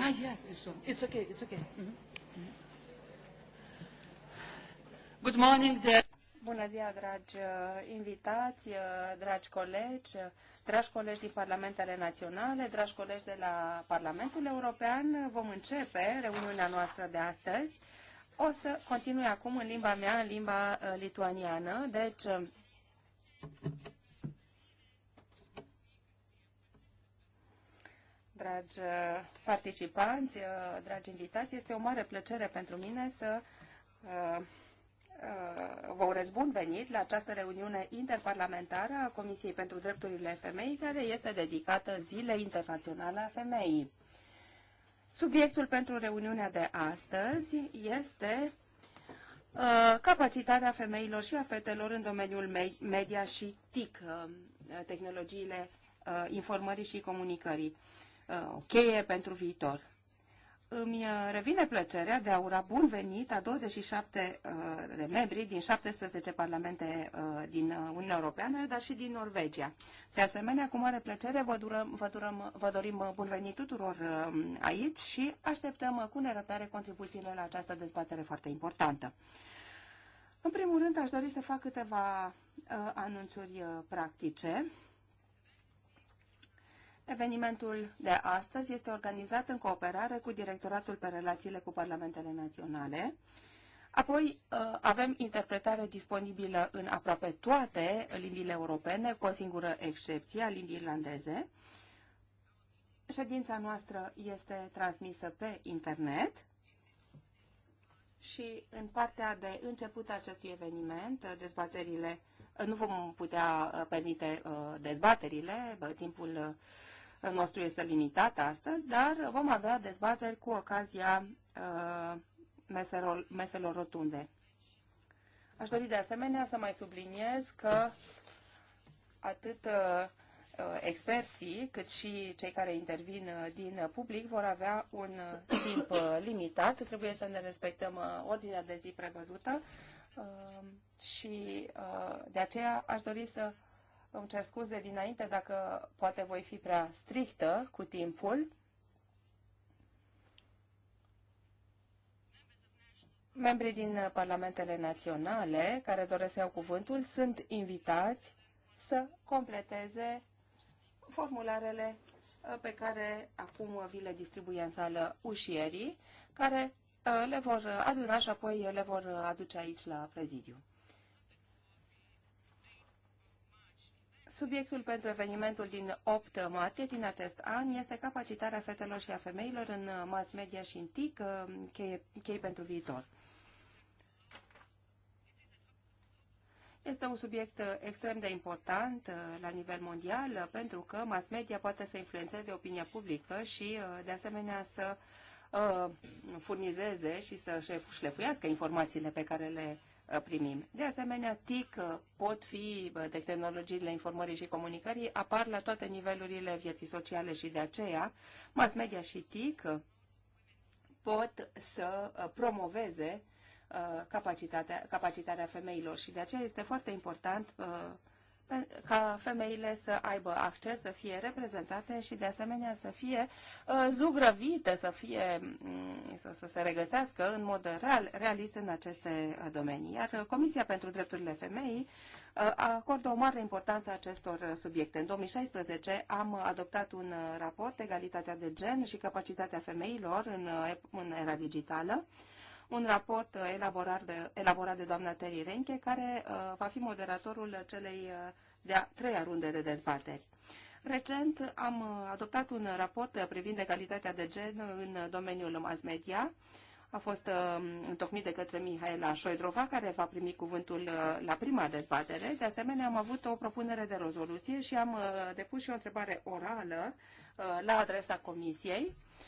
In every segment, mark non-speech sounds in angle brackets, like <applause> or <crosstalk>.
Ah, yes, this one. It's okay, it's okay. Mm-hmm. Mm-hmm. Good morning, dear. Bună ziua, dragi uh, invitați, uh, dragi colegi, uh, dragi colegi din Parlamentele Naționale, dragi colegi de la Parlamentul European. Vom începe reuniunea noastră de astăzi. O să continui acum în limba mea, în limba lituaniană. Deci, dragi uh, participanți, uh, dragi invitați. Este o mare plăcere pentru mine să uh, vă urez bun venit la această reuniune interparlamentară a Comisiei pentru Drepturile Femeii, care este dedicată Zilei Internaționale a Femeii. Subiectul pentru reuniunea de astăzi este capacitatea femeilor și a fetelor în domeniul media și TIC, tehnologiile informării și comunicării. Uh, o cheie pentru viitor. Îmi uh, revine plăcerea de a ura bun venit a 27 uh, de membri din 17 parlamente din Uniunea Europeană, dar și din Norvegia. De asemenea, cu mare plăcere vă, durăm, vă, durăm, vă dorim bun venit tuturor aici și așteptăm cu nerăbdare contribuțiile la această dezbatere foarte importantă. În primul rând, aș dori să fac câteva anunțuri practice. Evenimentul de astăzi este organizat în cooperare cu Directoratul pe Relațiile cu Parlamentele Naționale. Apoi uh, avem interpretare disponibilă în aproape toate limbile europene, cu o singură excepție, a limbii irlandeze. Ședința noastră este transmisă pe internet și în partea de început a acestui eveniment, uh, dezbaterile, uh, nu vom putea permite dezbaterile, timpul nostru este limitat astăzi, dar vom avea dezbateri cu ocazia uh, meselor, meselor rotunde. Aș dori de asemenea să mai subliniez că atât uh, experții, cât și cei care intervin uh, din public vor avea un uh, timp uh, limitat. Trebuie să ne respectăm ordinea de zi prevăzută și de aceea aș dori să îmi cer scuze dinainte dacă poate voi fi prea strictă cu timpul. Membrii din parlamentele naționale care doresc să iau cuvântul sunt invitați să completeze formularele uh, pe care acum vi le distribuie în sală ușierii, care uh, le vor uh, aduna și apoi le vor aduce aici la prezidiu. Subiectul pentru evenimentul din 8 martie din acest an este capacitarea fetelor și a femeilor în mass media și în TIC, uh, chei, chei pentru viitor. Este un subiect uh, extrem de important uh, la nivel mondial pentru că mass media poate să influențeze opinia publică și de asemenea să furnizeze și să șlefuiască informațiile pe care le primim. De asemenea, TIC pot fi de tehnologiile informării și comunicării, apar la toate nivelurile vieții sociale și de aceea mass media și TIC pot să uh, promoveze uh, capacitatea, capacitatea femeilor și de aceea este foarte important uh, ca femeile să aibă acces, să fie reprezentate și de asemenea să fie uh, zugrăvite, să, fie, mm, să, să se regăsească în mod real, realist în aceste uh, domenii. Iar uh, Comisia pentru Drepturile Femeii acordă o mare importanță acestor subiecte. În 2016 am adoptat un raport, Egalitatea de gen și capacitatea femeilor în, în era digitală, un raport uh, elaborat de, elaborat de doamna Teri Renche, care uh, va fi moderatorul celei uh, de-a treia runde de dezbateri. Recent am adoptat un raport privind egalitatea de gen în domeniul mass media. A fost uh, întocmit de către Mihaela Șoidrova, care va primi cuvântul uh, la prima dezbatere. De asemenea, am avut o propunere de rezoluție și am uh, depus și o întrebare orală uh, la adresa Comisiei. Uh,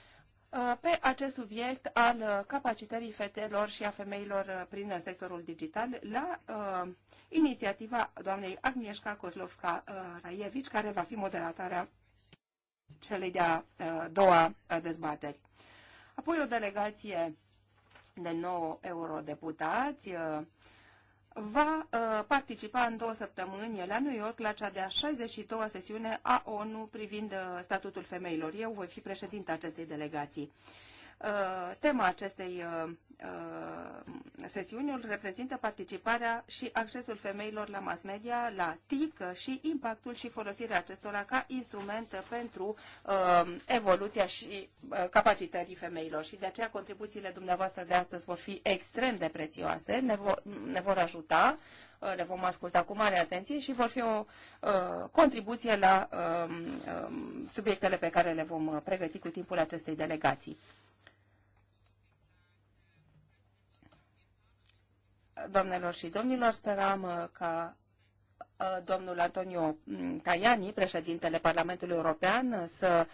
Uh, pe acest subiect al uh, capacitării fetelor și a femeilor uh, prin sectorul digital la uh, inițiativa doamnei Agnieszka Kozlovska-Raievici, care va fi moderatarea celei de-a uh, doua dezbateri. Apoi o delegație de 9 eurodeputați, uh, va uh, participa în două săptămâni la New York la cea de-a 62-a sesiune a ONU privind uh, statutul femeilor. Eu voi fi președinte acestei delegații. Uh, Uh, tema acestei uh, uh, sesiuni îl reprezintă participarea și accesul femeilor la mass media, la TIC și impactul și folosirea acestora ca instrument pentru evoluția și capacitării femeilor. Și de aceea contribuțiile dumneavoastră de astăzi vor fi extrem de prețioase, ne vor, ne vor ajuta le vom asculta cu mare atenție și vor fi o contribuție la um, um, subiectele pe care le vom pregăti cu timpul acestei delegații. Doamnelor și domnilor, sperăm uh, ca uh, domnul Antonio mm, Tajani, președintele Parlamentului European, uh, să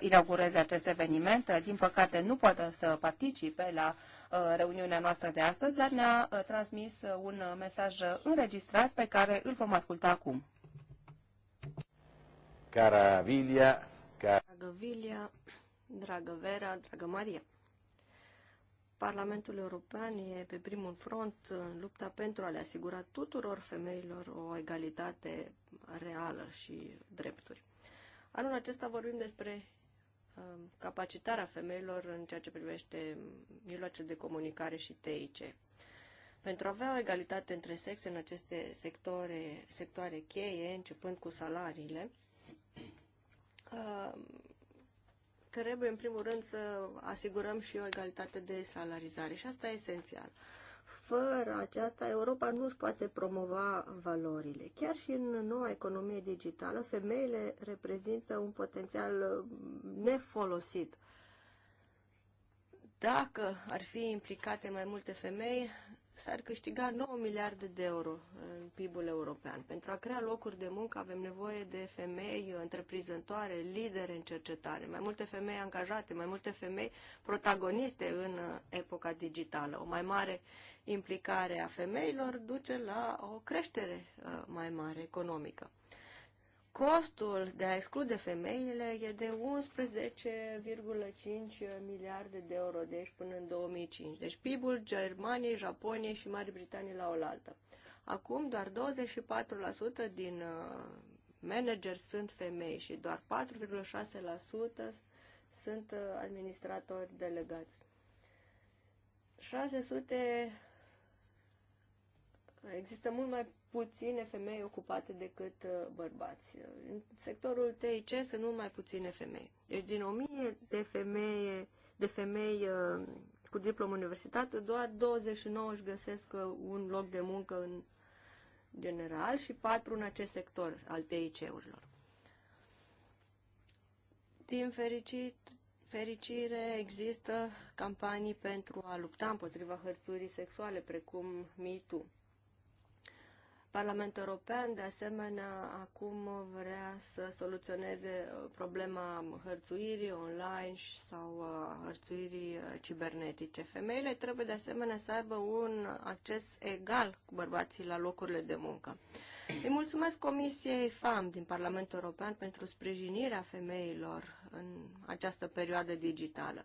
inaugureze acest eveniment. Din păcate nu poate să participe la reuniunea noastră de astăzi, dar ne-a transmis un mesaj înregistrat pe care îl vom asculta acum. Cara Vilia, Dragă Vilia, dragă Vera, dragă Maria. Parlamentul European e pe primul front în lupta pentru a le asigura tuturor femeilor o egalitate reală și drepturi. Anul acesta vorbim despre um, capacitarea femeilor în ceea ce privește mijloace de comunicare și TIC. Pentru a avea o egalitate între sexe în aceste sectoare, sectoare cheie, începând cu salariile, um, trebuie în primul rând să asigurăm și o egalitate de salarizare și asta e esențial. Fără aceasta, Europa nu își poate promova valorile. Chiar și în noua economie digitală, femeile reprezintă un potențial nefolosit. Dacă ar fi implicate mai multe femei, s-ar câștiga 9 miliarde de euro în PIB-ul european. Pentru a crea locuri de muncă avem nevoie de femei întreprinzătoare, lidere în cercetare, mai multe femei angajate, mai multe femei protagoniste în uh, epoca digitală. O mai mare implicare a femeilor duce la o creștere uh, mai mare economică. Costul de a exclude femeile e de 11,5 miliarde de euro, deci până în 2005. Deci PIB-ul Germaniei, Japoniei și Marii Britanii la oaltă. Acum doar 24% din uh, manageri sunt femei și doar 4,6% sunt uh, administratori delegați. 600 există mult mai puține femei ocupate decât uh, bărbați. În sectorul TIC sunt mult mai puține femei. Deci din 1000 de femei, de uh, femei cu diplomă universitate, doar 29 își găsesc uh, un loc de muncă în general și 4 în acest sector al TIC-urilor. Din fericit, fericire, există campanii pentru a lupta împotriva hărțurii sexuale, precum MeToo. Parlamentul European, de asemenea, acum vrea să soluționeze uh, problema hărțuirii online sau uh, hărțuirii uh, cibernetice. Femeile trebuie, de asemenea, să aibă un acces egal cu bărbații la locurile de muncă. Îi mulțumesc Comisiei FAM din Parlamentul European pentru sprijinirea femeilor în această perioadă digitală.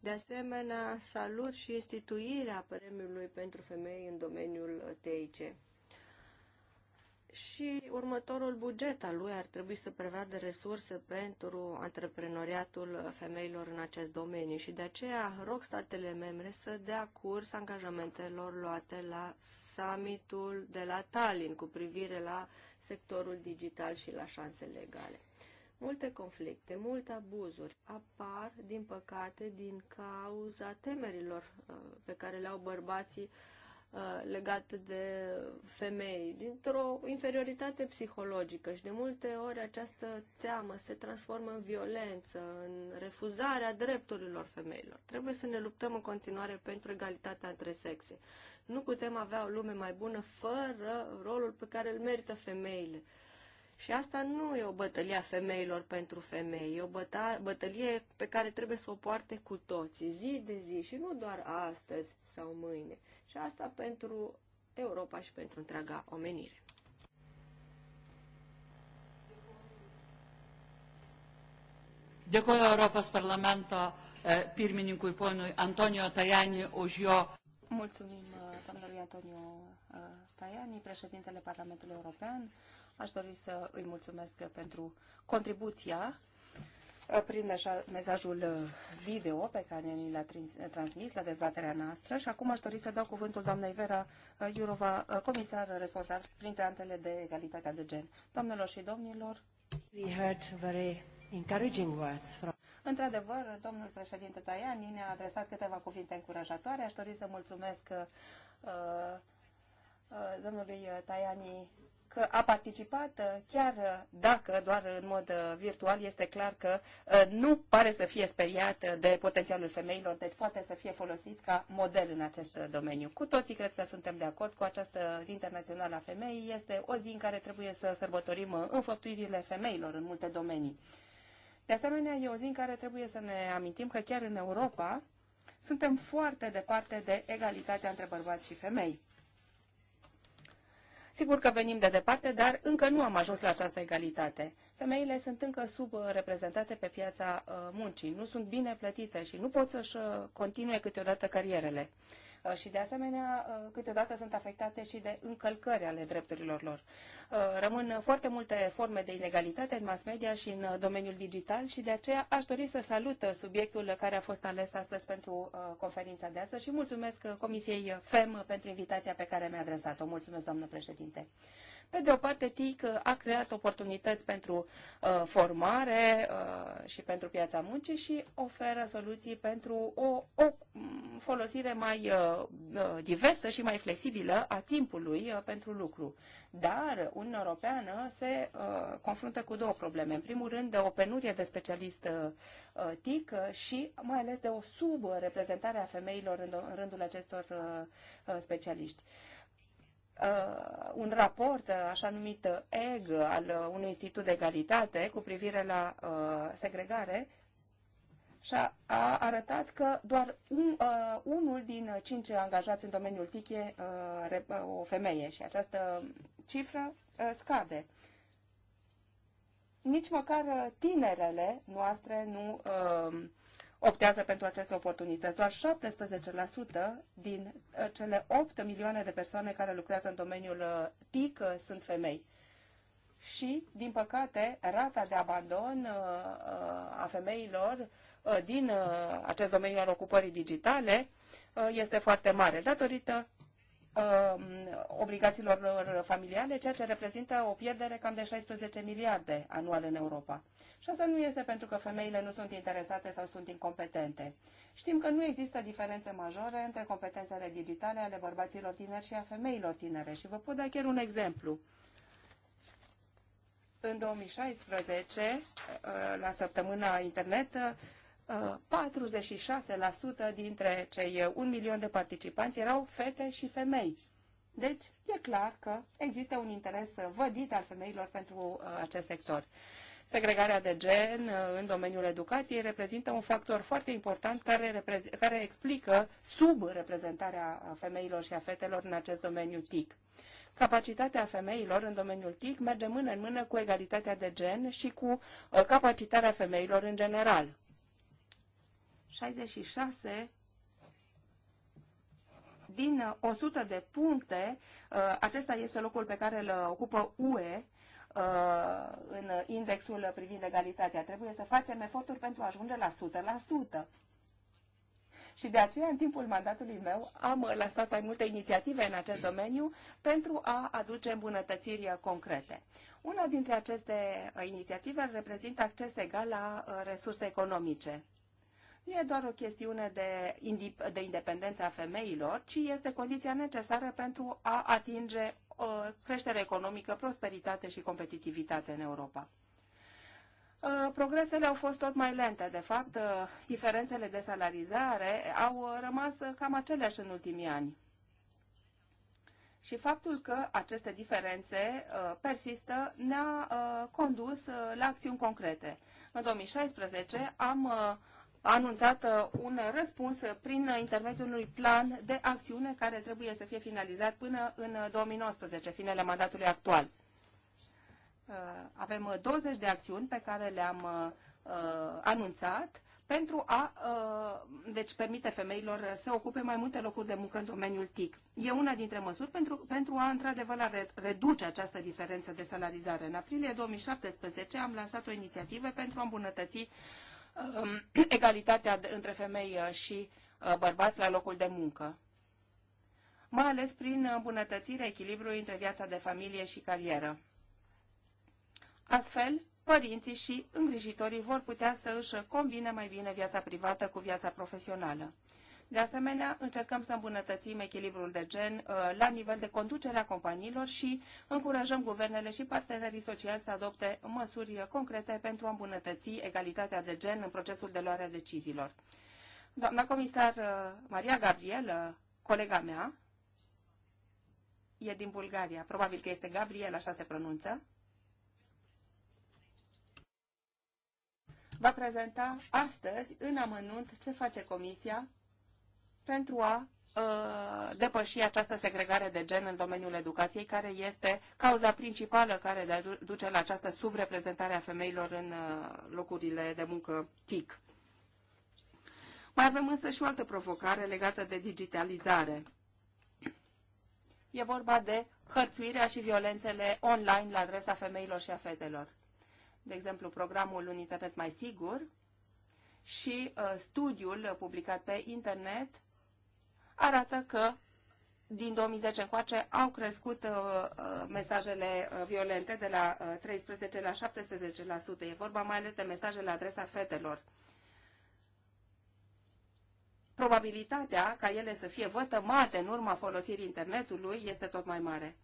De asemenea, salut și instituirea premiului pentru femei în domeniul TIC și următorul buget al lui ar trebui să prevadă resurse pentru antreprenoriatul femeilor în acest domeniu și de aceea rog statele membre să dea curs angajamentelor luate la summitul de la Tallinn cu privire la sectorul digital și la șanse legale. Multe conflicte, multe abuzuri apar, din păcate, din cauza temerilor uh, pe care le au bărbații uh, Uh, legate de femei, dintr-o inferioritate psihologică și de multe ori această teamă se transformă în violență, în refuzarea drepturilor femeilor. Trebuie să ne luptăm în continuare pentru egalitatea între sexe. Nu putem avea o lume mai bună fără rolul pe care îl merită femeile și asta nu e o bătălie a femeilor pentru femei, e o bătălie pe care trebuie să o poarte cu toții, zi de zi și nu doar astăzi sau mâine. Și asta pentru Europa și pentru întreaga omenire. Dėkoju Europos parlamento pirmininkui ponui Antonio Tajani už jo. Mulțumim uh, domnului Antonio uh, Tajani, președintele Parlamentului European. Aș dori să îi mulțumesc pentru contribuția uh, prin mesajul uh, video pe care ni l-a uh, transmis la dezbaterea noastră și acum aș dori să dau cuvântul doamnei Vera Iurova, comisar responsabil printre antele de egalitatea de gen. Doamnelor și domnilor, We heard very encouraging words from... Într-adevăr, domnul președinte Tajani ne-a adresat câteva cuvinte încurajatoare. Aș dori să mulțumesc uh, domnului Tajani că a participat, uh, chiar uh, dacă doar în mod uh, virtual, este clar că nu pare să fie speriat de potențialul femeilor, deci poate să fie folosit ca model în acest domeniu. Cu toții cred că suntem de acord cu această zi internațională a femeii. Este o zi în care trebuie să sărbătorim înfăptuirile femeilor în multe domenii. De asemenea, e o zi în care trebuie să ne amintim că chiar în Europa suntem foarte departe de egalitatea între bărbați și femei. Sigur că venim de departe, dar încă nu am ajuns la această egalitate. Femeile sunt încă subreprezentate uh, pe piața uh, muncii, nu sunt bine plătite și nu pot să-și uh, continue câteodată carierele. Uh, și de asemenea uh, câteodată sunt afectate și de încălcări ale drepturilor lor. Uh, rămân foarte multe forme de inegalitate în mass media și în domeniul digital și de aceea aș dori să salut subiectul care a fost ales astăzi pentru conferința de astăzi și mulțumesc Comisiei FEM pentru invitația pe care mi-a adresat-o. Mulțumesc, doamnă președinte. Pe de o parte, TIC a creat oportunități pentru uh, formare uh, și pentru piața muncii și oferă soluții pentru o, o mm, folosire mai uh, uh, diversă și mai flexibilă a timpului uh, pentru lucru. Dar Uniunea Europeană se uh, confruntă cu două probleme. În primul rând, de o penurie de specialist uh, uh TIC și mai ales de o subreprezentare a femeilor în, în rândul acestor uh, uh specialiști. Uh, Uh, un raport, uh, așa numit uh, EG, al unui institut de egalitate cu privire la segregare, și a, a arătat că doar un, uh, unul din cinci angajați în domeniul TIC e uh, o femeie și această cifră uh, scade. Nici măcar tinerele noastre nu uh, optează pentru aceste oportunități. Doar 17% din uh, cele 8 milioane de persoane care lucrează în domeniul uh, TIC uh, sunt femei. Și, din păcate, rata de abandon a femeilor din acest domeniu al ocupării digitale este foarte mare, datorită Uh, obligațiilor lor familiale, ceea ce reprezintă o pierdere cam de 16 miliarde anual în Europa. Și asta nu este pentru că femeile nu sunt interesate sau sunt incompetente. Știm că nu există diferențe majore între competențele digitale ale bărbaților tineri și a femeilor tinere. Și vă pot da chiar un exemplu. În 2016, uh, la săptămâna internet, uh, 46% dintre cei 1 milion de participanți erau fete și femei. Deci, e clar că există un interes vădit al femeilor pentru uh, acest sector. Segregarea de gen uh, în domeniul educației reprezintă un factor foarte important care, care explică subreprezentarea uh, femeilor și a fetelor în acest domeniu TIC. Capacitatea femeilor în domeniul TIC merge mână în mână cu egalitatea de gen și cu capacitatea femeilor în general. 66 din 100 uh, de puncte, uh, acesta este locul pe care îl ocupă UE uh, în indexul privind egalitatea. Trebuie să facem eforturi pentru a ajunge la 100%. Și de aceea, în timpul mandatului meu, am lansat mai multe inițiative în acest domeniu pentru a aduce îmbunătățiri concrete. Una dintre aceste inițiative reprezintă acces egal la resurse economice nu e doar o chestiune de, de independență a femeilor, ci este condiția necesară pentru a atinge o uh, creștere economică, prosperitate și competitivitate în Europa. Uh, progresele au fost tot mai lente. De fapt, uh, diferențele de salarizare au rămas cam aceleași în ultimii ani. Și faptul că aceste diferențe persistă ne-a condus la acțiuni concrete. În 2016 am a anunțat uh, un răspuns prin intermediul unui plan de acțiune care trebuie să fie finalizat până în 2019, uh, finele mandatului actual. Uh, avem 20 de acțiuni pe care le-am anunțat pentru a deci permite femeilor să ocupe mai multe locuri de muncă în domeniul TIC. E una dintre măsuri pentru, pentru a într-adevăr reduce această diferență de salarizare. În aprilie 2017 am lansat o inițiativă pentru a îmbunătăți uh, Um, <clears throat> egalitatea între femei uh, și uh, bărbați la locul de muncă, mai ales prin îmbunătățirea echilibrului între viața de familie și carieră. Astfel, părinții și îngrijitorii vor putea să își combine mai bine viața privată cu viața profesională. De asemenea, încercăm să îmbunătățim echilibrul de gen uh, la nivel de conducere a companiilor și încurajăm guvernele și partenerii sociali să adopte măsuri concrete pentru a îmbunătăți egalitatea de gen în procesul de luare a deciziilor. Doamna comisar uh, Maria Gabriel, colega mea, e din Bulgaria, probabil că este Gabriel, așa se pronunță, va prezenta astăzi în amănunt ce face Comisia pentru a ă, depăși această segregare de gen în domeniul educației, care este cauza principală care duce la această subreprezentare a femeilor în ă, locurile de muncă TIC. Mai avem însă și o altă provocare legată de digitalizare. E vorba de hărțuirea și violențele online la adresa femeilor și a fetelor. De exemplu, programul Un internet mai sigur și uh, studiul publicat pe internet arată că din 2010 încoace au crescut uh, uh mesajele uh, violente de la 13 uh, la 17%. E vorba mai ales de mesaje la adresa fetelor. Probabilitatea ca ele să fie vătămate în urma folosirii internetului este tot mai mare.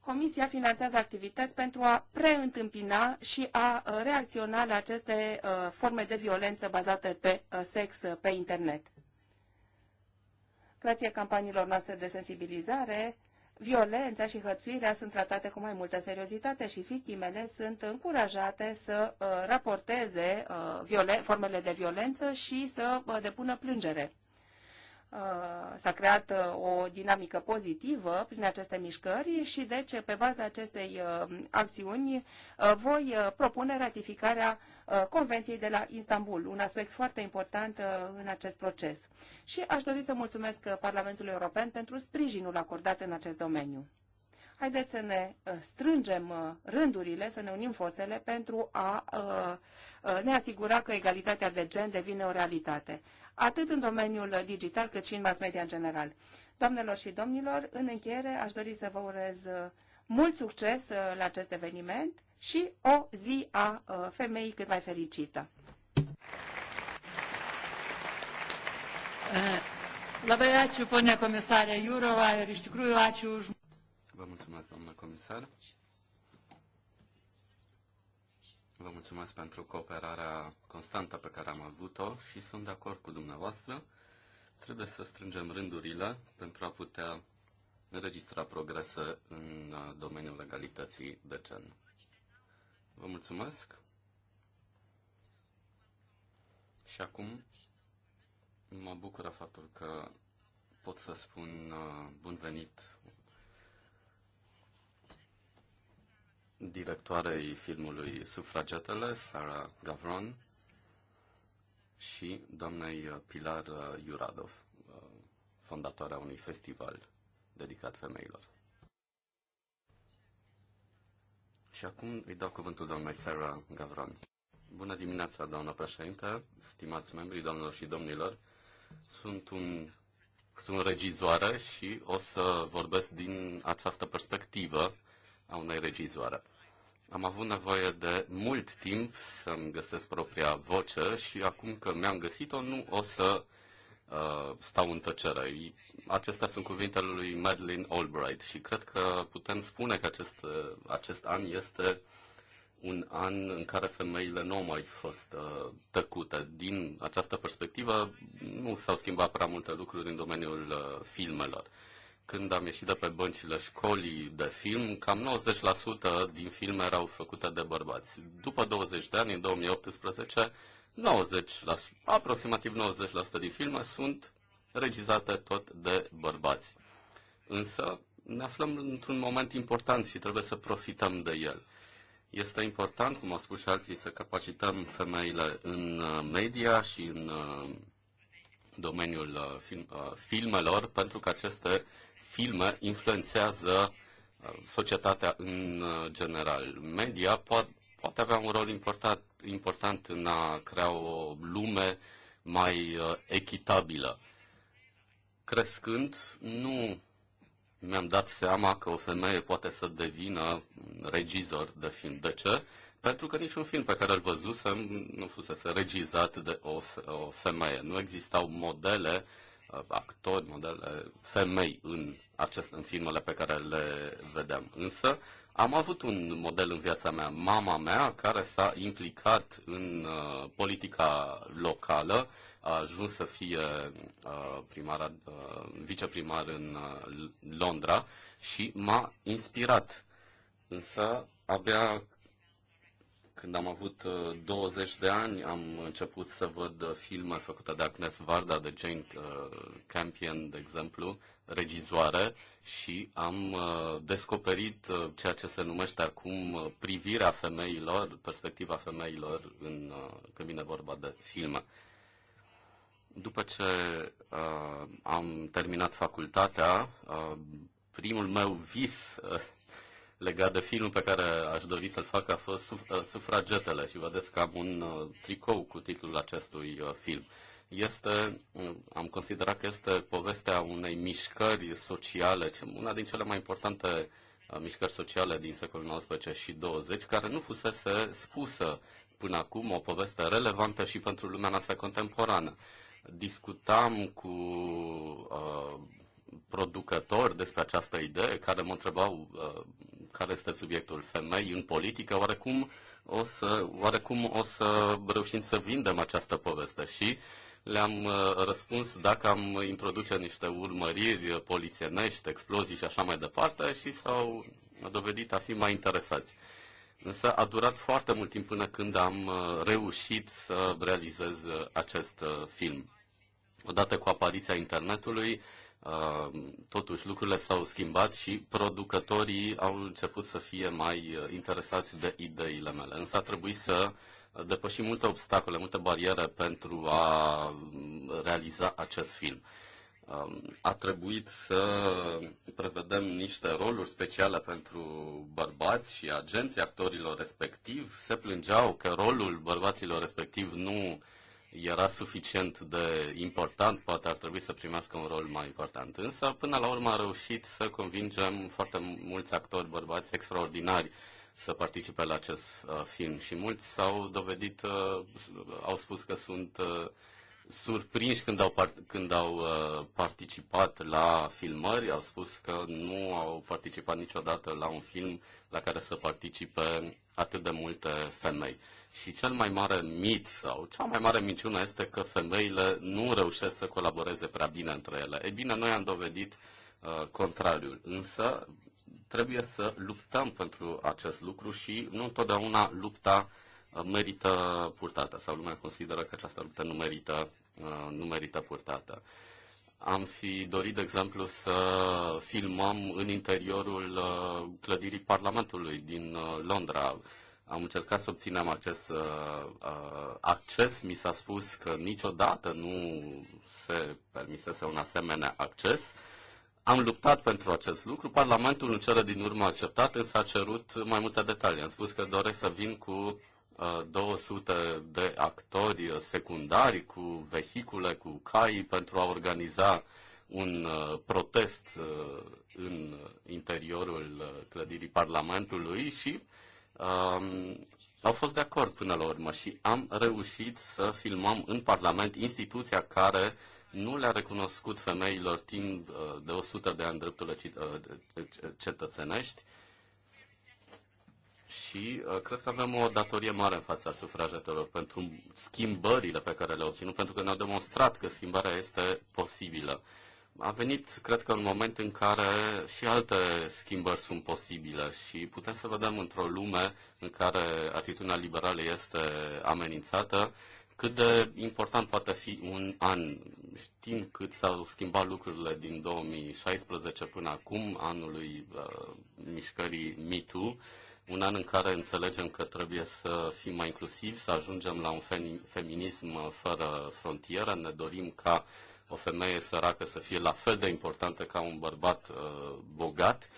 Comisia finanțează activități pentru a preîntâmpina și a reacționa la aceste uh, forme de violență bazate pe uh, sex pe internet. Grație campaniilor noastre de sensibilizare, violența și hățuirea sunt tratate cu mai multă seriozitate și victimele sunt încurajate să uh, raporteze uh, formele de violență și să uh, depună plângere. Uh, s-a creat uh, o dinamică pozitivă prin aceste mișcări și deci pe baza acestei uh, acțiuni voi propune ratificarea Uh, Convenției de la Istanbul, un aspect foarte important uh, în acest proces. Și aș dori să mulțumesc uh, Parlamentului European pentru sprijinul acordat în acest domeniu. Haideți să ne strângem rândurile, să ne unim forțele pentru a ne asigura că egalitatea de gen devine o realitate, atât în domeniul digital cât și în mass media în general. Doamnelor și domnilor, în încheiere aș dori să vă urez mult succes la acest eveniment și o zi a uh, femeii cât mai fericită. Eh, Labai ačiū, ponia komisarė Jūrova, ir iš tikrųjų ačiū už... Vă mulțumesc, doamnă comisar. Vă mulțumesc pentru cooperarea constantă pe care am avut-o și sunt de acord cu dumneavoastră. Trebuie să strângem rândurile pentru a putea înregistra progrese în uh, domeniul legalității de gen. Vă mulțumesc. Și acum mă bucură faptul că pot să spun uh, bun venit directoarei filmului Sufragetele, Sara Gavron, și doamnei uh, Pilar uh, Iuradov, fondatoarea unui festival dedicat femeilor. Și acum îi dau cuvântul doamnei Sarah Gavron. Bună dimineața, doamna președinte, stimați membri, doamnelor și domnilor. Sunt un sunt regizoare și o să vorbesc din această perspectivă a unei regizoare. Am avut nevoie de mult timp să-mi găsesc propria voce și acum că mi-am găsit-o, nu o să uh, stau în tăcere acestea sunt cuvintele lui Madeleine Albright și cred că putem spune că acest, acest an este un an în care femeile nu au mai fost uh, tăcute. Din această perspectivă, nu s-au schimbat prea multe lucruri în domeniul uh, filmelor. Când am ieșit de pe băncile școlii de film, cam 90% din filme erau făcute de bărbați. După 20 de ani, în 2018, 90%, aproximativ 90% din filme sunt Regizată tot de bărbați. Însă ne aflăm într-un moment important și trebuie să profităm de el. Este important, cum au spus și alții, să capacităm femeile în uh, media și în uh, domeniul uh, filmelor, pentru că aceste filme influențează societatea în general. Media poate, avea un rol important în a crea o lume mai echitabilă. Crescând, nu mi-am dat seama că o femeie poate să devină regizor de film. De ce? Pentru că niciun film pe care îl văzusem nu fusese regizat de o, o femeie. Nu existau modele, uh, actori, modele, femei în, acest, în filmele pe care le vedeam. Însă am avut un model în viața mea, mama mea, care s-a implicat în uh, politica locală a ajuns să fie primar, viceprimar în Londra și m-a inspirat. Însă, abia când am avut 20 de ani, am început să văd filme făcute de Agnes Varda, de Jane Campion, de exemplu, regizoare, și am descoperit ceea ce se numește acum privirea femeilor, perspectiva femeilor în, când vine vorba de filme. După ce uh, am terminat facultatea, uh, primul meu vis uh, legat de filmul pe care aș dori să-l fac a fost suf- uh, Sufragetele și vedeți că am un uh, tricou cu titlul acestui uh, film. Este, uh, am considerat că este povestea unei mișcări sociale, una din cele mai importante uh, mișcări sociale din secolul XIX și 20, care nu fusese spusă până acum, o poveste relevantă și pentru lumea noastră contemporană. Discutam cu uh, producători despre această idee care mă întrebau uh, care este subiectul femei în politică, oarecum o să, oarecum o să reușim să vindem această poveste și le-am uh, răspuns dacă am introduce niște urmăriri polițienești, explozii și așa mai departe și s-au dovedit a fi mai interesați. Însă a durat foarte mult timp până când am uh, reușit să realizez uh, acest uh, film. Odată cu apariția internetului, uh, totuși lucrurile s-au schimbat și producătorii au început să fie mai uh, interesați de ideile mele. Însă a trebuit să depășim multe obstacole, multe bariere pentru a mm, realiza acest film. Um, a trebuit să prevedem niște roluri speciale pentru bărbați și agenții actorilor respectiv. Se plângeau că rolul bărbaților respectiv nu era suficient de important, poate ar trebui să primească un rol mai important. Însă, până la urmă, a reușit să convingem foarte mulți actori bărbați extraordinari să participe la acest uh, film și mulți s-au dovedit, uh, au spus că sunt uh, surprinși când au, part- când au uh, participat la filmări, au spus că nu au participat niciodată la un film la care să participe atât de multe femei. Și cel mai mare mit sau cea mai mare minciună este că femeile nu reușesc să colaboreze prea bine între ele. Ei bine, noi am dovedit uh, contrariul, însă trebuie să luptăm pentru acest lucru și nu întotdeauna lupta uh, merită purtată sau lumea consideră că această luptă nu merită, uh, nu merită purtată. Am fi dorit, de exemplu, să filmăm în interiorul uh, clădirii Parlamentului din Londra am încercat să obținem acest uh, uh, acces. Mi s-a spus că niciodată nu se permisese un asemenea acces. Am luptat pentru acest lucru. Parlamentul în cele din urmă a acceptat, însă a cerut mai multe detalii. Am spus că doresc să vin cu 200 uh, de actori secundari cu vehicule, cu cai pentru a organiza un uh, protest în interiorul clădirii Parlamentului și um, au fost de acord până la urmă și am reușit să filmăm în Parlament instituția care nu le-a recunoscut femeilor timp uh, de 100 de ani drepturile uh, cetățenești și uh, cred că avem o datorie mare în fața sufragetelor pentru schimbările pe care le-au obținut, pentru că ne-au demonstrat că schimbarea este posibilă a venit, cred că, un moment în care și alte schimbări sunt posibile și putem să vedem într-o lume în care atitudinea liberală este amenințată, cât de important poate fi un an. Știm cât s-au schimbat lucrurile din 2016 până acum, anului uh, mișcării MeToo, un an în care înțelegem că trebuie să fim mai inclusivi, să ajungem la un feminism fără frontieră, Ne dorim ca uh, o femeie săracă să fie la fel de importantă ca un bărbat uh, bogat.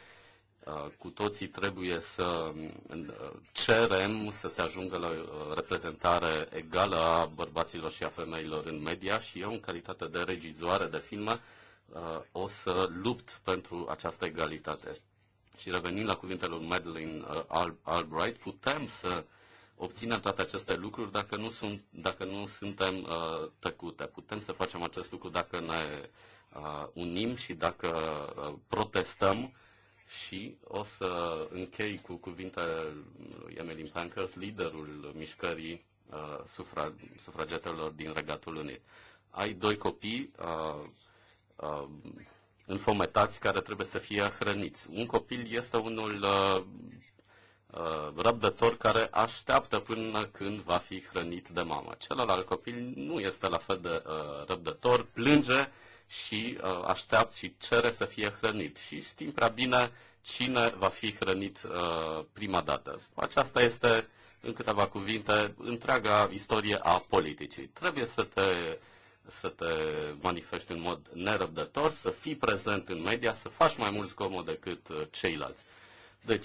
Uh, cu toții trebuie să uh, cerem să se ajungă la uh, reprezentare egală a bărbaților și a femeilor în media și eu, în calitate de regizoare de filme, uh, o să lupt pentru această egalitate. Și revenind la cuvintele lui Madeleine uh, Albright, putem să uh, obținem toate aceste lucruri dacă nu, sunt, dacă nu suntem uh, tăcute. Putem să facem acest lucru dacă ne uh, unim și dacă uh, protestăm și o să închei cu cuvintele lui Emily Pankhurst, liderul mișcării uh, sufra, sufragetelor din Regatul Unit. Ai doi copii uh, uh, înfometați care trebuie să fie hrăniți. Un copil este unul uh, Uh, răbdător care așteaptă până când va fi hrănit de mamă. Celălalt copil nu este la fel de uh, răbdător, plânge și uh, așteaptă și cere să fie hrănit. Și știm prea bine cine va fi hrănit uh, prima dată. Aceasta este, în câteva cuvinte, întreaga istorie a politicii. Trebuie să te să te manifesti în mod nerăbdător, să fii prezent în media, să faci mai mult zgomot decât uh, ceilalți. Deci,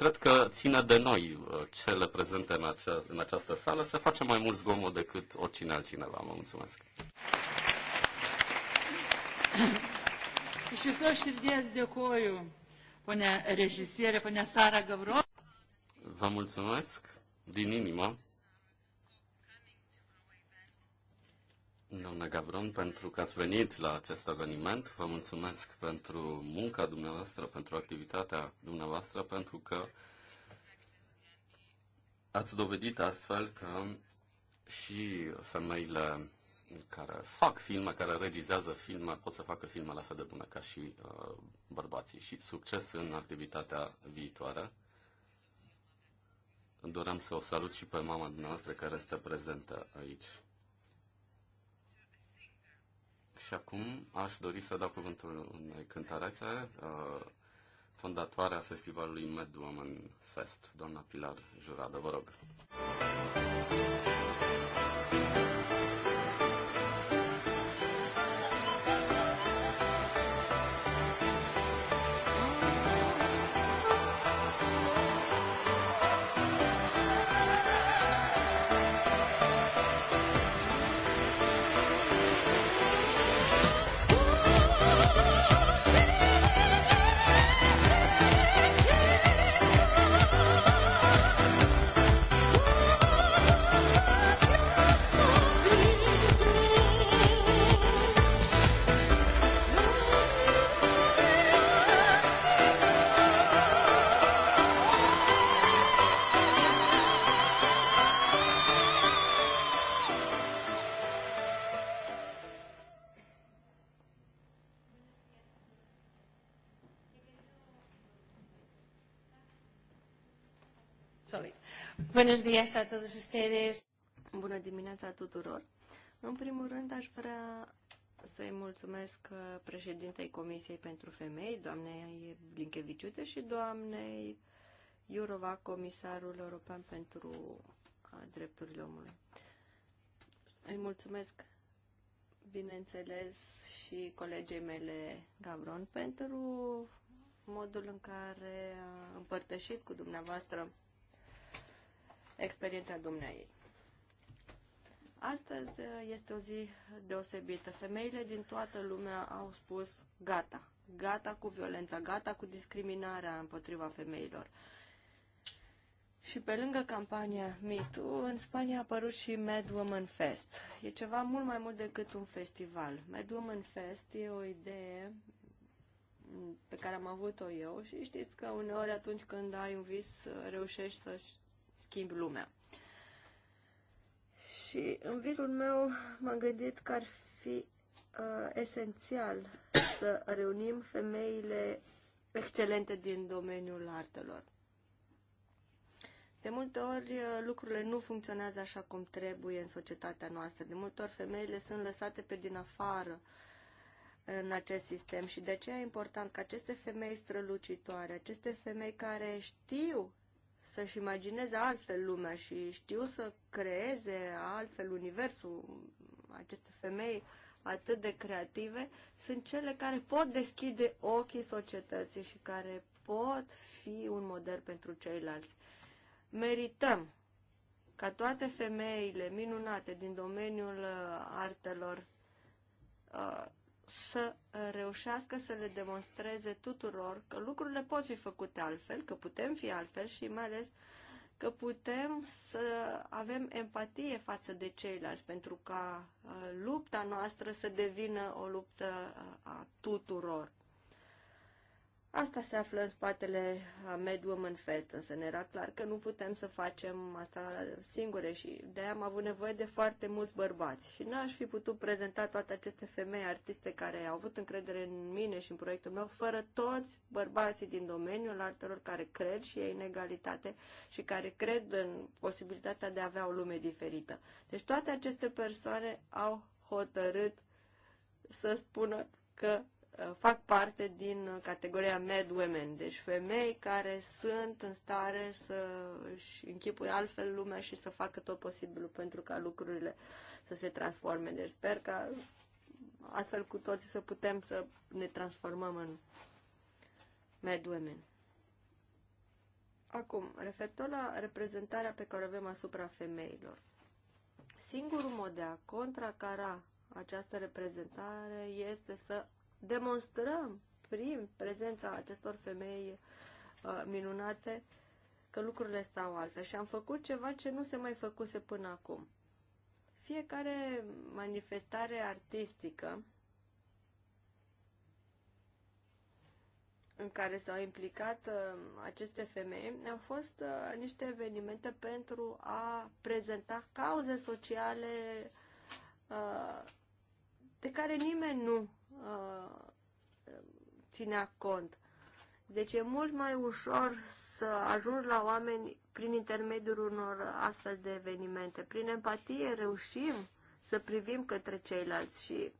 Cred că ține de noi, uh, cele prezente în, acea, în această sală, să facem mai mult zgomot decât oricine altcineva. Mă mulțumesc. Iš viso de coiu, ponia regisiere, ponia Sara Gavro. Vă mulțumesc din inimă. Doamna Gavron, pentru că ați venit la acest eveniment, vă mulțumesc pentru munca dumneavoastră, pentru activitatea dumneavoastră, pentru că ați dovedit astfel că și femeile care fac filme, care regizează filme, pot să facă filme la fel de bune ca și uh, bărbații și succes în activitatea viitoare. Doream să o salut și pe mama dumneavoastră care este prezentă aici. Și acum aș dori să dau cuvântul unei cântărețe, uh, fondatoarea festivalului Mad Woman Fest, doamna Pilar Jurada, vă rog. Thank you. Buenos días a todos ustedes. Bună dimineața tuturor. În primul rând aș vrea să-i mulțumesc uh, președintei Comisiei pentru Femei, doamnei Blinkeviciute și doamnei Iurova, comisarul european pentru uh, drepturile omului. Îi mulțumesc, bineînțeles, și colegei mele Gavron pentru modul în care a împărtășit cu dumneavoastră experiența dumneai. Astăzi uh, este o zi deosebită. Femeile din toată lumea au spus gata, gata cu violența, gata cu discriminarea împotriva femeilor. Și pe lângă campania Me Too, în Spania a apărut și Mad Woman Fest. E ceva mult mai mult decât un festival. Mad Woman Fest e o idee pe care am avut-o eu și știți că uneori atunci când ai un vis reușești să schimb lumea. Și în visul meu m-am gândit că ar fi uh, esențial să reunim femeile excelente din domeniul artelor. De multe ori uh, lucrurile nu funcționează așa cum trebuie în societatea noastră. De multe ori femeile sunt lăsate pe din afară în acest sistem și de aceea e important că aceste femei strălucitoare, aceste femei care știu să-și imagineze altfel lumea și știu să creeze altfel universul aceste femei atât de creative, sunt cele care pot deschide ochii societății și care pot fi un model pentru ceilalți. Merităm ca toate femeile minunate din domeniul uh, artelor uh, să reușească să le demonstreze tuturor că lucrurile pot fi făcute altfel, că putem fi altfel și mai ales că putem să avem empatie față de ceilalți pentru ca uh, lupta noastră să devină o luptă uh, a tuturor. Asta se află în spatele a Mad Woman Fest, însă ne era clar că nu putem să facem asta singure și de am avut nevoie de foarte mulți bărbați și n-aș fi putut prezenta toate aceste femei artiste care au avut încredere în mine și în proiectul meu, fără toți bărbații din domeniul artelor care cred și ei în egalitate și care cred în posibilitatea de a avea o lume diferită. Deci toate aceste persoane au hotărât să spună că Uh, fac parte din categoria Mad Women, deci femei care sunt în stare să își închipui altfel lumea și să facă tot posibilul pentru ca lucrurile să se transforme. Deci sper că astfel cu toții să putem să ne transformăm în Mad Women. Acum, referitor la reprezentarea pe care o avem asupra femeilor. Singurul mod de a contracara această reprezentare este să demonstrăm prin prezența acestor femei uh, minunate că lucrurile stau altfel și am făcut ceva ce nu se mai făcuse până acum. Fiecare manifestare artistică în care s-au implicat uh, aceste femei au fost uh, niște evenimente pentru a prezenta cauze sociale uh, de care nimeni nu Uh, ținea cont. Deci e mult mai ușor să ajungi la oameni prin intermediul unor astfel de evenimente. Prin empatie reușim să privim către ceilalți și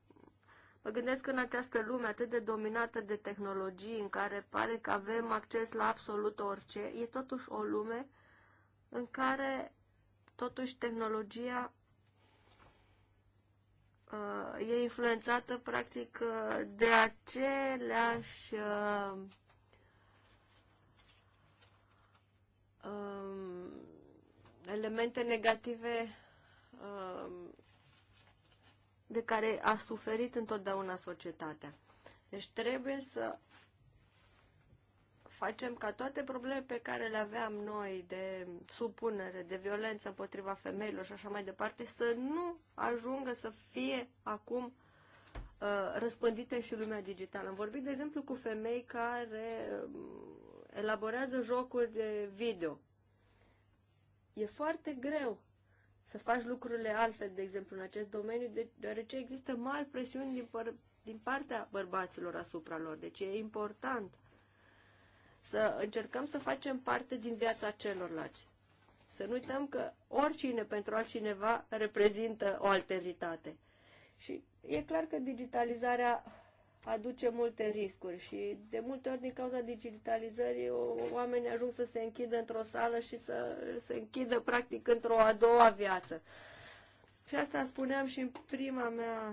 mă gândesc că în această lume atât de dominată de tehnologii, în care pare că avem acces la absolut orice, e totuși o lume în care totuși tehnologia uh, e influențată practic uh, de aceleași uh, um, elemente negative um, de care a suferit întotdeauna societatea. Deci trebuie să facem ca toate problemele pe care le aveam noi de supunere, de violență împotriva femeilor și așa mai departe, să nu ajungă să fie acum uh, răspândite și lumea digitală. Am vorbit, de exemplu, cu femei care um, elaborează jocuri de video. E foarte greu să faci lucrurile altfel, de exemplu, în acest domeniu, deoarece există mari presiuni din, din partea bărbaților asupra lor. Deci e important să încercăm să facem parte din viața celorlalți. Să nu uităm că oricine pentru altcineva reprezintă o alteritate. Și e clar că digitalizarea aduce multe riscuri și de multe ori din cauza digitalizării oamenii ajung să se închidă într-o sală și să se închidă practic într-o a doua viață. Și asta spuneam și în prima mea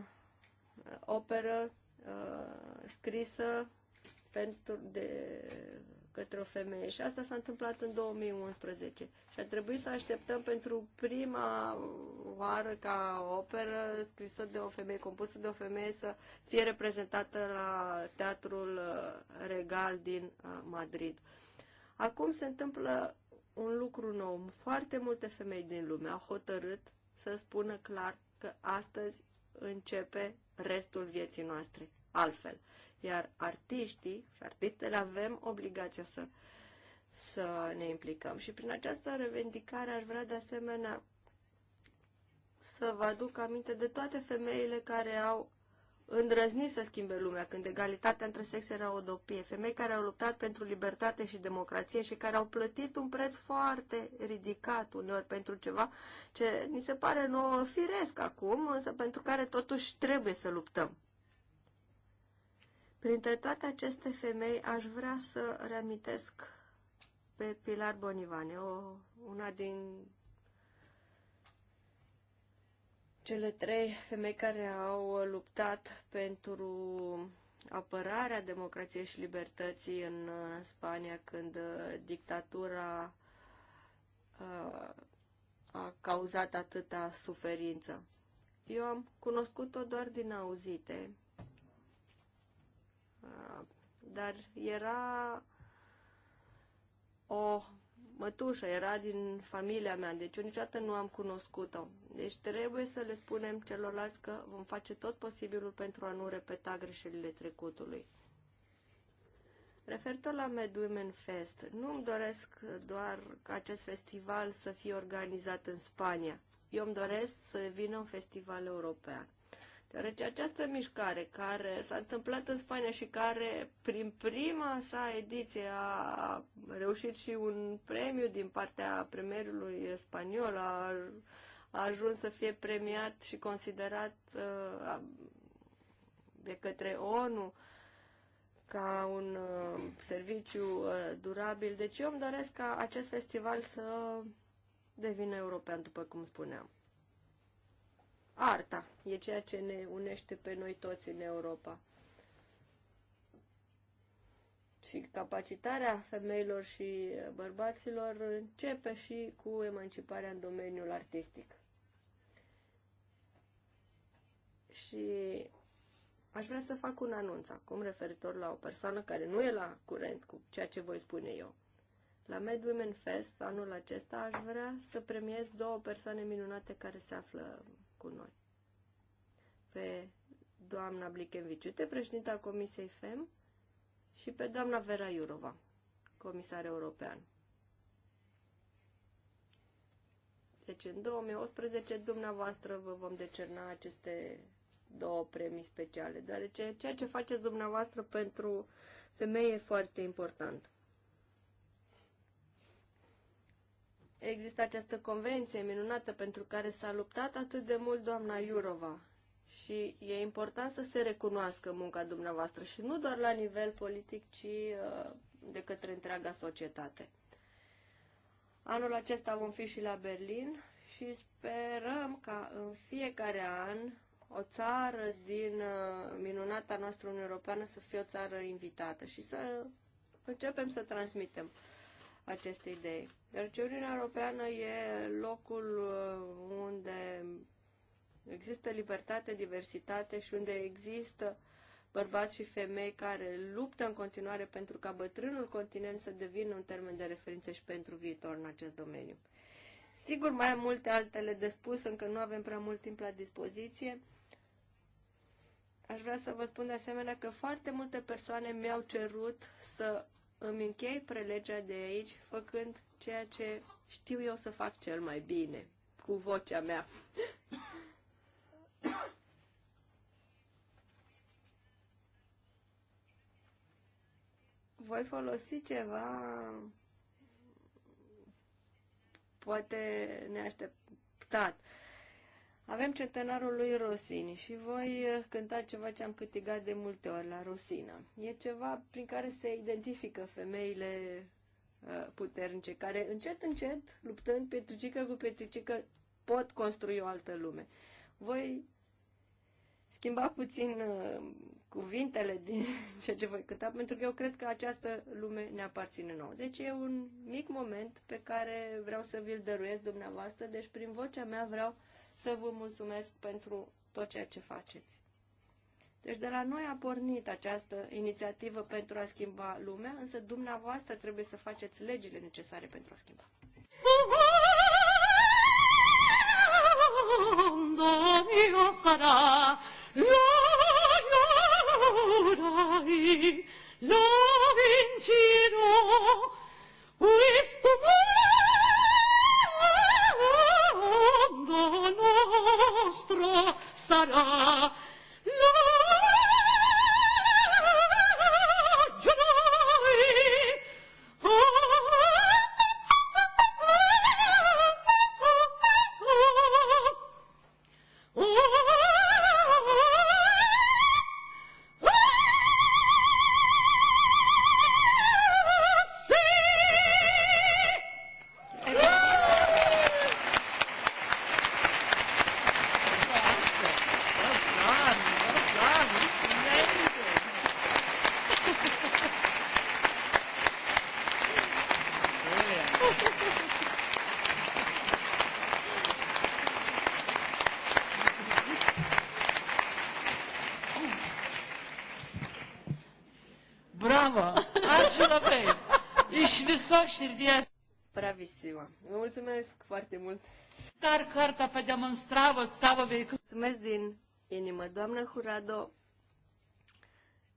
uh, operă uh, scrisă pentru de către o femeie și asta s-a întâmplat în 2011 și a trebuit să așteptăm pentru prima oară ca operă scrisă de o femeie, compusă de o femeie să fie reprezentată la Teatrul uh, Regal din uh, Madrid. Acum se întâmplă un lucru nou. Foarte multe femei din lume au hotărât să spună clar că astăzi începe restul vieții noastre altfel. Iar artiștii și artistele avem obligația să, să ne implicăm. Și prin această revendicare aș vrea de asemenea să vă aduc aminte de toate femeile care au îndrăznit să schimbe lumea când egalitatea între sexe era o dopie, femei care au luptat pentru libertate și democrație și care au plătit un preț foarte ridicat uneori pentru ceva ce ni se pare nouă firesc acum, însă pentru care totuși trebuie să luptăm. Printre toate aceste femei, aș vrea să reamintesc pe Pilar Bonivane, o, una din cele trei femei care au luptat pentru apărarea democrației și libertății în Spania când uh, dictatura uh, a cauzat atâta suferință. Eu am cunoscut-o doar din auzite Ah, dar era o mătușă, era din familia mea, deci eu niciodată nu am cunoscut-o. Deci trebuie să le spunem celorlalți că vom face tot posibilul pentru a nu repeta greșelile trecutului. Referitor la Mad Women Fest, nu îmi doresc doar ca acest festival să fie organizat în Spania. Eu îmi doresc să vină un festival european. Deoarece această mișcare care s-a întâmplat în Spania și care prin prima sa ediție a reușit și un premiu din partea premierului spaniol, a, a ajuns să fie premiat și considerat uh, de către ONU ca un uh, serviciu uh, durabil. Deci eu îmi doresc ca acest festival să devină european, după cum spuneam arta. E ceea ce ne unește pe noi toți în Europa. Și capacitarea femeilor și bărbaților începe și cu emanciparea în domeniul artistic. Și aș vrea să fac un anunț acum referitor la o persoană care nu e la curent cu ceea ce voi spune eu. La Mad Women Fest anul acesta aș vrea să premiez două persoane minunate care se află cu noi. Pe doamna Blichencviciute, președinta Comisiei FEM, și pe doamna Vera Iurova, comisar european. Deci în 2018 dumneavoastră vă vom decerna aceste două premii speciale, deoarece ceea ce faceți dumneavoastră pentru femei e foarte important. Există această convenție minunată pentru care s-a luptat atât de mult doamna Iurova și e important să se recunoască munca dumneavoastră și nu doar la nivel politic, ci uh, de către întreaga societate. Anul acesta vom fi și la Berlin și sperăm ca în fiecare an o țară din uh, minunata noastră Uniune Europeană să fie o țară invitată și să începem să transmitem aceste idei. Deci Uniunea Europeană e locul uh, unde există libertate, diversitate și unde există bărbați și femei care luptă în continuare pentru ca bătrânul continent să devină un termen de referință și pentru viitor în acest domeniu. Sigur, mai am multe altele de spus, încă nu avem prea mult timp la dispoziție. Aș vrea să vă spun de asemenea că foarte multe persoane mi-au cerut să îmi închei prelegea de aici făcând ceea ce știu eu să fac cel mai bine, cu vocea mea. Voi folosi ceva, poate neașteptat. Avem centenarul lui Rosini și voi eh, cânta ceva ce am câtigat de multe ori la Rosina. E ceva prin care se identifică femeile eh, puternice, care încet, încet, luptând petricică cu petricică, pot construi o altă lume. Voi schimba puțin eh, cuvintele din <laughs> ceea ce voi cânta, pentru că eu cred că această lume ne aparține nouă. Deci e un mic moment pe care vreau să vi-l dăruiesc dumneavoastră, deci prin vocea mea vreau să vă mulțumesc pentru tot ceea ce faceți. Deci de la noi a pornit această inițiativă pentru a schimba lumea, însă dumneavoastră trebuie să faceți legile necesare pentru a schimba. La vincirò questo mondo sara, sara, Silvia. Bravissima. Mulțumesc foarte mult. Dar carta pe demonstravă, stavă vehicul. Mulțumesc din inimă, doamnă Hurado.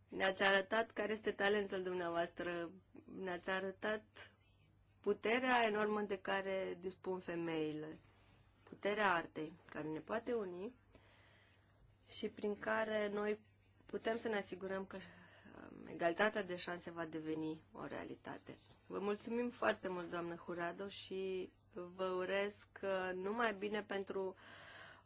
Ne-ați arătat care este talentul dumneavoastră. Ne-ați arătat puterea enormă de care dispun femeile. Puterea artei, care ne poate uni și prin care noi putem să ne asigurăm că egalitatea de șanse va deveni o realitate. Vă mulțumim foarte mult, doamnă Hurado, și vă urez că numai bine pentru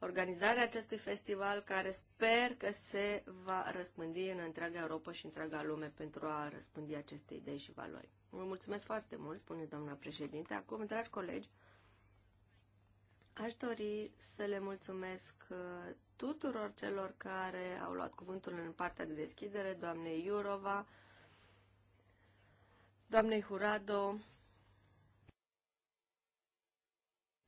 organizarea acestui festival, care sper că se va răspândi în întreaga Europa și întreaga lume pentru a răspândi aceste idei și valori. Vă mulțumesc foarte mult, spune doamna președinte. Acum, dragi colegi, aș dori să le mulțumesc uh, tuturor celor care au luat cuvântul în partea de deschidere, doamnei Iurova, doamnei Hurado,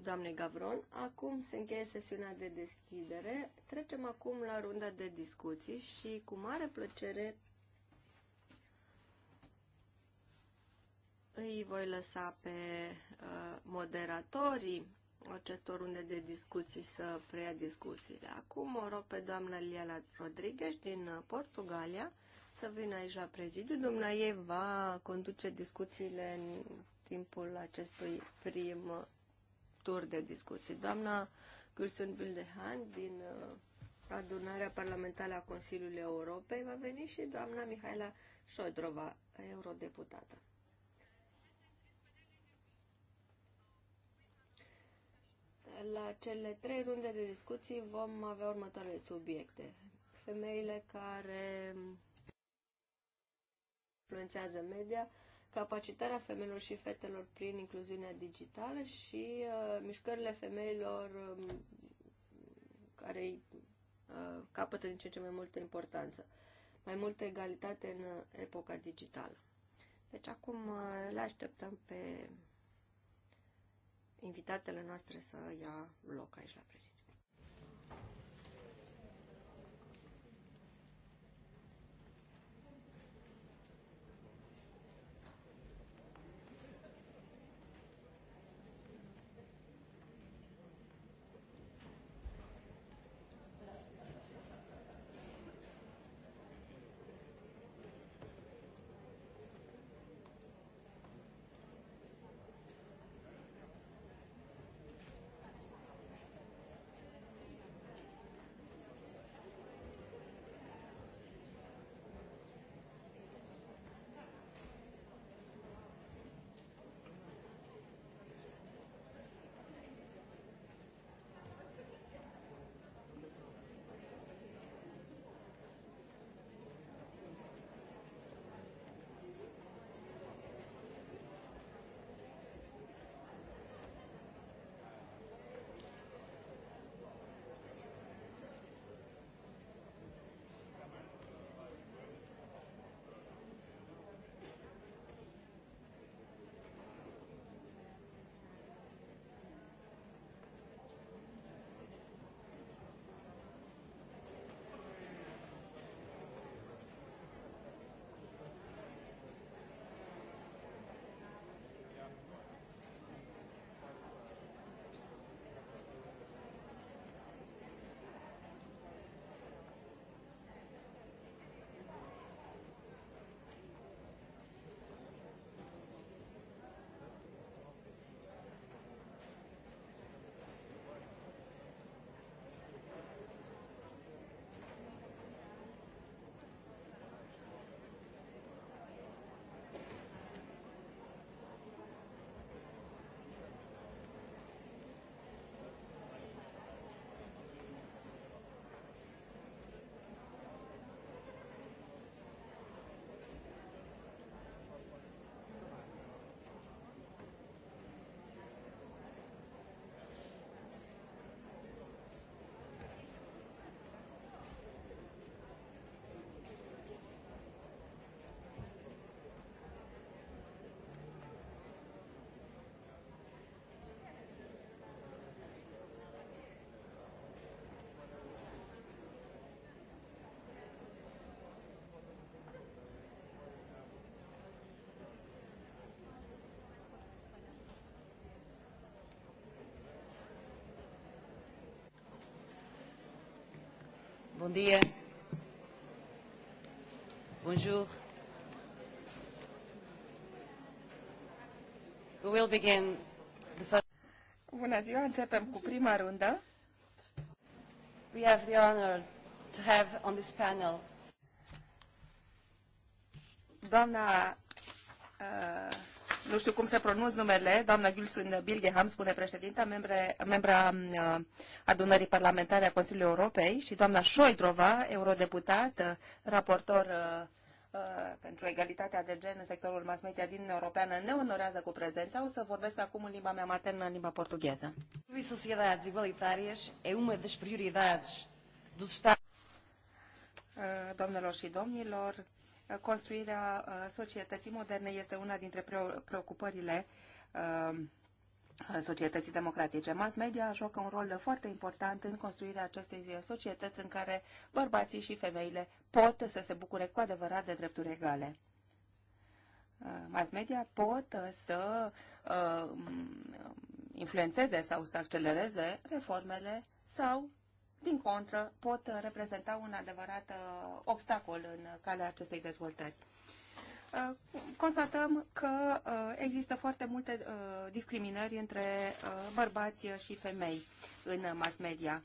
doamnei Gavron. Acum se încheie sesiunea de deschidere. Trecem acum la runda de discuții și cu mare plăcere îi voi lăsa pe uh, moderatorii acestor runde de discuții să preia discuțiile. Acum o rog pe doamna Liela Rodriguez din uh, Portugalia să vină aici la prezidiu. Domna ei va conduce discuțiile în timpul acestui prim uh, tur de discuții. Doamna Gülsün Bildehan din uh, adunarea parlamentară a Consiliului Europei va veni și doamna Mihaela Șodrova, eurodeputată. la cele trei runde de discuții vom avea următoarele subiecte. Femeile care influențează media, capacitarea femeilor și fetelor prin incluziunea digitală și uh, mișcările femeilor um, care uh, capătă din ce în ce mai multă importanță. Mai multă egalitate în epoca digitală. Deci acum uh, le așteptăm pe invitatele noastre să ia loc aici la prezidiu. Bom dia. Bonjour. We will begin the first... Bună ziua, începem cu prima rundă. We have the honor to have on this panel doamna uh, nu știu cum se pronunț numele, doamna Gülsun Bilgeham, spune președinta, membre, membra uh, adunării parlamentare a Consiliului Europei, și doamna Șoidrova, eurodeputat, uh, raportor uh, pentru egalitatea de gen în sectorul mass media din Europeană ne onorează cu prezența. O să vorbesc acum în limba mea maternă, în limba portugheză. Deci, da. Doamnelor Domnilor și domnilor, construirea uh, societății moderne este una dintre preocupările uh, societății democratice. Mass media joacă un rol foarte important în construirea acestei societăți în care bărbații și femeile pot să se bucure cu adevărat de drepturi egale. Uh, mass media pot să influențeze sau să accelereze reformele sau din contră, pot reprezenta un adevărat uh, obstacol în calea acestei dezvoltări uh, constatăm că uh, există foarte multe discriminări între bărbați și femei în mass media.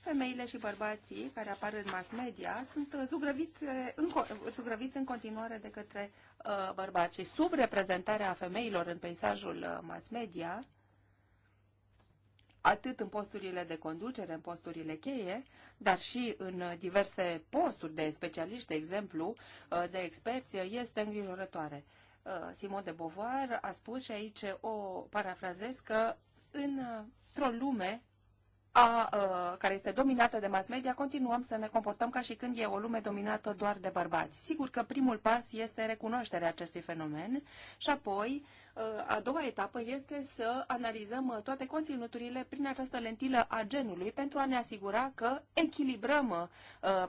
Femeile și bărbații care apar în mass media sunt zugrăviți în, zugrăviți în continuare de către bărbați și subreprezentarea femeilor în peisajul mass media atât în posturile de conducere, în posturile cheie, dar și în diverse posturi de specialiști, de exemplu, uh, de experți, uh, este îngrijorătoare. Uh, Simon de Beauvoir a spus și aici o parafrazez că într-o lume a, a, care este dominată de mass media, continuăm să ne comportăm ca și când e o lume dominată doar de bărbați. Sigur că primul pas este recunoașterea acestui fenomen și apoi a doua etapă este să analizăm toate conținuturile prin această lentilă a genului pentru a ne asigura că echilibrăm uh,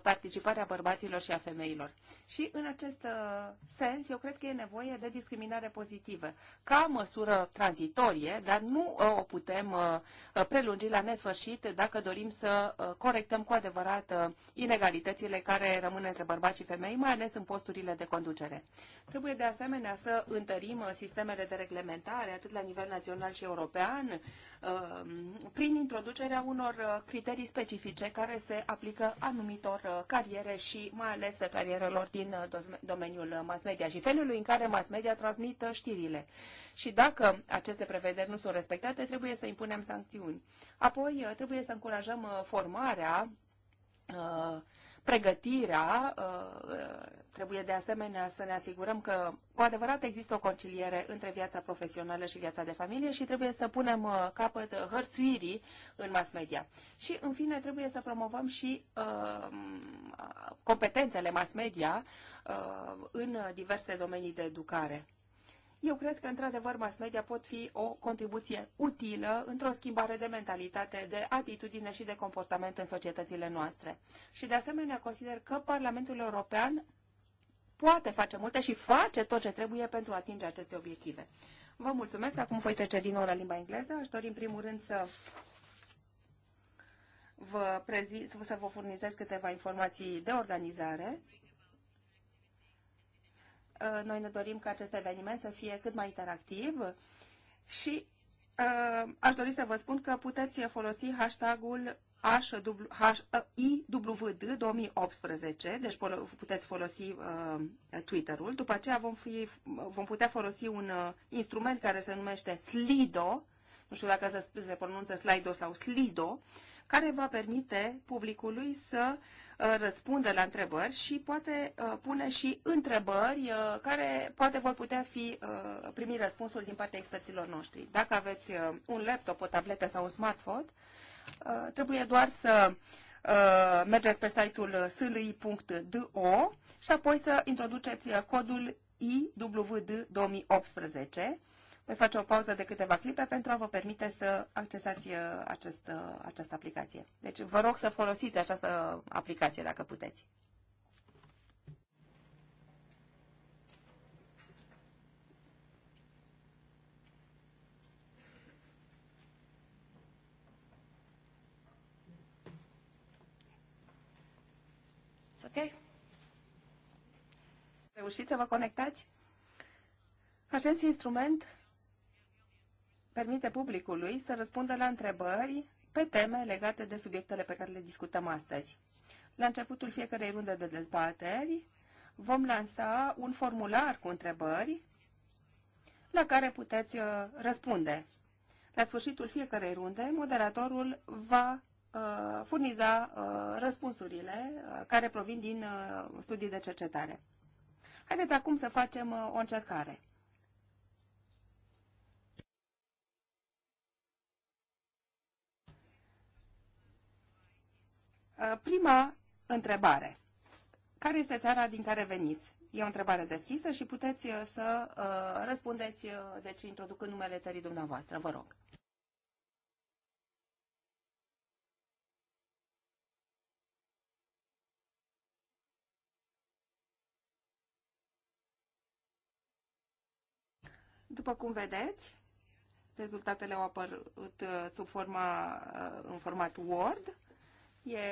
participarea bărbaților și a femeilor. Și în acest uh, sens, eu cred că e nevoie de discriminare pozitivă, ca măsură tranzitorie, dar nu uh, o putem prelungi la nesfârșit dacă dorim să corectăm cu adevărat inegalitățile care rămân între bărbați și femei, mai ales în posturile de conducere. Trebuie de asemenea să întărim uh, sistemele de reglementare, atât la nivel național și european, uh, prin introducerea unor uh, criterii specifice care se aplică anumitor cariere și mai ales carierelor din domeniul mass media și felului în care mass media transmit știrile. Și dacă aceste prevederi nu sunt respectate, trebuie să impunem sancțiuni. Apoi, trebuie să încurajăm formarea pregătirea, uh, trebuie de asemenea să ne asigurăm că cu adevărat există o conciliere între viața profesională și viața de familie și trebuie să punem uh, capăt hărțuirii în mass media. Și, în fine, trebuie să promovăm și uh, competențele mass media în diverse domenii de educare eu cred că, într-adevăr, mass media pot fi o contribuție utilă într-o schimbare de mentalitate, de atitudine și de comportament în societățile noastre. Și, de asemenea, consider că Parlamentul European poate face multe și face tot ce trebuie pentru a atinge aceste obiective. Vă mulțumesc. Acum voi trece din nou la limba engleză. Aș dori, în primul rând, să vă prezi, să vă furnizez câteva informații de organizare. Uh, noi ne dorim ca acest eveniment să fie cât mai interactiv și uh, aș dori să vă spun că puteți folosi hashtagul uh, IWD 2018, deci puteți folosi uh, Twitter-ul. După aceea vom, fi, vom putea folosi un uh, instrument care se numește Slido, nu știu dacă se, se pronunță Slido sau Slido, care va permite publicului să Uh, răspunde la întrebări și poate uh, pune și întrebări uh, care poate vor putea fi primi răspunsul din partea experților noștri. Dacă aveți un laptop, o tabletă sau un smartphone, trebuie doar să mergeți pe site-ul sli.do și apoi să introduceți codul IWD 2018 voi face o pauză de câteva clipe pentru a vă permite să accesați uh, acest, uh, această aplicație. Deci vă rog să folosiți această aplicație dacă puteți. ok? Reușiți să vă conectați? Acest instrument permite publicului să răspundă la întrebări pe teme legate de subiectele pe care le discutăm astăzi. La începutul fiecarei runde de dezbateri vom lansa un formular cu întrebări la care puteți uh, răspunde. La sfârșitul fiecarei runde, moderatorul va uh, furniza uh, răspunsurile care provin din studii de cercetare. Haideți acum să facem o încercare. Uh, prima întrebare. Care este țara din care veniți? E o întrebare deschisă și puteți uh, să uh, răspundeți, deci introducând numele țării dumneavoastră. Vă rog. După cum vedeți, rezultatele au apărut sub forma, în format Word e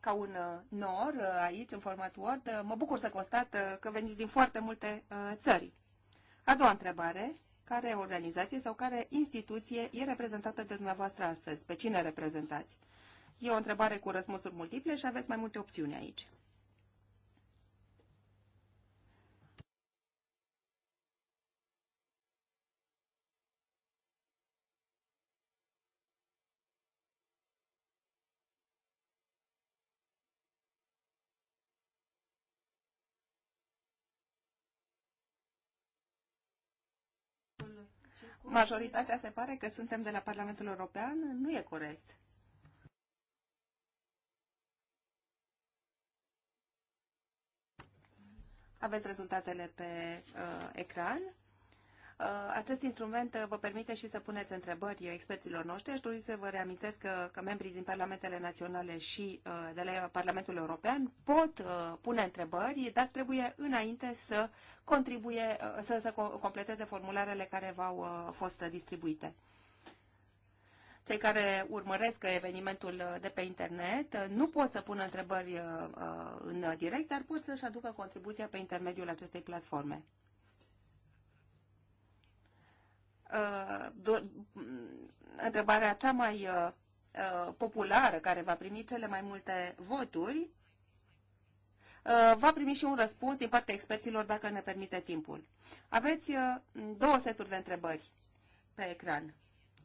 ca un uh, nor uh, aici, în format Word. Uh, mă bucur să constat că veniți din foarte multe țări. A doua întrebare, care organizație sau care instituție e reprezentată de dumneavoastră astăzi? Pe cine reprezentați? E o întrebare cu răspunsuri multiple și aveți mai multe opțiuni aici. majoritatea se pare că suntem de la Parlamentul European, nu e corect. Aveți rezultatele pe uh, ecran. Uh, acest instrument uh, vă permite și să puneți întrebări uh, experților noștri. Aș dori să vă reamintesc că, că membrii din Parlamentele Naționale și de la Parlamentul European pot pune întrebări, dar trebuie înainte să contribuie, să, să completeze formularele care v-au fost distribuite. Cei care urmăresc evenimentul de pe internet nu pot să pună întrebări în direct, dar pot să-și aducă contribuția pe intermediul acestei platforme. întrebarea cea mai uh, uh, populară care va primi cele mai multe voturi, uh, va primi și un răspuns din partea experților dacă ne permite timpul. Aveți două seturi de întrebări pe ecran.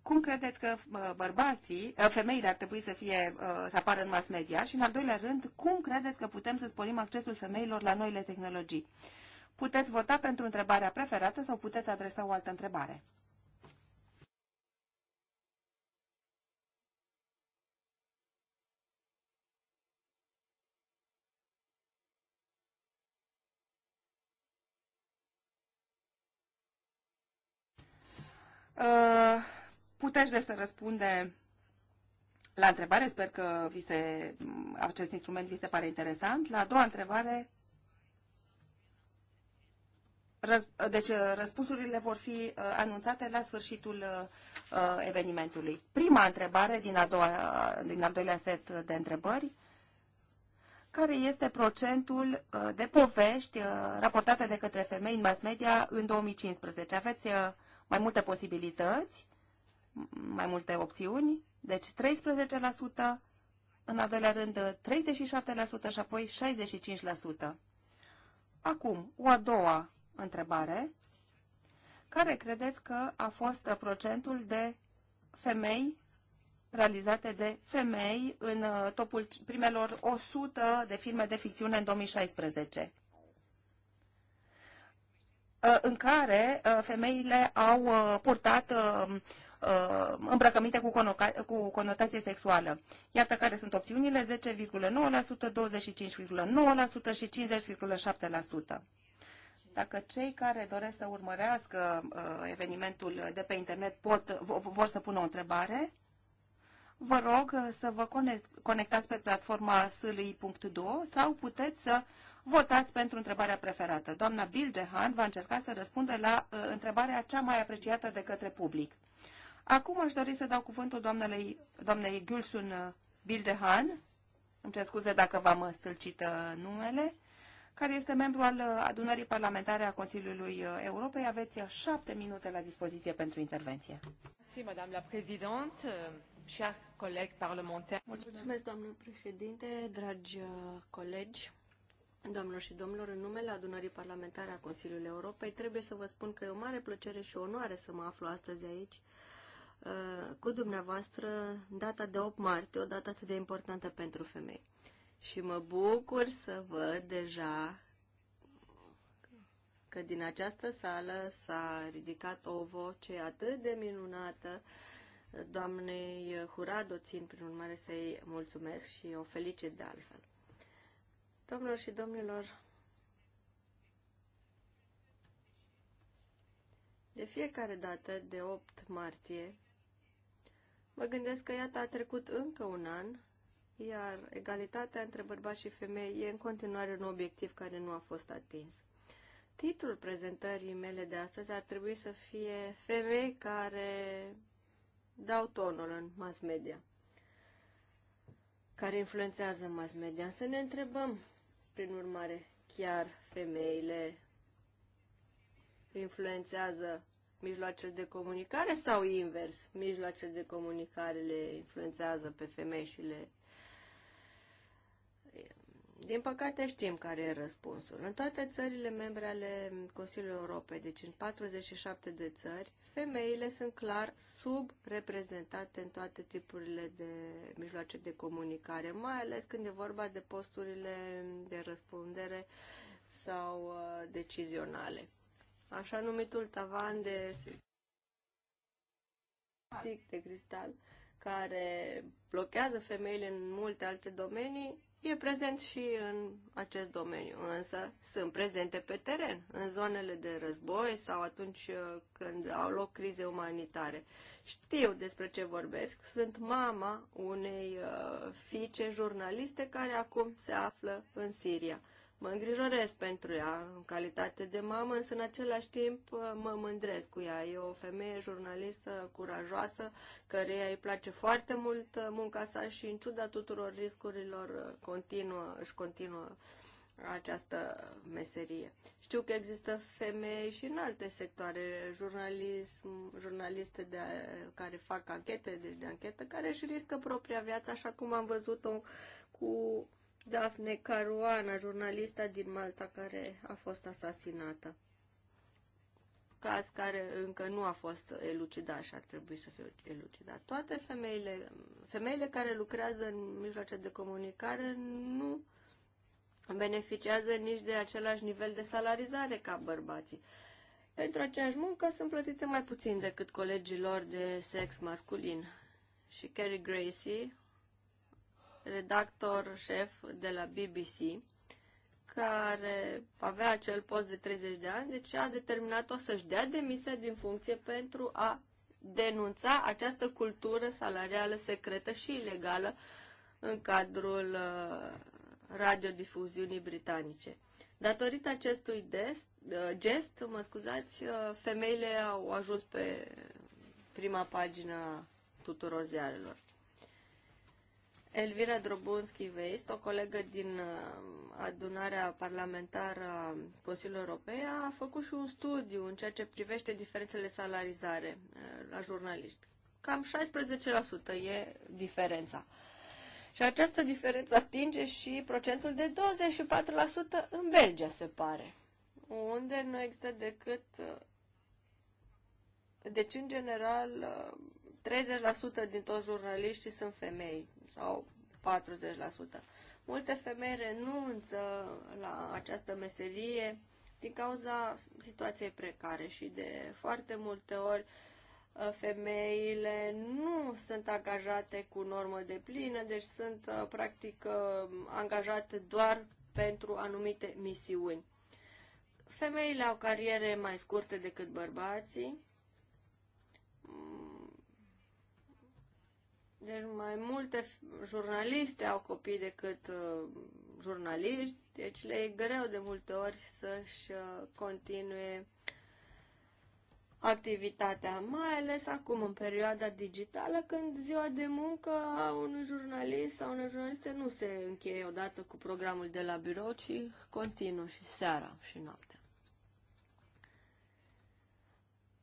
Cum credeți că bărbații, femeile ar trebui să, fie, să apară în mass media? Și în al doilea rând, cum credeți că putem să sporim accesul femeilor la noile tehnologii? Puteți vota pentru întrebarea preferată sau puteți adresa o altă întrebare. Uh, puteți de să răspunde la întrebare, sper că vi se, acest instrument vi se pare interesant. La a doua întrebare, răz, deci uh, răspunsurile vor fi uh, anunțate la sfârșitul evenimentului. Prima întrebare din, a doua, din al doilea set de întrebări, care este procentul de povești raportate de către femei în mass media în 2015? Aveți mai multe posibilități, mai multe opțiuni, deci 13%, în al doilea rând 37% și apoi 65%. Acum, o a doua întrebare. Care credeți că a fost procentul de femei realizate de femei în topul primelor 100 de filme de ficțiune în 2016? Uh, în care uh, femeile au uh, purtat îmbrăcăminte cu, conotație sexuală. Iată care sunt opțiunile 10,9%, 25,9% și 50,7%. Dacă cei care doresc să urmărească evenimentul de pe internet pot, vor să pună o întrebare, vă rog să vă conectați pe platforma sâlii.do sau puteți să votați pentru întrebarea preferată. Doamna Bildehan va încerca să răspundă la uh, întrebarea cea mai apreciată de către public. Acum aș dori să dau cuvântul doamnei, doamnei Gülsun uh, Bildehan, îmi cer scuze dacă v-am stâlcit uh, numele, care este membru al uh, adunării parlamentare a Consiliului Europei. Aveți șapte minute la dispoziție pentru intervenție. Euh, Mulțumesc, doamnă președinte, dragi colegi. Doamnelor și domnilor, în numele adunării parlamentare a Consiliului Europei, trebuie să vă spun că e o mare plăcere și onoare să mă aflu astăzi aici uh, cu dumneavoastră data de 8 martie, o dată atât de importantă pentru femei. Și mă bucur să văd deja că din această sală s-a ridicat o voce atât de minunată doamnei Hurado, țin prin urmare să-i mulțumesc și o felicit de altfel. Domnilor și domnilor, de fiecare dată de 8 martie, mă gândesc că iată a trecut încă un an, iar egalitatea între bărbați și femei e în continuare un obiectiv care nu a fost atins. Titlul prezentării mele de astăzi ar trebui să fie Femei care dau tonul în mass media care influențează mass media. Să ne întrebăm prin urmare, chiar femeile influențează mijloacele de comunicare sau invers? Mijloacele de comunicare le influențează pe femei și le din păcate știm care e răspunsul. În toate țările membre ale Consiliului Europei, deci în 47 de țări, femeile sunt clar subreprezentate în toate tipurile de mijloace de comunicare, mai ales când e vorba de posturile de răspundere sau uh, decizionale. Așa numitul tavan de de cristal care blochează femeile în multe alte domenii, e prezent și în acest domeniu, însă sunt prezente pe teren, în zonele de război sau atunci uh, când au loc crize umanitare. Știu despre ce vorbesc, sunt mama unei uh, fiice jurnaliste care acum se află în Siria. Mă îngrijorez pentru ea în calitate de mamă, însă în același timp uh, mă mândresc cu ea. E o femeie jurnalistă curajoasă, care îi place foarte mult uh, munca sa și în ciuda tuturor riscurilor uh, continuă, își continuă această meserie. Știu că există femei și în alte sectoare, jurnalism, jurnaliste de, care fac anchete, deci de anchetă, care își riscă propria viață, așa cum am văzut-o cu Daphne Caruana, jurnalista din Malta care a fost asasinată. Caz care încă nu a fost elucidat și ar trebui să fie elucidat. Toate femeile, femeile care lucrează în mijloace de comunicare nu beneficiază nici de același nivel de salarizare ca bărbații. Pentru aceeași muncă sunt plătite mai puțin decât colegilor de sex masculin. Și Carrie Gracie, redactor șef de la BBC, care avea acel post de 30 de ani, deci a determinat-o să-și dea demisia din funcție pentru a denunța această cultură salarială secretă și ilegală în cadrul uh, radiodifuziunii britanice. Datorită acestui dest, uh, gest, mă scuzați, uh, femeile au ajuns pe prima pagină tuturor ziarelor. Elvira Drobunski Veist, o colegă din uh, adunarea parlamentară a Consiliului Europei, a făcut și un studiu în ceea ce privește diferențele salarizare uh, la jurnaliști. Cam 16% e diferența. Și această diferență atinge și procentul de 24% în Belgia, se pare, unde nu există decât... Uh, deci, în general, 30% din toți jurnaliștii sunt femei sau 40%. Multe femei renunță la această meserie din cauza situației precare și de foarte multe ori uh, femeile nu sunt angajate cu normă de plină, deci sunt uh, practic uh, angajate doar pentru anumite misiuni. Femeile au cariere mai scurte decât bărbații, Deci mai multe jurnaliste au copii decât uh, jurnaliști, deci le e greu de multe ori să-și uh, continue activitatea, mai ales acum, în perioada digitală, când ziua de muncă a unui jurnalist sau unei jurnaliste nu se încheie odată cu programul de la birou, ci continuă și seara și noaptea.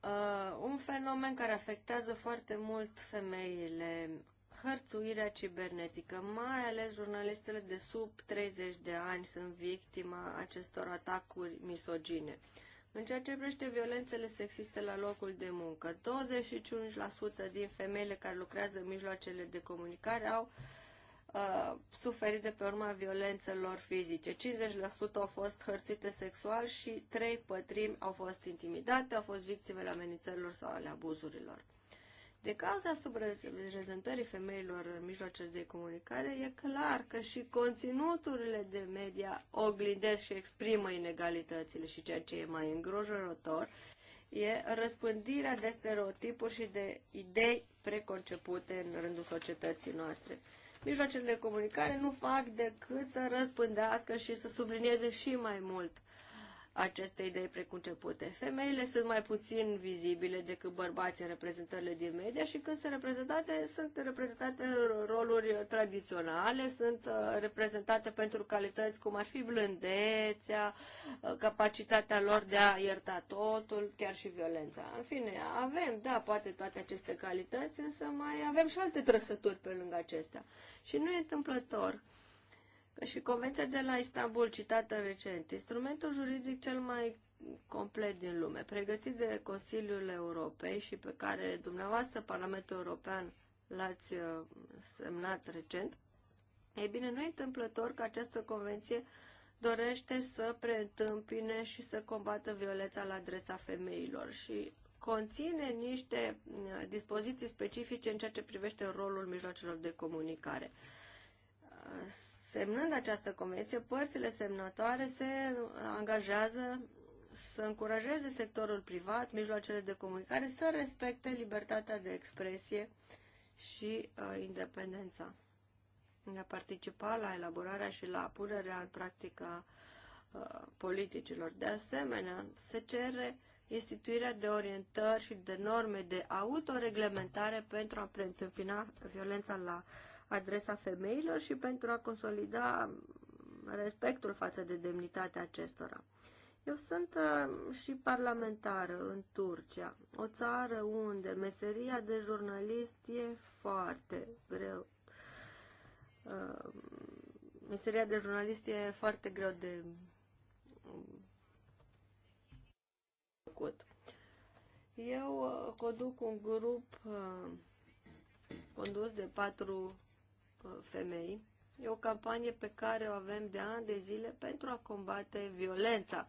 Uh, un fenomen care afectează foarte mult femeile, hărțuirea cibernetică, mai ales jurnalistele de sub 30 de ani sunt victima acestor atacuri misogine. În ceea ce privește violențele sexiste la locul de muncă, 25% din femeile care lucrează în mijloacele de comunicare au uh, uh, suferit de pe urma violențelor fizice. 50% au fost hărțuite sexual și 3 pătrimi au fost intimidate, au fost victimele amenințărilor sau ale abuzurilor. De cauza subreprezentării femeilor în mijloacele de comunicare, e clar că și conținuturile de media oglindesc și exprimă inegalitățile și ceea ce e mai îngrojorător e răspândirea de stereotipuri și de idei preconcepute în rândul societății noastre mijloacele de comunicare nu fac decât să răspândească și să sublinieze și mai mult aceste idei preconcepute. Femeile sunt mai puțin vizibile decât bărbații în reprezentările din media și când sunt reprezentate, sunt reprezentate roluri tradiționale, sunt uh, reprezentate pentru calități cum ar fi blândețea, uh, capacitatea lor de a ierta totul, chiar și violența. În fine, avem, da, poate toate aceste calități, însă mai avem și alte trăsături pe lângă acestea. Și nu e întâmplător și Convenția de la Istanbul, citată recent, instrumentul juridic cel mai complet din lume, pregătit de Consiliul Europei și pe care dumneavoastră, Parlamentul European, l-ați uh, semnat recent, e bine, nu e întâmplător că această convenție dorește să preîntâmpine și să combată violența la adresa femeilor și conține niște uh, dispoziții specifice în ceea ce privește rolul mijloacelor de comunicare uh, Semnând această convenție, părțile semnătoare se angajează să încurajeze sectorul privat, mijloacele de comunicare să respecte libertatea de expresie și uh, independența. De a participa la elaborarea și la punerea în practică uh, politicilor. De asemenea, se cere instituirea de orientări și de norme de autoreglementare pentru a preîntâmpina violența la uh, adresa femeilor și pentru a consolida respectul față de demnitatea acestora. Eu sunt uh, și parlamentar în Turcia, o țară unde meseria de jurnalist e foarte greu. Uh, meseria de jurnalist e foarte greu de făcut. Eu uh, conduc un grup condus de patru femei. E o campanie pe care o avem de ani de zile pentru a combate violența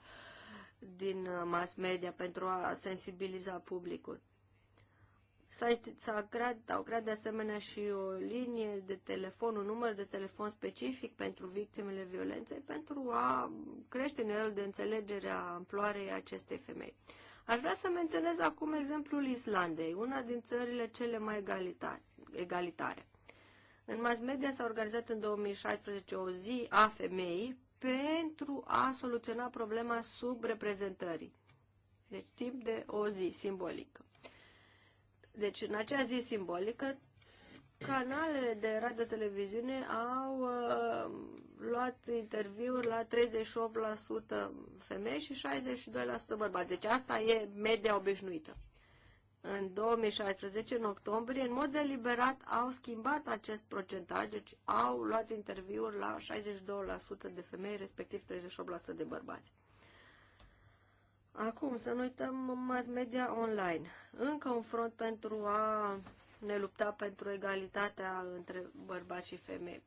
din uh, mass media, pentru a sensibiliza publicul. S-a, s-a creat, au creat de asemenea și o linie de telefon, un număr de telefon specific pentru victimele violenței, pentru a crește nivelul de înțelegere a amploarei acestei femei. Aș vrea să menționez acum exemplul Islandei, una din țările cele mai egalitare. În mass media s-a organizat în 2016 o zi a femeii pentru a soluționa problema reprezentării. Deci timp de o zi simbolică. Deci în acea zi simbolică, canalele de radio-televiziune au uh, luat interviuri la 38% femei și 62% bărbați. Deci asta e media obișnuită în 2016, în octombrie, în mod deliberat au schimbat acest procentaj, deci au luat interviuri la 62% de femei, respectiv 38% de bărbați. Acum, să nu uităm mass media online. Încă un front pentru a ne lupta pentru egalitatea între bărbați și femei.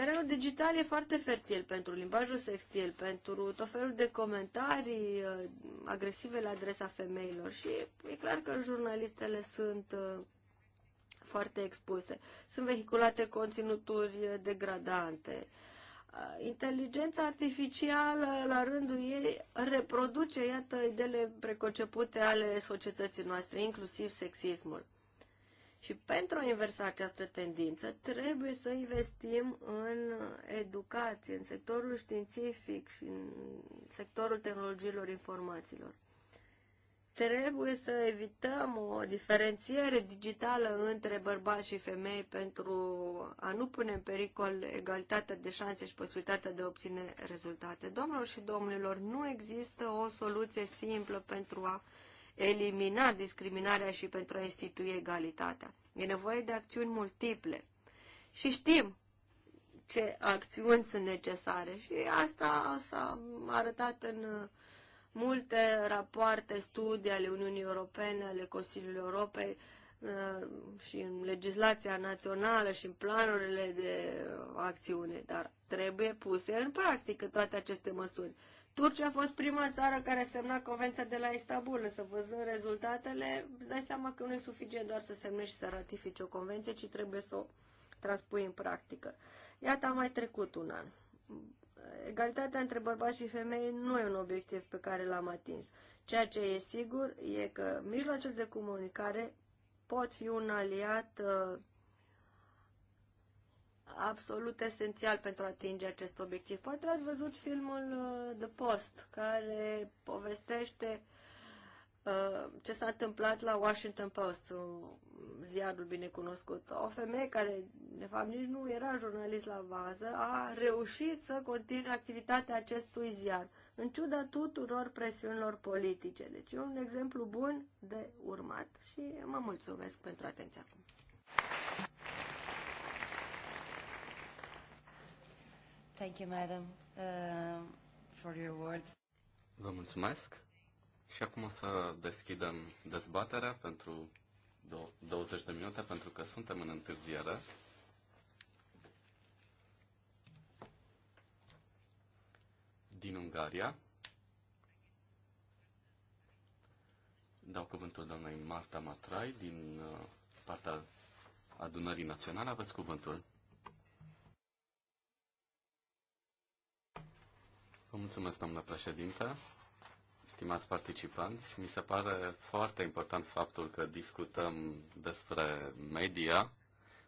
Terenul digital e foarte fertil pentru limbajul sextil, pentru tot felul de comentarii uh, agresive la adresa femeilor și e clar că jurnalistele sunt uh, foarte expuse. Sunt vehiculate conținuturi degradante. Uh, inteligența artificială, la rândul ei, reproduce, iată, ideile preconcepute ale societății noastre, inclusiv sexismul. Și pentru a inversa această tendință, trebuie să investim în educație, în sectorul științific și în sectorul tehnologiilor informațiilor. Trebuie să evităm o diferențiere digitală între bărbați și femei pentru a nu pune în pericol egalitatea de șanse și posibilitatea de a obține rezultate. Domnilor și domnilor, nu există o soluție simplă pentru a elimina discriminarea și pentru a institui egalitatea. E nevoie de acțiuni multiple. Și știm ce acțiuni sunt necesare și asta s-a arătat în multe rapoarte, studii ale Uniunii Europene, ale Consiliului Europei uh, și în legislația națională și în planurile de acțiune, dar trebuie puse în practică toate aceste măsuri. Turcia a fost prima țară care a semnat Convenția de la Istanbul, însă văzând rezultatele, îți dai seama că nu e suficient doar să semnești și să ratifici o convenție, ci trebuie să o transpui în practică. Iată, a mai trecut un an. Egalitatea între bărbați și femei nu e un obiectiv pe care l-am atins. Ceea ce e sigur e că mijloacele de comunicare pot fi un aliat uh, absolut esențial pentru a atinge acest obiectiv. Poate ați văzut filmul uh, The Post, care povestește uh, ce s-a întâmplat la Washington Post, ziarul binecunoscut. O femeie care, de fapt, nici nu era jurnalist la bază, a reușit să continue activitatea acestui ziar, în ciuda tuturor presiunilor politice. Deci e un exemplu bun de urmat și mă mulțumesc pentru atenția. Thank you, madam, uh, for your words. Vă mulțumesc. Și acum o să deschidem dezbaterea pentru 20 de minute, pentru că suntem în întârziere. Din Ungaria. Dau cuvântul doamnei Marta Matrai din uh, partea adunării naționale. Aveți cuvântul. Vă mulțumesc, doamnă președinte. Stimați participanți, mi se pare foarte important faptul că discutăm despre media,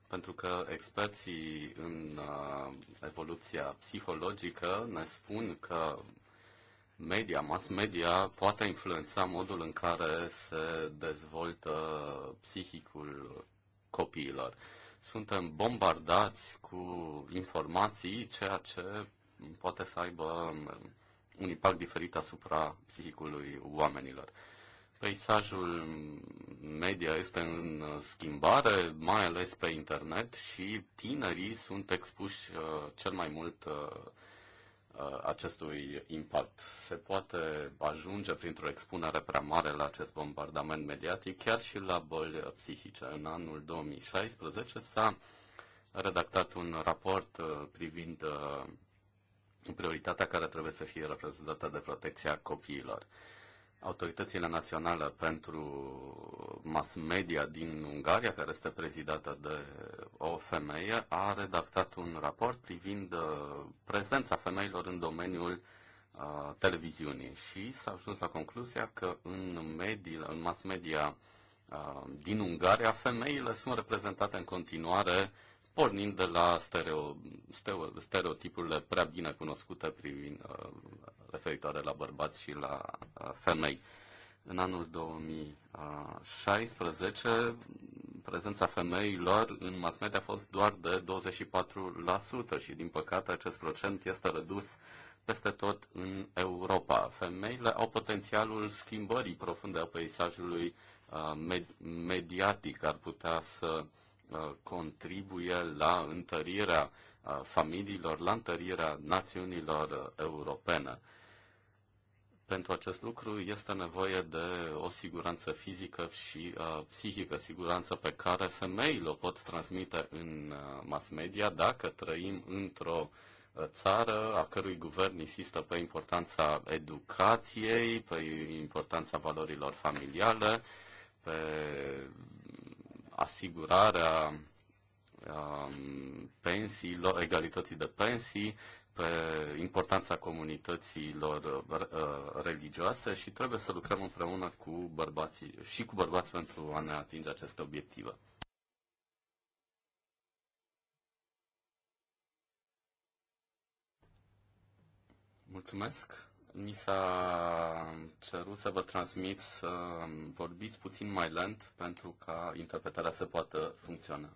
pentru că experții în uh, evoluția psihologică ne spun că media, mass media, poate influența modul în care se dezvoltă psihicul copiilor. Suntem bombardați cu informații, ceea ce poate să aibă um, un impact diferit asupra psihicului oamenilor. Peisajul media este în schimbare, mai ales pe internet, și tinerii sunt expuși uh, cel mai mult uh, uh, acestui impact. Se poate ajunge printr-o expunere prea mare la acest bombardament mediatic, chiar și la boli psihice. În anul 2016 s-a redactat un raport privind prioritatea care trebuie să fie reprezentată de protecția copiilor. Autoritățile naționale pentru mass media din Ungaria, care este prezidată de o femeie, a redactat un raport privind uh, prezența femeilor în domeniul uh, televiziunii și s-a ajuns la concluzia că în, medii, în mass media uh, din Ungaria femeile sunt reprezentate în continuare uh, pornind de la stereo, stereo, stereotipurile prea bine cunoscute privind uh, referitoare la bărbați și la uh, femei. În anul 2016, prezența femeilor în mass media a fost doar de 24% și, din păcate, acest procent este redus peste tot în Europa. Femeile au potențialul schimbării profunde a peisajului uh, med- mediatic, ar putea să Uh, contribuie la întărirea uh, familiilor, la întărirea națiunilor uh, europene. Pentru acest lucru este nevoie de o siguranță fizică și uh, psihică, siguranță pe care femeile o pot transmite în uh, mass media dacă trăim într-o țară a cărui guvern insistă pe importanța educației, pe importanța valorilor familiale, pe asigurarea um, pensiilor, egalității de pensii, pe importanța comunităților uh, uh, religioase și trebuie să lucrăm împreună cu bărbații și cu bărbați pentru a ne atinge aceste obiective. Mulțumesc! mi s-a cerut să vă transmit să vorbiți puțin mai lent pentru ca interpretarea să poată funcționa.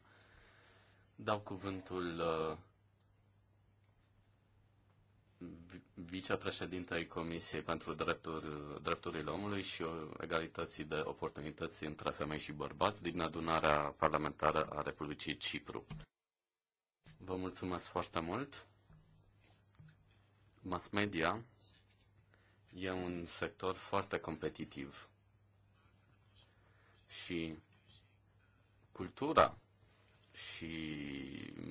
Dau cuvântul uh, vicepreședintei Comisiei pentru Drepturi, Drepturile Omului și Egalității de Oportunități între Femei și Bărbați din adunarea parlamentară a Republicii Cipru. Vă mulțumesc foarte mult. Mass media E un sector foarte competitiv și cultura și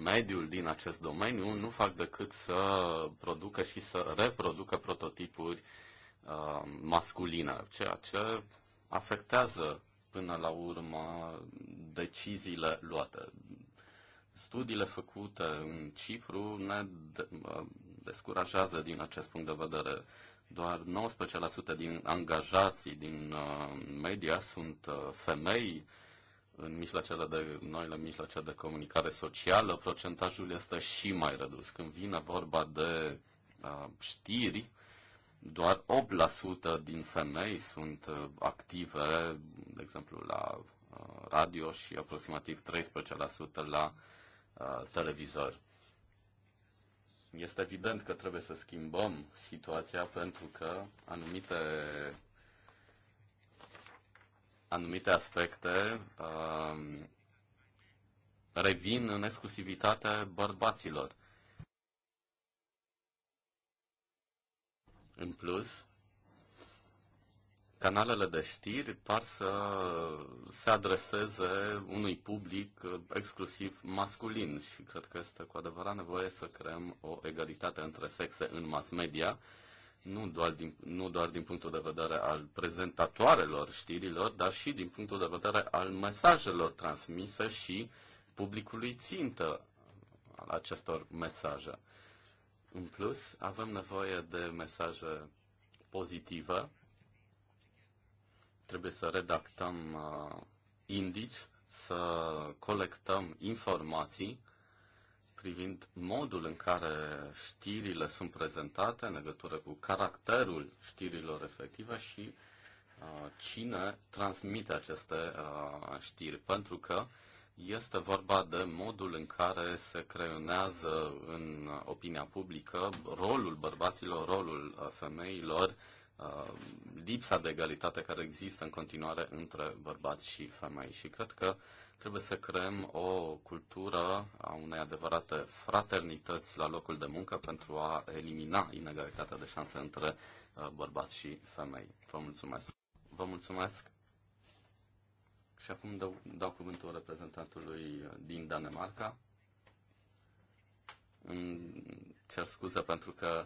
mediul din acest domeniu nu fac decât să producă și să reproducă prototipuri uh, masculine, ceea ce afectează până la urmă deciziile luate. Studiile făcute în Cipru ne uh, descurajează din acest punct de vedere. Doar 19% din angajații din uh, media sunt uh, femei în mijloacele de, noile mijloace de comunicare socială, procentajul este și mai redus. Când vine vorba de uh, știri, doar 8% din femei sunt active, de exemplu, la radio și aproximativ 13% la televizor. Este evident că trebuie să schimbăm situația pentru că anumite anumite aspecte uh, revin în exclusivitate bărbaților. În plus, canalele de știri par să se adreseze unui public uh, exclusiv masculin și cred că este cu adevărat nevoie să creăm o egalitate între sexe în mass media, nu doar din, nu doar din punctul de vedere al prezentatoarelor știrilor, dar și din punctul de vedere al mesajelor transmise și publicului țintă al acestor mesaje. În plus, avem nevoie de mesaje pozitive Trebuie să redactăm uh, indici, să colectăm informații privind modul în care știrile sunt prezentate în legătură cu caracterul știrilor respective și uh, cine transmite aceste uh, știri. Pentru că este vorba de modul în care se creionează în opinia publică rolul bărbaților, rolul uh, femeilor Uh, lipsa de egalitate care există în continuare între bărbați și femei. Și cred că trebuie să creăm o cultură a unei adevărate fraternități la locul de muncă pentru a elimina inegalitatea de șanse între uh, bărbați și femei. Vă mulțumesc! Vă mulțumesc! Și acum dau, dau cuvântul reprezentantului din Danemarca. Îmi cer scuze pentru că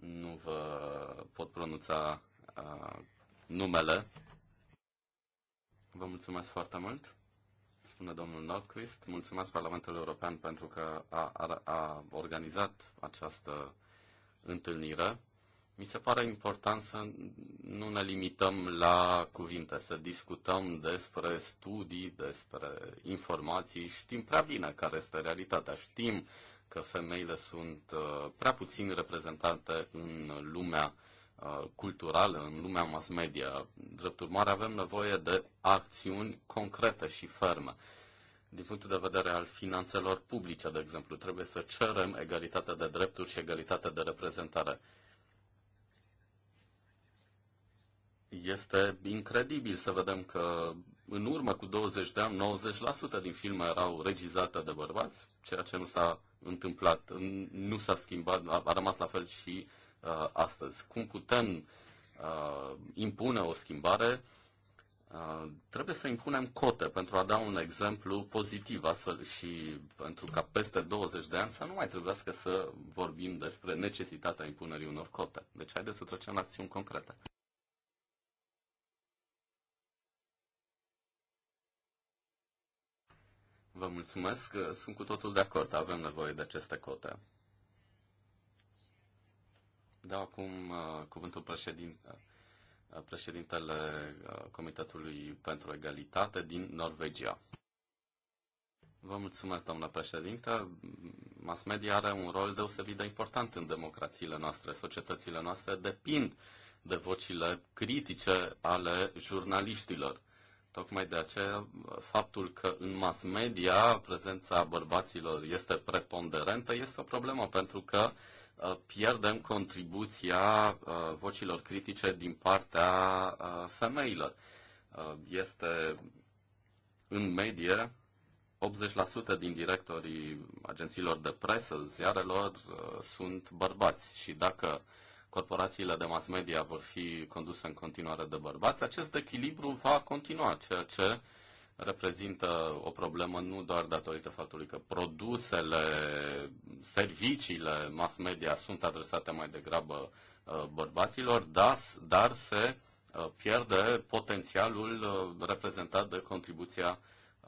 nu vă pot pronunța uh, numele. Vă mulțumesc foarte mult, spune domnul Nordquist. Mulțumesc Parlamentului European pentru că a, a, a organizat această întâlnire. Mi se pare important să nu ne limităm la cuvinte, să discutăm despre studii, despre informații. Știm prea bine care este realitatea. Știm că femeile sunt uh, prea puțin reprezentate în lumea uh, culturală, în lumea mass media. Drept urmare, avem nevoie de acțiuni concrete și ferme. Din punctul de vedere al finanțelor publice, de exemplu, trebuie să cerem egalitatea de drepturi și egalitatea de reprezentare. Este incredibil să vedem că în urmă cu 20 de ani, 90% din filme erau regizate de bărbați, ceea ce nu s-a întâmplat, nu s-a schimbat, a rămas la fel și uh, astăzi. Cum putem uh, impune o schimbare? Uh, trebuie să impunem cote pentru a da un exemplu pozitiv astfel și pentru ca peste 20 de ani să nu mai trebuiască să vorbim despre necesitatea impunerii unor cote. Deci haideți să trecem la acțiuni concrete. Vă mulțumesc, sunt cu totul de acord, avem nevoie de aceste cote. Da, acum uh, cuvântul președinte, uh, președintele uh, Comitetului pentru Egalitate din Norvegia. Vă mulțumesc, doamnă președinte. Mass media are un rol deosebit de important în democrațiile noastre. Societățile noastre depind de vocile critice ale jurnaliștilor. Tocmai de aceea, faptul că în mass media prezența bărbaților este preponderentă este o problemă, pentru că uh, pierdem contribuția uh, vocilor critice din partea uh, femeilor. Este în medie 80% din directorii agențiilor de presă, ziarelor, sunt bărbați și dacă corporațiile de mass media vor fi conduse în continuare de bărbați, acest echilibru va continua, ceea ce reprezintă o problemă nu doar datorită faptului că produsele, serviciile mass media sunt adresate mai degrabă uh, bărbaților, dar, dar se uh, pierde potențialul uh, reprezentat de contribuția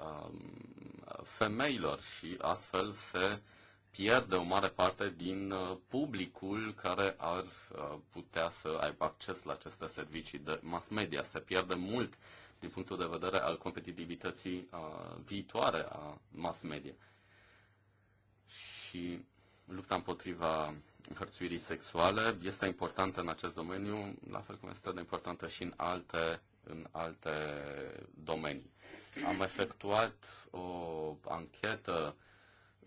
um, femeilor și astfel se pierde o mare parte din uh, publicul care ar uh, putea să aibă acces la aceste servicii de mass media. Se pierde mult din punctul de vedere al competitivității uh, viitoare a mass media. Și lupta împotriva hărțuirii sexuale este importantă în acest domeniu, la fel cum este de importantă și în alte, în alte domenii. Am efectuat o anchetă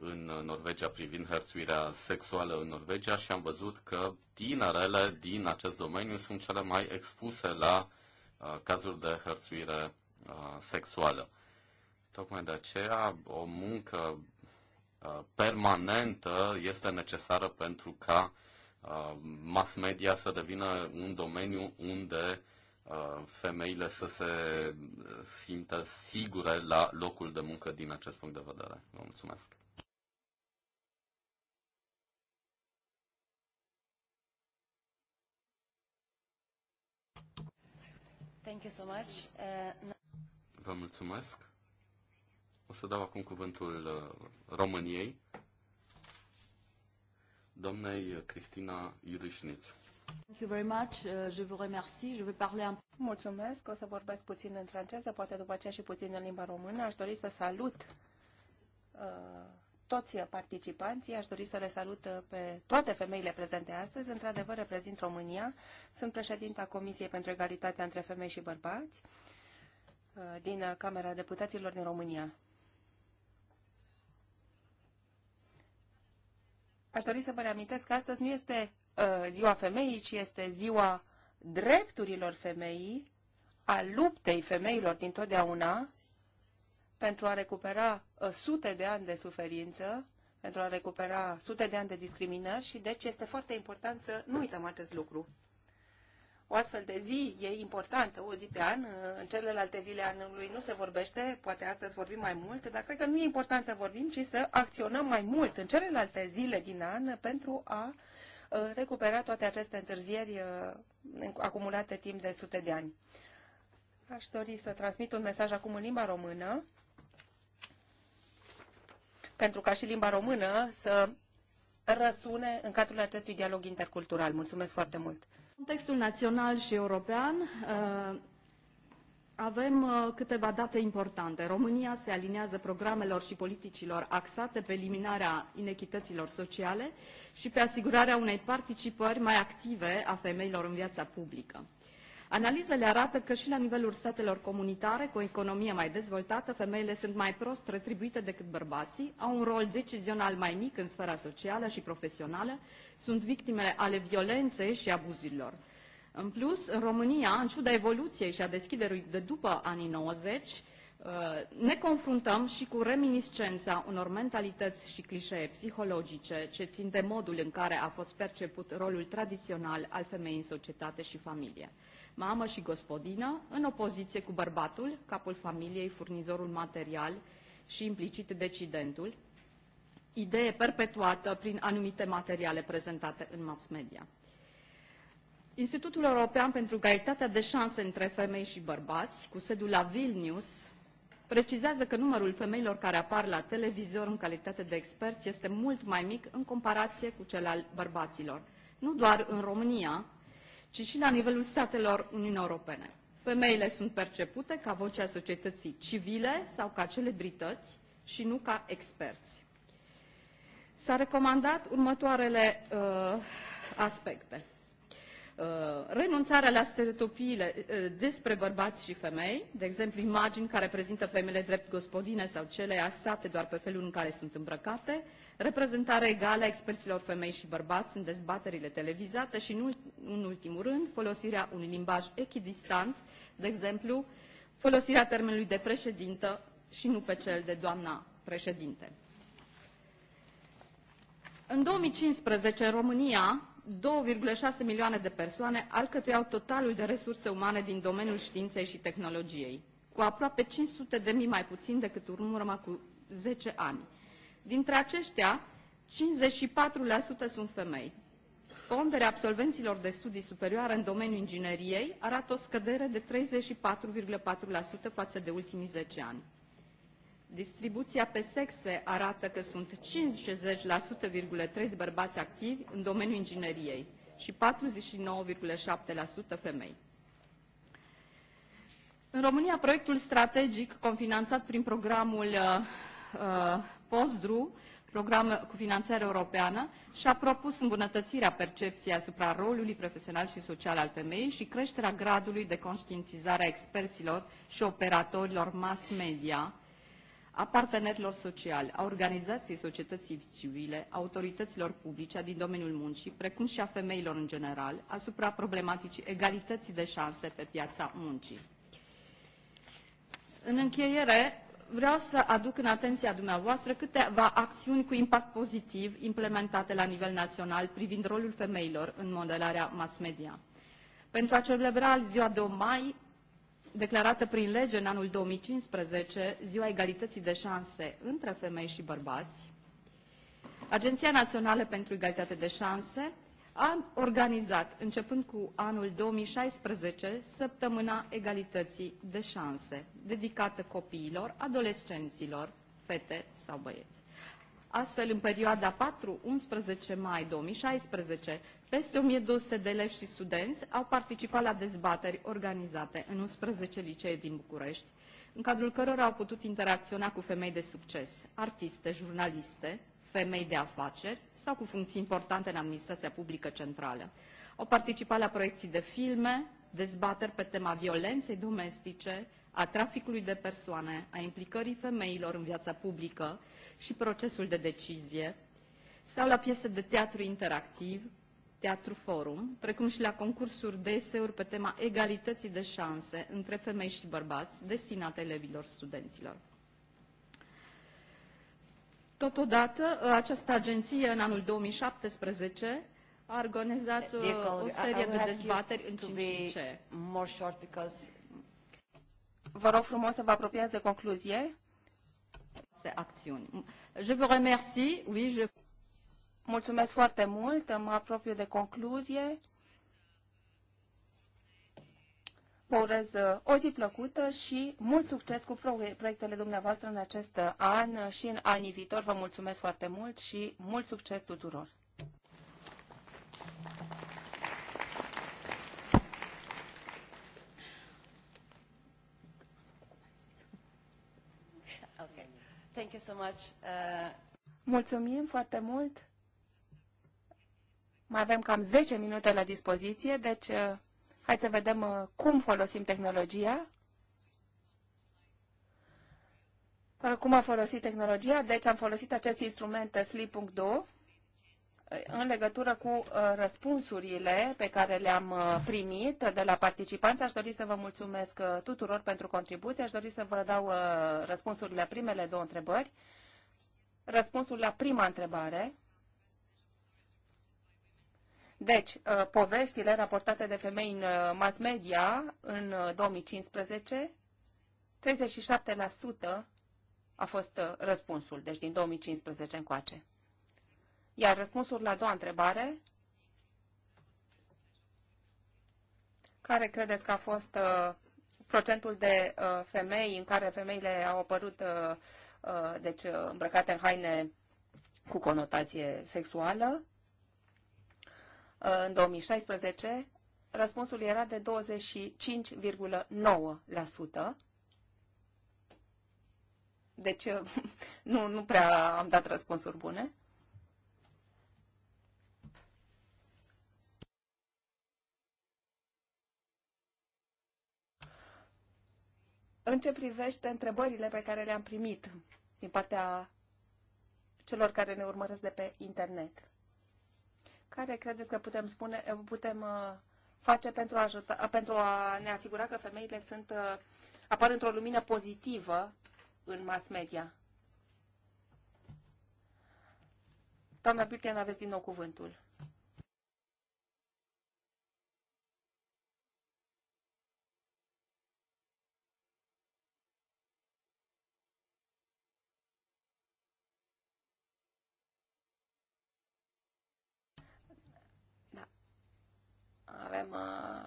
în Norvegia privind hărțuirea sexuală în Norvegia și am văzut că tinerele din acest domeniu sunt cele mai expuse la uh, cazuri de hărțuire uh, sexuală. Tocmai de aceea o muncă uh, permanentă este necesară pentru ca uh, mass media să devină un domeniu unde uh, femeile să se simtă sigure la locul de muncă din acest punct de vedere. Vă mulțumesc! Thank you so much. Uh, Vă mulțumesc. O să dau acum cuvântul uh, României, doamnei Cristina Iurișniț. Thank you very much. Uh, je vous remercie. Je vais parler un... peu. Mulțumesc. O să vorbesc puțin în franceză, poate după aceea și puțin în limba română. Aș dori să salut uh, toți participanții. Aș dori să le salut uh, pe toate femeile prezente astăzi. Într-adevăr, reprezint România. Sunt președinta Comisiei pentru Egalitatea între Femei și Bărbați uh, din Camera Deputaților din România. Aș dori să vă reamintesc că astăzi nu este uh, ziua femeii, ci este ziua drepturilor femeii, a luptei femeilor dintotdeauna pentru a recupera uh, sute de ani de suferință, pentru a recupera sute de ani de discriminări și deci este foarte important să nu uităm acest lucru. O astfel de zi e importantă, o zi pe an, uh, în celelalte zile anului nu se vorbește, poate astăzi vorbim mai mult, dar cred că nu e important să vorbim, ci să acționăm mai mult în celelalte zile din an pentru a uh, recupera toate aceste întârzieri acumulate timp de sute de ani. Aș dori să transmit un mesaj acum în limba română pentru ca și limba română să răsune în cadrul acestui dialog intercultural. Mulțumesc foarte mult! În contextul național și european uh, avem uh, câteva date importante. România se aliniază programelor și politicilor axate pe eliminarea inechităților sociale și pe asigurarea unei participări mai active a femeilor în viața publică. Analizele arată că și la nivelul statelor comunitare, cu o economie mai dezvoltată, femeile sunt mai prost retribuite decât bărbații, au un rol decizional mai mic în sfera socială și profesională, sunt victime ale violenței și abuzurilor. În plus, în România, în ciuda evoluției și a deschiderii de după anii 90, uh, ne confruntăm și cu reminiscența unor mentalități și clișee psihologice ce țin de modul în care a fost perceput rolul tradițional al femeii în societate și familie mamă și gospodină, în opoziție cu bărbatul, capul familiei, furnizorul material și implicit decidentul, idee perpetuată prin anumite materiale prezentate în mass media. Institutul European pentru Egalitatea de Șanse între Femei și Bărbați, cu sediul la Vilnius, precizează că numărul femeilor care apar la televizor în calitate de experți este mult mai mic în comparație cu cel al bărbaților. Nu doar în România, ci și la nivelul statelor Uniunii Europene. Femeile sunt percepute ca vocea societății civile sau ca celebrități și nu ca experți. S-a recomandat următoarele uh, aspecte Uh, renunțarea la stereotipiile uh, despre bărbați și femei, de exemplu imagini care prezintă femeile drept gospodine sau cele asate doar pe felul în care sunt îmbrăcate, reprezentare egală a experților femei și bărbați în dezbaterile televizate și, în ultimul rând, folosirea unui limbaj echidistant, de exemplu, folosirea termenului de președintă și nu pe cel de doamna președinte. În 2015, România 2,6 milioane de persoane alcătuiau totalul de resurse umane din domeniul științei și tehnologiei, cu aproape 500 de mii mai puțin decât urmă cu 10 ani. Dintre aceștia, 54% sunt femei. Ponderea absolvenților de studii superioare în domeniul ingineriei arată o scădere de 34,4% față de ultimii 10 ani. Distribuția pe sexe arată că sunt 50,3% bărbați activi în domeniul ingineriei și 49,7% femei. În România, proiectul strategic confinanțat prin programul uh, uh POSDRU, program cu finanțare europeană, și-a propus îmbunătățirea percepției asupra rolului profesional și social al femeii și creșterea gradului de conștientizare a experților și operatorilor mass media a partenerilor sociali, a organizației societății civile, a autorităților publice din domeniul muncii, precum și a femeilor în general, asupra problematicii egalității de șanse pe piața muncii. În încheiere, vreau să aduc în atenția dumneavoastră câteva acțiuni cu impact pozitiv implementate la nivel național privind rolul femeilor în modelarea mass media. Pentru a celebra ziua 2 mai, declarată prin lege în anul 2015, Ziua Egalității de Șanse între Femei și Bărbați, Agenția Națională pentru Egalitate de Șanse a organizat, începând cu anul 2016, Săptămâna Egalității de Șanse, dedicată copiilor, adolescenților, fete sau băieți. Astfel, în perioada 4-11 mai 2016 peste 1200 de elevi și studenți au participat la dezbateri organizate în 11 licee din București, în cadrul cărora au putut interacționa cu femei de succes, artiste, jurnaliste, femei de afaceri sau cu funcții importante în administrația publică centrală. Au participat la proiecții de filme, dezbateri pe tema violenței domestice, a traficului de persoane, a implicării femeilor în viața publică și procesul de decizie, sau la piese de teatru interactiv, Teatru Forum, precum și la concursuri deseuri pe tema egalității de șanse între femei și bărbați destinate elevilor studenților. Totodată, această agenție în anul 2017 a organizat eh, o serie de dezbateri în 5 licee. Vă rog frumos să vă apropiați de concluzie. Acțiuni. Je vous remercie. Oui, je... Mulțumesc foarte mult, mă apropiu de concluzie. Vă urez uh, o zi plăcută și mult succes cu proiectele dumneavoastră în acest uh, an și în anii viitor. Vă mulțumesc foarte mult și mult succes tuturor! Thank you so much. Uh... Mulțumim foarte mult! Mai avem cam 10 minute la dispoziție, deci uh, hai să vedem uh, cum folosim tehnologia, uh, cum a folosit tehnologia. Deci am folosit acest instrument Sleep.do în legătură cu răspunsurile pe care le-am primit de la participanți. Aș dori să vă mulțumesc tuturor pentru contribuție. Aș dori să vă dau răspunsurile la primele două întrebări. Răspunsul la prima întrebare deci, uh, poveștile raportate de femei în uh, mass media în 2015, uh, 37% a fost răspunsul, deci din 2015 încoace. Iar răspunsul la a doua întrebare, care credeți că a fost procentul de femei în care femeile au apărut deci, îmbrăcate în haine cu conotație sexuală? Uh, în 2016, răspunsul era de 25,9%. Deci uh, <laughs> nu, nu prea am dat răspunsuri bune. În ce privește întrebările pe care le-am primit din partea celor care ne urmăresc de pe internet care credeți că putem spune, putem uh, face pentru a, ajuta, uh, pentru a ne asigura că femeile sunt, uh, apar într-o lumină pozitivă în mass media? Doamna Birken, aveți din nou cuvântul. Avem uh,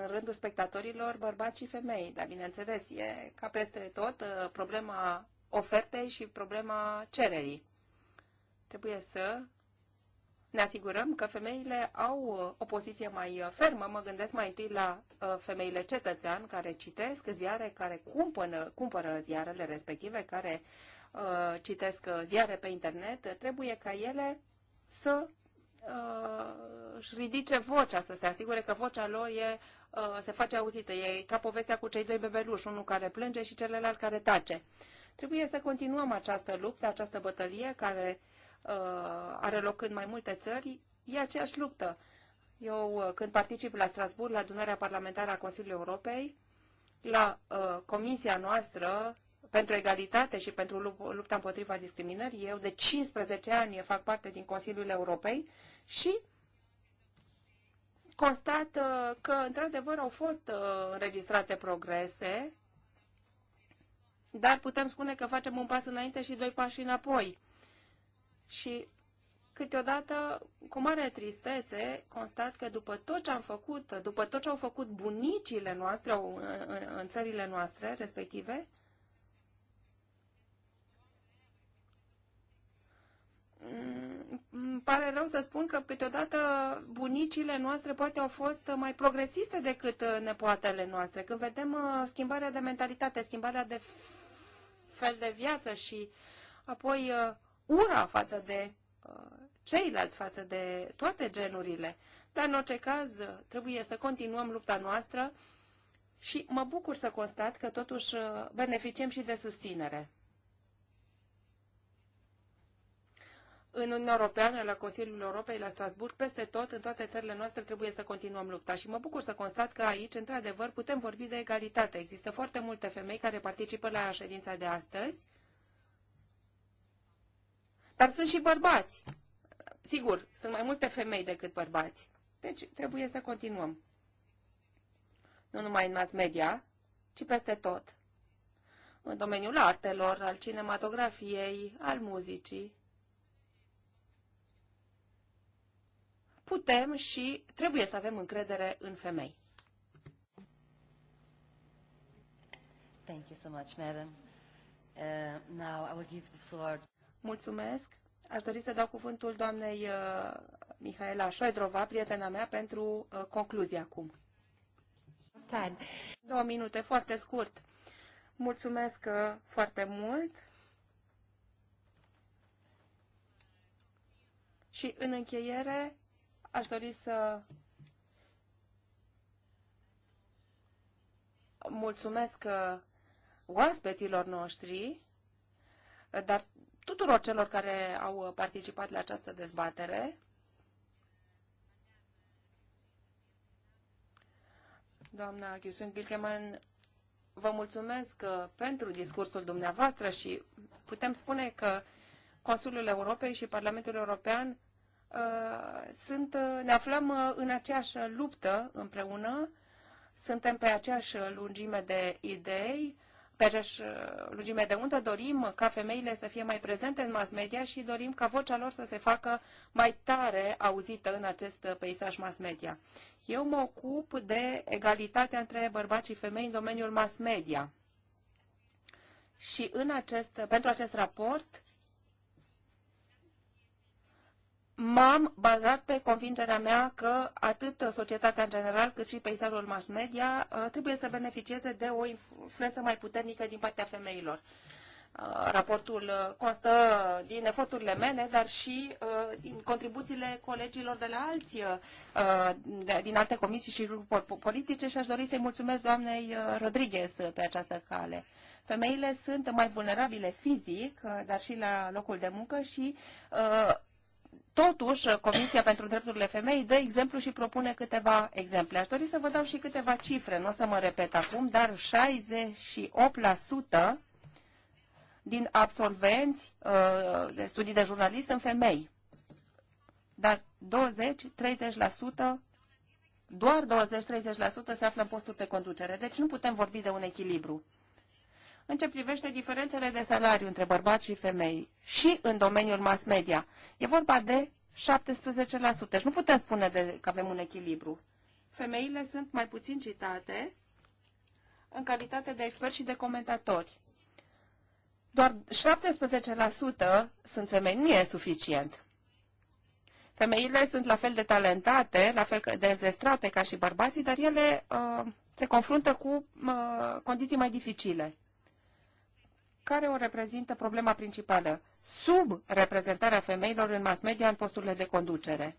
în rândul spectatorilor bărbați și femei, dar bineînțeles, e ca peste tot uh, problema ofertei și problema cererii. Trebuie să ne asigurăm că femeile au uh, o poziție mai fermă. Mă gândesc mai întâi la femeile cetățean care citesc ziare, care cumpără, cumpără ziarele respective, care uh, citesc ziare pe internet. Trebuie ca ele să uh, își ridice vocea, să se asigure că vocea lor e, uh, se face auzită. E ca povestea cu cei doi bebeluși, unul care plânge și celălalt care tace. Trebuie să continuăm această luptă, această bătălie care uh, are loc în mai multe țări. E aceeași luptă. Eu, uh, când particip la Strasbourg, la adunarea parlamentară a Consiliului Europei, la uh, comisia noastră pentru egalitate și pentru lupta împotriva discriminării. Eu de 15 ani fac parte din Consiliul Europei și constat că, într-adevăr, au fost uh, înregistrate progrese, dar putem spune că facem un pas înainte și doi pași înapoi. Și câteodată, cu mare tristețe, constat că după tot ce am făcut, după tot ce au făcut bunicile noastre în țările noastre respective, Mm, îmi pare rău să spun că câteodată bunicile noastre poate au fost mai progresiste decât uh, nepoatele noastre. Când vedem uh, schimbarea de mentalitate, schimbarea de fel de viață și apoi uh, ura față de ceilalți, față de toate genurile. Dar în orice caz trebuie să continuăm lupta noastră și mă bucur să constat că totuși beneficiem și de susținere în Uniunea Europeană, la Consiliul Europei, la Strasburg, peste tot, în toate țările noastre, trebuie să continuăm lupta. Și mă bucur să constat că aici, într-adevăr, putem vorbi de egalitate. Există foarte multe femei care participă la ședința de astăzi, dar sunt și bărbați. Sigur, sunt mai multe femei decât bărbați. Deci trebuie să continuăm. Nu numai în mass media, ci peste tot. În domeniul artelor, al cinematografiei, al muzicii putem și trebuie să avem încredere în femei. Thank you so much, madam. Uh, now I will give the floor. Mulțumesc. Aș dori să dau cuvântul doamnei uh, Mihaela Șoedrova, prietena mea, pentru uh, concluzie acum. Tan. Două minute, foarte scurt. Mulțumesc uh, foarte mult. Și în încheiere Aș dori să mulțumesc uh, oaspetilor noștri, dar tuturor celor care au uh, participat la această dezbatere. Doamna Chiusun Birkeman, vă mulțumesc uh, pentru discursul dumneavoastră și putem spune că Consiliul Europei și Parlamentul European Uh, sunt, uh, ne aflăm uh, în aceeași luptă împreună, suntem pe aceeași lungime de idei, pe aceeași lungime de undă, dorim ca femeile să fie mai prezente în mass media și dorim ca vocea lor să se facă mai tare auzită în acest peisaj mass media. Eu mă ocup de egalitatea între bărbați și femei în domeniul mass media. Și în acest, pentru acest raport m-am bazat pe convingerea mea că atât societatea în general cât și peisajul mass media uh, trebuie să beneficieze de o influență mai puternică din partea femeilor. Uh, raportul uh, constă din eforturile mele, dar și din contribuțiile colegilor de la alții din alte comisii și grupuri politice și aș dori să-i mulțumesc doamnei Rodriguez pe această cale. Femeile sunt mai vulnerabile fizic, dar și la locul de muncă și Totuși, Comisia pentru Drepturile Femei dă exemplu și propune câteva exemple. Aș dori să vă dau și câteva cifre, nu o să mă repet acum, dar 68% din absolvenți uh, de studii de jurnalist sunt femei. Dar 20-30% doar 20-30% se află în posturi de conducere. Deci nu putem vorbi de un echilibru în ce privește diferențele de salariu între bărbați și femei și în domeniul mass media. E vorba de 17%. Și deci nu putem spune de, că avem un echilibru. Femeile sunt mai puțin citate în calitate de experți și de comentatori. Doar 17% sunt femei. Nu e suficient. Femeile sunt la fel de talentate, la fel de înzestrate ca și bărbații, dar ele uh, se confruntă cu uh, condiții mai dificile care o reprezintă problema principală, sub reprezentarea femeilor în mass media în posturile de conducere.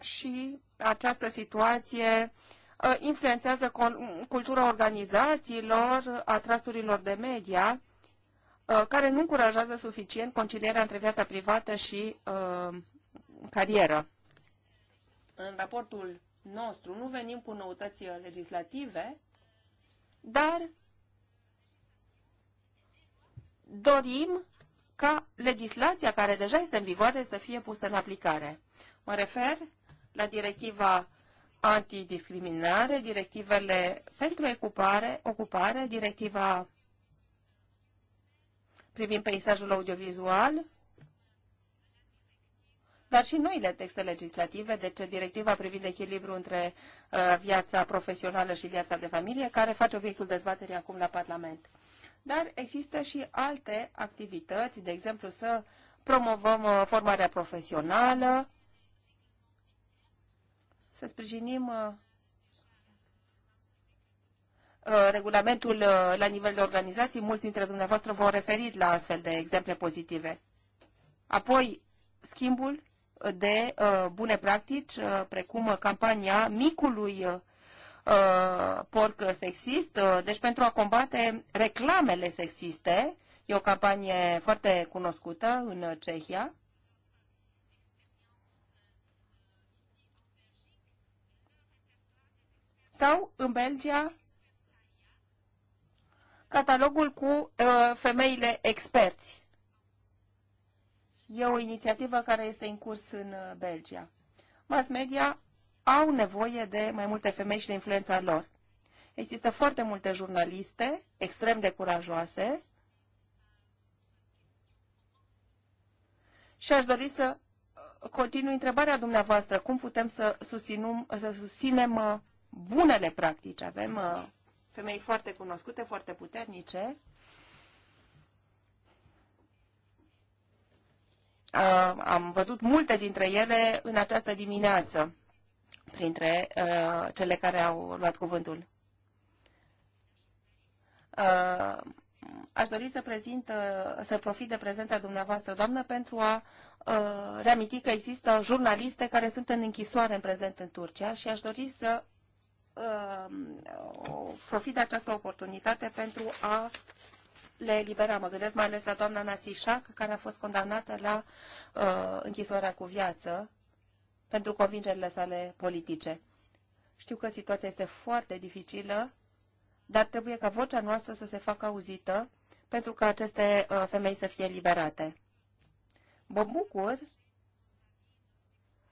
Și această situație uh, influențează cultura organizațiilor, a trusturilor de media, uh, care nu încurajează suficient concilierea între viața privată și uh, carieră. În raportul nostru nu venim cu noutăți legislative, dar dorim ca legislația care deja este în vigoare să fie pusă în aplicare. Mă refer la directiva antidiscriminare, directivele pentru ocupare, ocupare directiva privind peisajul audiovizual, dar și noile texte legislative, deci directiva privind echilibru între uh, viața profesională și viața de familie, care face obiectul dezbaterii acum la Parlament. Dar există și alte activități, de exemplu să promovăm uh, formarea profesională, să sprijinim uh, uh regulamentul uh, la nivel de organizații, mulți dintre dumneavoastră v-au referit la astfel de exemple pozitive. Apoi, schimbul de uh, bune practici, uh, precum uh, campania micului porc sexist, deci pentru a combate reclamele sexiste, e o campanie foarte cunoscută în Cehia, sau în Belgia catalogul cu uh, femeile experți. E o inițiativă care este în curs în uh, Belgia. Mass media au nevoie de mai multe femei și de influența lor. Există foarte multe jurnaliste extrem de curajoase și aș dori să uh, continui întrebarea dumneavoastră. Cum putem să, susținum, să susținem uh, bunele practici? Avem femei foarte cunoscute, foarte puternice Uh, am văzut multe dintre ele în această dimineață, printre uh, cele care au luat cuvântul. Uh, aș dori să prezint, să profit de prezența dumneavoastră, doamnă, pentru a reaminti că există jurnaliste care sunt în închisoare în prezent în Turcia și aș dori să profit de această oportunitate pentru a le elibera. Mă gândesc mai ales la doamna Nasișac, care a fost condamnată la uh, închisoarea cu viață pentru convingerile sale politice. Știu că situația este foarte dificilă, dar trebuie ca vocea noastră să se facă auzită pentru ca aceste uh, femei să fie liberate. Mă bucur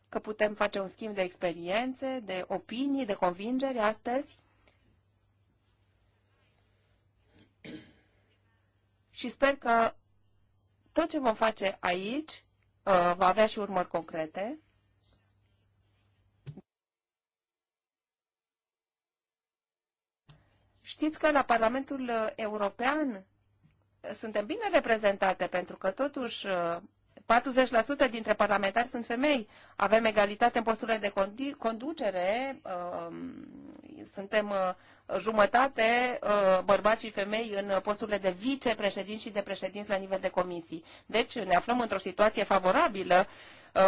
că putem face un schimb de experiențe, de opinii, de convingeri astăzi și sper că tot ce vom face aici uh, va avea și urmări concrete. Știți că la Parlamentul European suntem bine reprezentate pentru că totuși uh, 40% dintre parlamentari sunt femei. Avem egalitate în posturile de conducere. Uh, suntem uh, jumătate uh, bărbați și femei în posturile de vicepreședinți și de președinți la nivel de comisii. Deci ne aflăm într-o situație favorabilă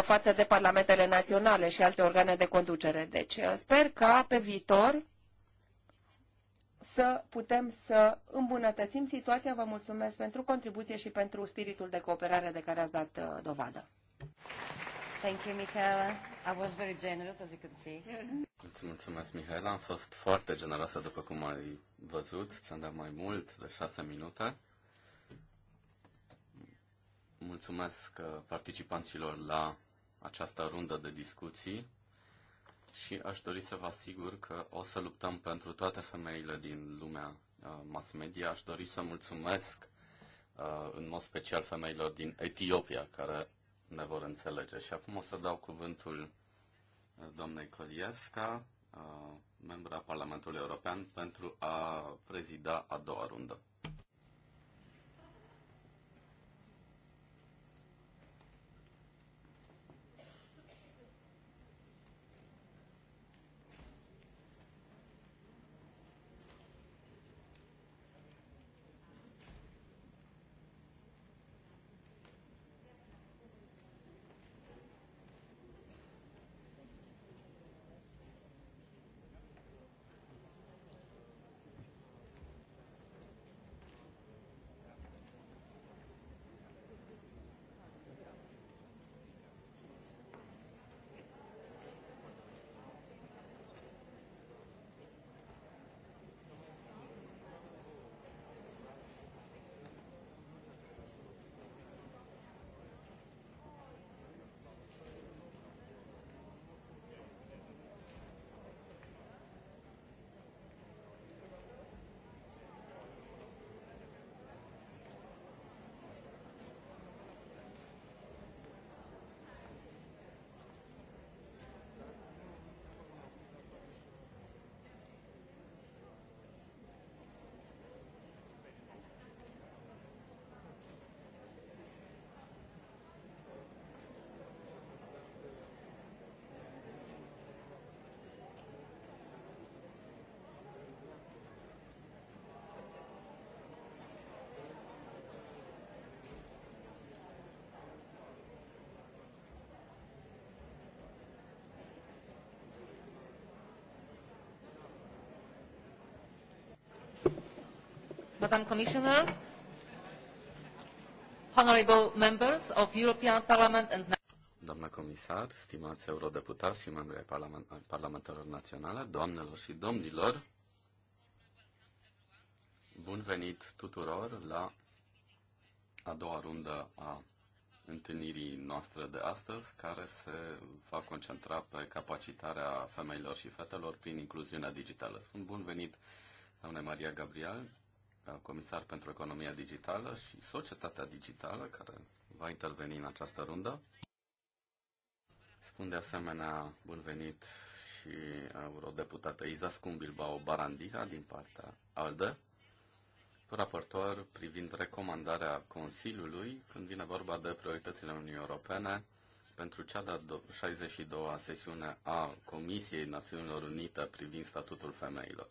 față de parlamentele naționale și alte organe de conducere. Deci sper ca pe viitor să putem să îmbunătățim situația. Vă mulțumesc pentru contribuție și pentru spiritul de cooperare de care ați dat uh, dovadă. Thank you, Michaela. I was very generous, as you can see. Îți mulțumesc, Michaela. Am fost foarte generoasă, după cum ai văzut. Ți-am dat mai mult de șase minute. Mulțumesc uh, participanților la această rundă de discuții și aș dori să vă asigur că o să luptăm pentru toate femeile din lumea uh, mass media. Aș dori să mulțumesc uh, în mod special femeilor din Etiopia care ne vor înțelege. Și acum o să dau cuvântul uh, doamnei Kodievska, membra Parlamentului European, pentru a prezida a doua rundă. Madam Commissioner, honorable members of European Parliament and Doamna comisar, stimați eurodeputați și membri ai parlament, parlamentelor naționale, doamnelor și domnilor, bun venit tuturor la a doua rundă a întâlnirii noastre de astăzi, care se va concentra pe capacitarea femeilor și fetelor prin incluziunea digitală. Spun bun venit, doamne Maria Gabriel, comisar pentru economia digitală și societatea digitală care va interveni în această rundă. Spun de asemenea bun venit și eurodeputată Izascun Bilbao Barandiga din partea ALDE, raportor privind recomandarea Consiliului când vine vorba de prioritățile Uniunii Europene pentru cea de-a 62-a sesiune a Comisiei Națiunilor Unite privind statutul femeilor.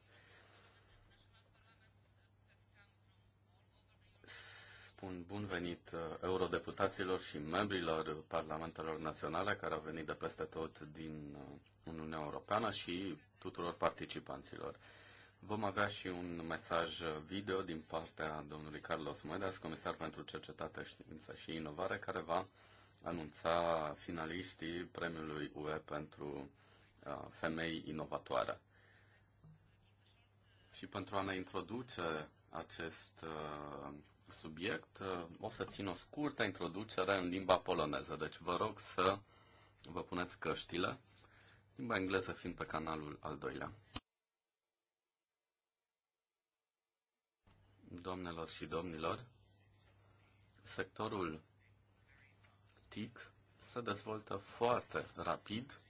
spun bun venit uh, eurodeputaților și membrilor parlamentelor naționale care au venit de peste tot din uh, Uniunea Europeană și tuturor participanților. Vom avea și un mesaj video din partea domnului Carlos Moedas, comisar pentru cercetate, știință și inovare, care va anunța finaliștii premiului UE pentru uh, femei inovatoare. Și pentru a ne introduce acest subiect, o să țin o scurtă introducere în limba poloneză, deci vă rog să vă puneți căștile, limba engleză fiind pe canalul al doilea. Doamnelor și domnilor, sectorul TIC se dezvoltă foarte rapid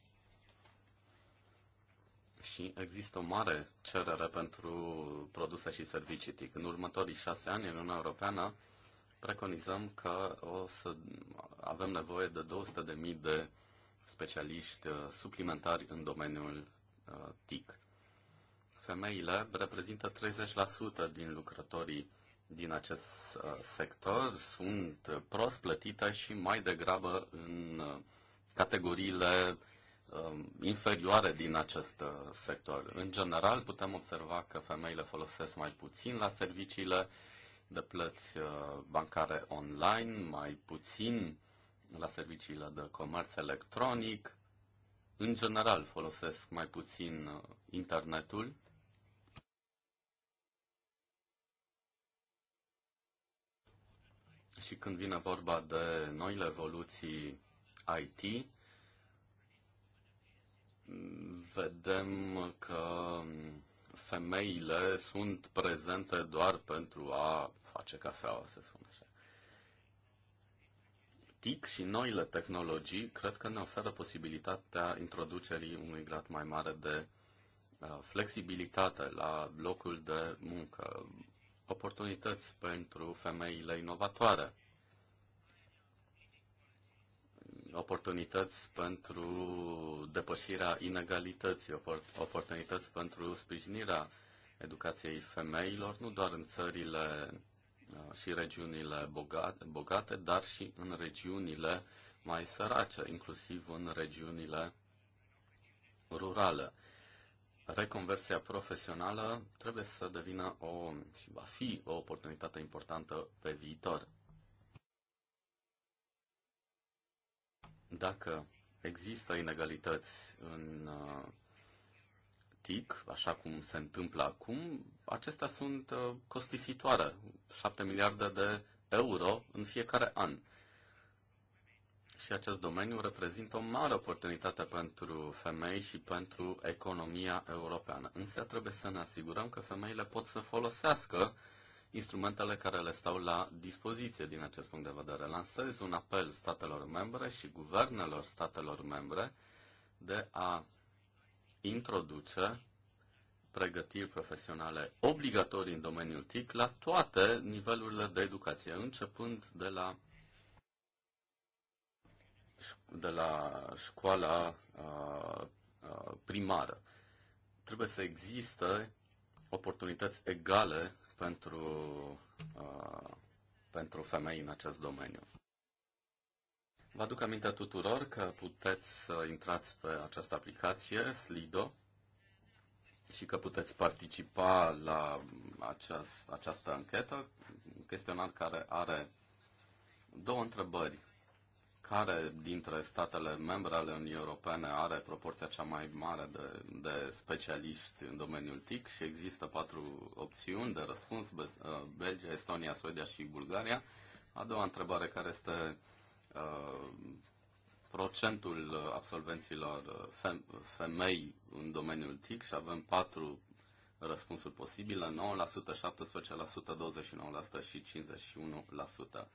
și există o mare cerere pentru produse și servicii TIC. În următorii șase ani, în Uniunea Europeană, preconizăm că o să avem nevoie de 200.000 de specialiști uh, suplimentari în domeniul uh, TIC. Femeile reprezintă 30% din lucrătorii din acest uh, sector, sunt prost plătite și mai degrabă în categoriile Um, inferioare din acest uh, sector. În general, putem observa că femeile folosesc mai puțin la serviciile de plăți uh, bancare online, mai puțin la serviciile de comerț electronic, în general folosesc mai puțin uh, internetul. Și când vine vorba de noile evoluții IT, vedem că femeile sunt prezente doar pentru a face cafeaua, să spun așa. TIC și noile tehnologii cred că ne oferă posibilitatea introducerii unui grad mai mare de uh, flexibilitate la locul de muncă, oportunități pentru femeile inovatoare, oportunități pentru depășirea inegalității, oportunități pentru sprijinirea educației femeilor, nu doar în țările uh, și regiunile bogate, bogate, dar și în regiunile mai sărace, inclusiv în regiunile rurale. Reconversia profesională trebuie să devină o, și va fi o oportunitate importantă pe viitor. Dacă există inegalități în uh, TIC, așa cum se întâmplă acum, acestea sunt uh, costisitoare, 7 miliarde de euro în fiecare an. Și acest domeniu reprezintă o mare oportunitate pentru femei și pentru economia europeană. Însă trebuie să ne asigurăm că femeile pot să folosească uh, instrumentele care le stau la dispoziție din acest punct de vedere. Lansez un apel statelor membre și guvernelor statelor membre de a introduce pregătiri profesionale obligatorii în domeniul TIC la toate nivelurile de educație, începând de la de la școala primară. Trebuie să existe oportunități egale pentru, uh, pentru femei în acest domeniu. Vă aduc aminte tuturor că puteți să intrați pe această aplicație, Slido, și că puteți participa la aceast, această anchetă, un chestionar care are două întrebări care dintre statele membre ale Uniunii Europene are proporția cea mai mare de, de specialiști în domeniul TIC și există patru opțiuni de răspuns, uh, Belgia, Estonia, Suedia și Bulgaria. A doua întrebare, care este uh, procentul absolvenților uh, femei în domeniul TIC și avem patru răspunsuri posibile, 9%, 17%, 29% și 51%.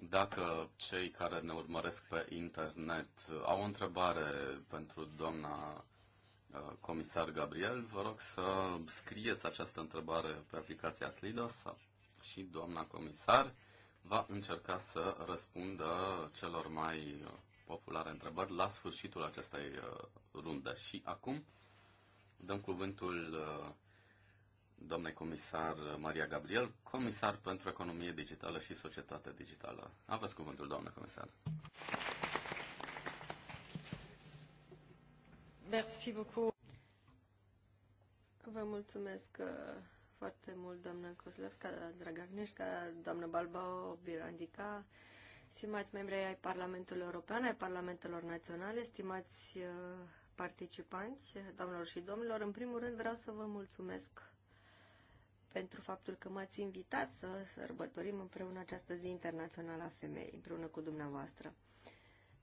Dacă cei care ne urmăresc pe internet au o întrebare pentru doamna uh, comisar Gabriel, vă rog să scrieți această întrebare pe aplicația Slidos și doamna comisar va încerca să răspundă celor mai populare întrebări la sfârșitul acestei uh, runde. Și acum dăm cuvântul uh, domnule comisar Maria Gabriel, comisar pentru economie digitală și societate digitală. Aveți cuvântul, doamnă comisar. Merci beaucoup. Vă mulțumesc uh, foarte mult, doamnă Kozlevska, dragă Agneșca, doamnă Balbao, Birandica, stimați membri ai Parlamentului European, ai Parlamentelor Naționale, stimați uh, participanți, doamnelor și domnilor, în primul rând vreau să vă mulțumesc pentru faptul că m-ați invitat să sărbătorim împreună această zi internațională a femeii, împreună cu dumneavoastră.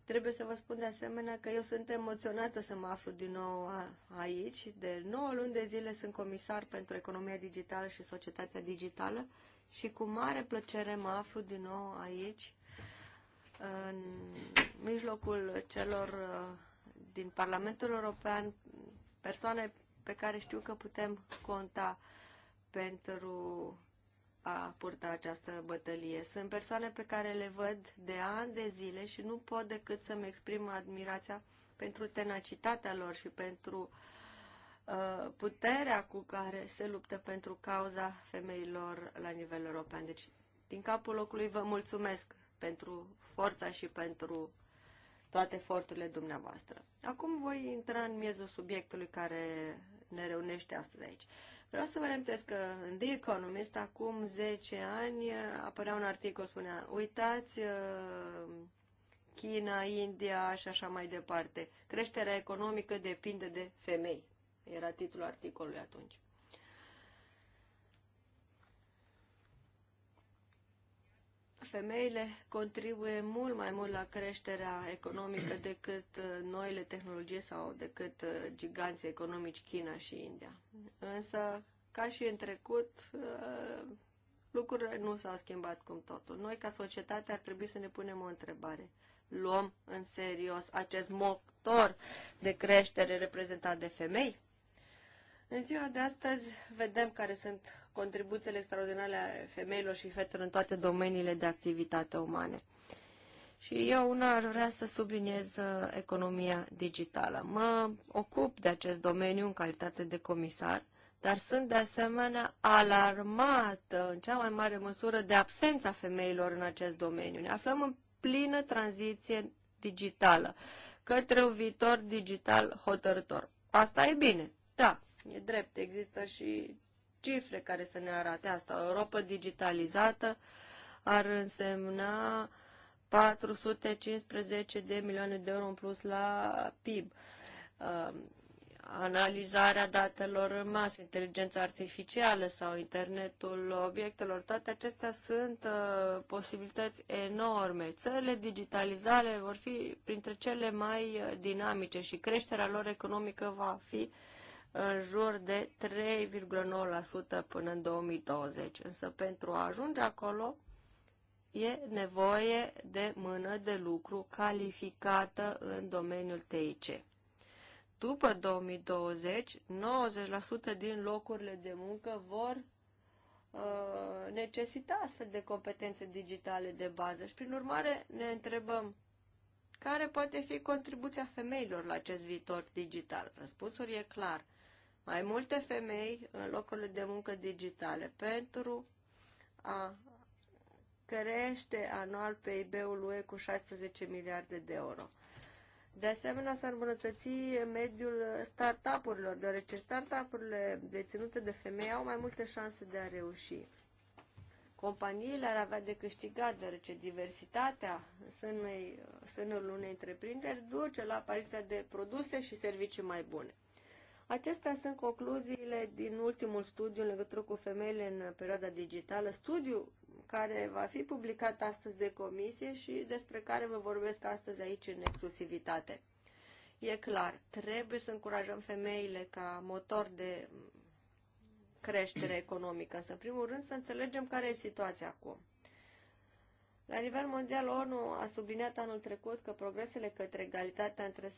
Trebuie să vă spun de asemenea că eu sunt emoționată să mă aflu din nou aici. De 9 luni de zile sunt comisar pentru economia digitală și societatea digitală și cu mare plăcere mă aflu din nou aici, în mijlocul celor uh, din Parlamentul European, persoane pe care știu că putem conta uh, pentru a purta această bătălie. Sunt persoane pe care le văd de ani de zile și nu pot decât să-mi exprim admirația pentru tenacitatea lor și pentru uh, puterea cu care se luptă pentru cauza femeilor la nivel european. Deci, din capul locului, vă mulțumesc pentru forța și pentru toate eforturile dumneavoastră. Acum voi intra în miezul subiectului care ne reunește astăzi aici. Uh, Vreau să vă reamintesc că în The Economist, acum 10 ani, apărea un articol, spunea, uitați uh, China, India și așa mai departe. Creșterea economică depinde de femei. Era titlul articolului atunci. femeile contribuie mult mai mult la creșterea economică decât uh, noile tehnologii sau decât uh, giganții economici China și India. Însă, ca și în trecut, uh, lucrurile nu s-au schimbat cum totul. Noi, ca societate, ar trebui să ne punem o întrebare. Luăm în serios acest motor de creștere reprezentat de femei? În ziua de astăzi vedem care sunt contribuțiile extraordinare ale femeilor și fetelor în toate domeniile de activitate umane. Și eu una ar vrea să subliniez uh, economia digitală. Mă ocup de acest domeniu în calitate de comisar, dar sunt de asemenea alarmată în cea mai mare măsură de absența femeilor în acest domeniu. Ne aflăm în plină tranziție digitală către un viitor digital hotărător. Asta e bine, da, e drept, există și cifre care să ne arate asta. O Europa digitalizată ar însemna 415 de milioane de euro în plus la PIB. Um, analizarea datelor în masă, inteligența artificială sau internetul obiectelor, toate acestea sunt uh, posibilități enorme. Țările digitalizate vor fi printre cele mai uh, dinamice și creșterea lor economică va fi uh, în jur de 3,9% până în 2020. Însă pentru a ajunge acolo e nevoie de mână de lucru calificată în domeniul TIC. După 2020, 90% din locurile de muncă vor uh, necesita astfel de competențe digitale de bază și prin urmare ne întrebăm care poate fi contribuția femeilor la acest viitor digital? Răspunsul e clar mai multe femei în locurile de muncă digitale pentru a crește anual PIB-ul UE cu 16 miliarde de euro. De asemenea, s ar îmbunătăți mediul startup-urilor, deoarece startup-urile deținute de femei au mai multe șanse de a reuși. Companiile ar avea de câștigat, deoarece diversitatea sânului, sânul unei întreprinderi duce la apariția de produse și servicii mai bune. Acestea sunt concluziile din ultimul studiu în legătură cu femeile în perioada digitală, studiu care va fi publicat astăzi de comisie și despre care vă vorbesc astăzi aici în exclusivitate. E clar, trebuie să încurajăm femeile ca motor de creștere economică, însă în primul rând să înțelegem care e situația acum. La nivel mondial, ONU a subliniat anul trecut că progresele către egalitatea între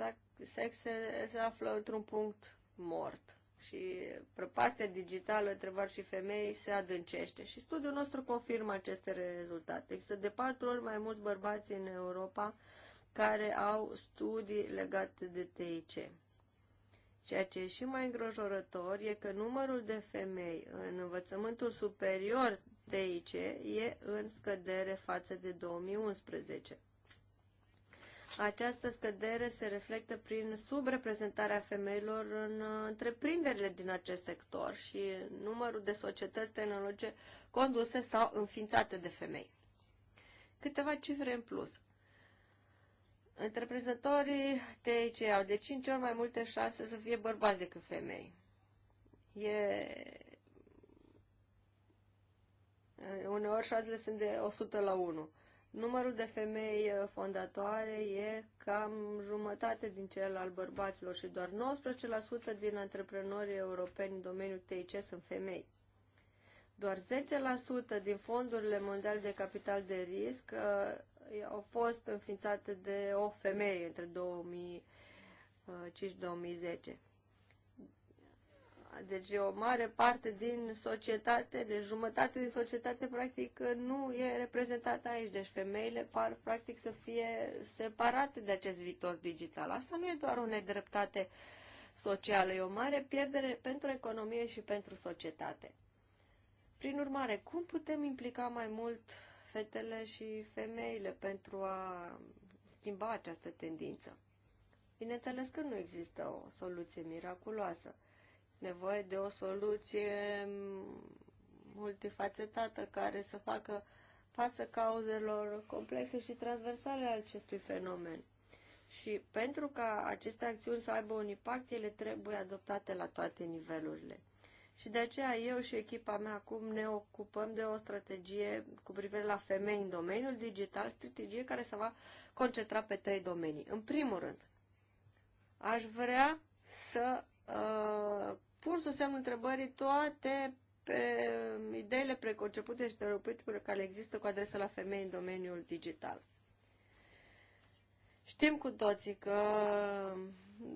sexe se află într-un punct mort. Și prăpastia digitală între bărbați și femei se adâncește. Și studiul nostru confirmă aceste rezultate. Există de patru ori mai mulți bărbați în Europa care au studii legate de TIC. Ceea ce e și mai îngrojorător e că numărul de femei în învățământul superior TIC e în scădere față de 2011. Această scădere se reflectă prin subreprezentarea femeilor în uh, întreprinderile din acest sector și numărul de societăți tehnologice conduse sau înființate de femei. Câteva cifre în plus. Întreprinzătorii TIC au de 5 ori mai multe șanse să fie bărbați decât femei. E... Uneori șansele sunt de 100 la 1. Numărul de femei uh, fondatoare e cam jumătate din cel al bărbaților și doar 19% din antreprenorii europeni în domeniul TIC sunt femei. Doar 10% din fondurile mondiale de capital de risc uh, au fost înființate de o femeie între 2005-2010. Deci o mare parte din societate, de jumătate din societate, practic, nu e reprezentată aici. Deci femeile par, practic, să fie separate de acest viitor digital. Asta nu e doar o nedreptate socială, e o mare pierdere pentru economie și pentru societate. Prin urmare, cum putem implica mai mult fetele și femeile pentru a schimba această tendință? Bineînțeles că nu există o soluție miraculoasă nevoie de o soluție multifacetată care să facă față cauzelor complexe și transversale ale acestui fenomen. Și pentru ca aceste acțiuni să aibă un impact, ele trebuie adoptate la toate nivelurile. Și de aceea eu și echipa mea acum ne ocupăm de o strategie cu privire la femei în domeniul digital, strategie care se va concentra pe trei domenii. În primul rând, aș vrea să uh, pun sub semnul întrebării toate pe ideile preconcepute și stereotipurile care există cu adresa la femei în domeniul digital. Știm cu toții că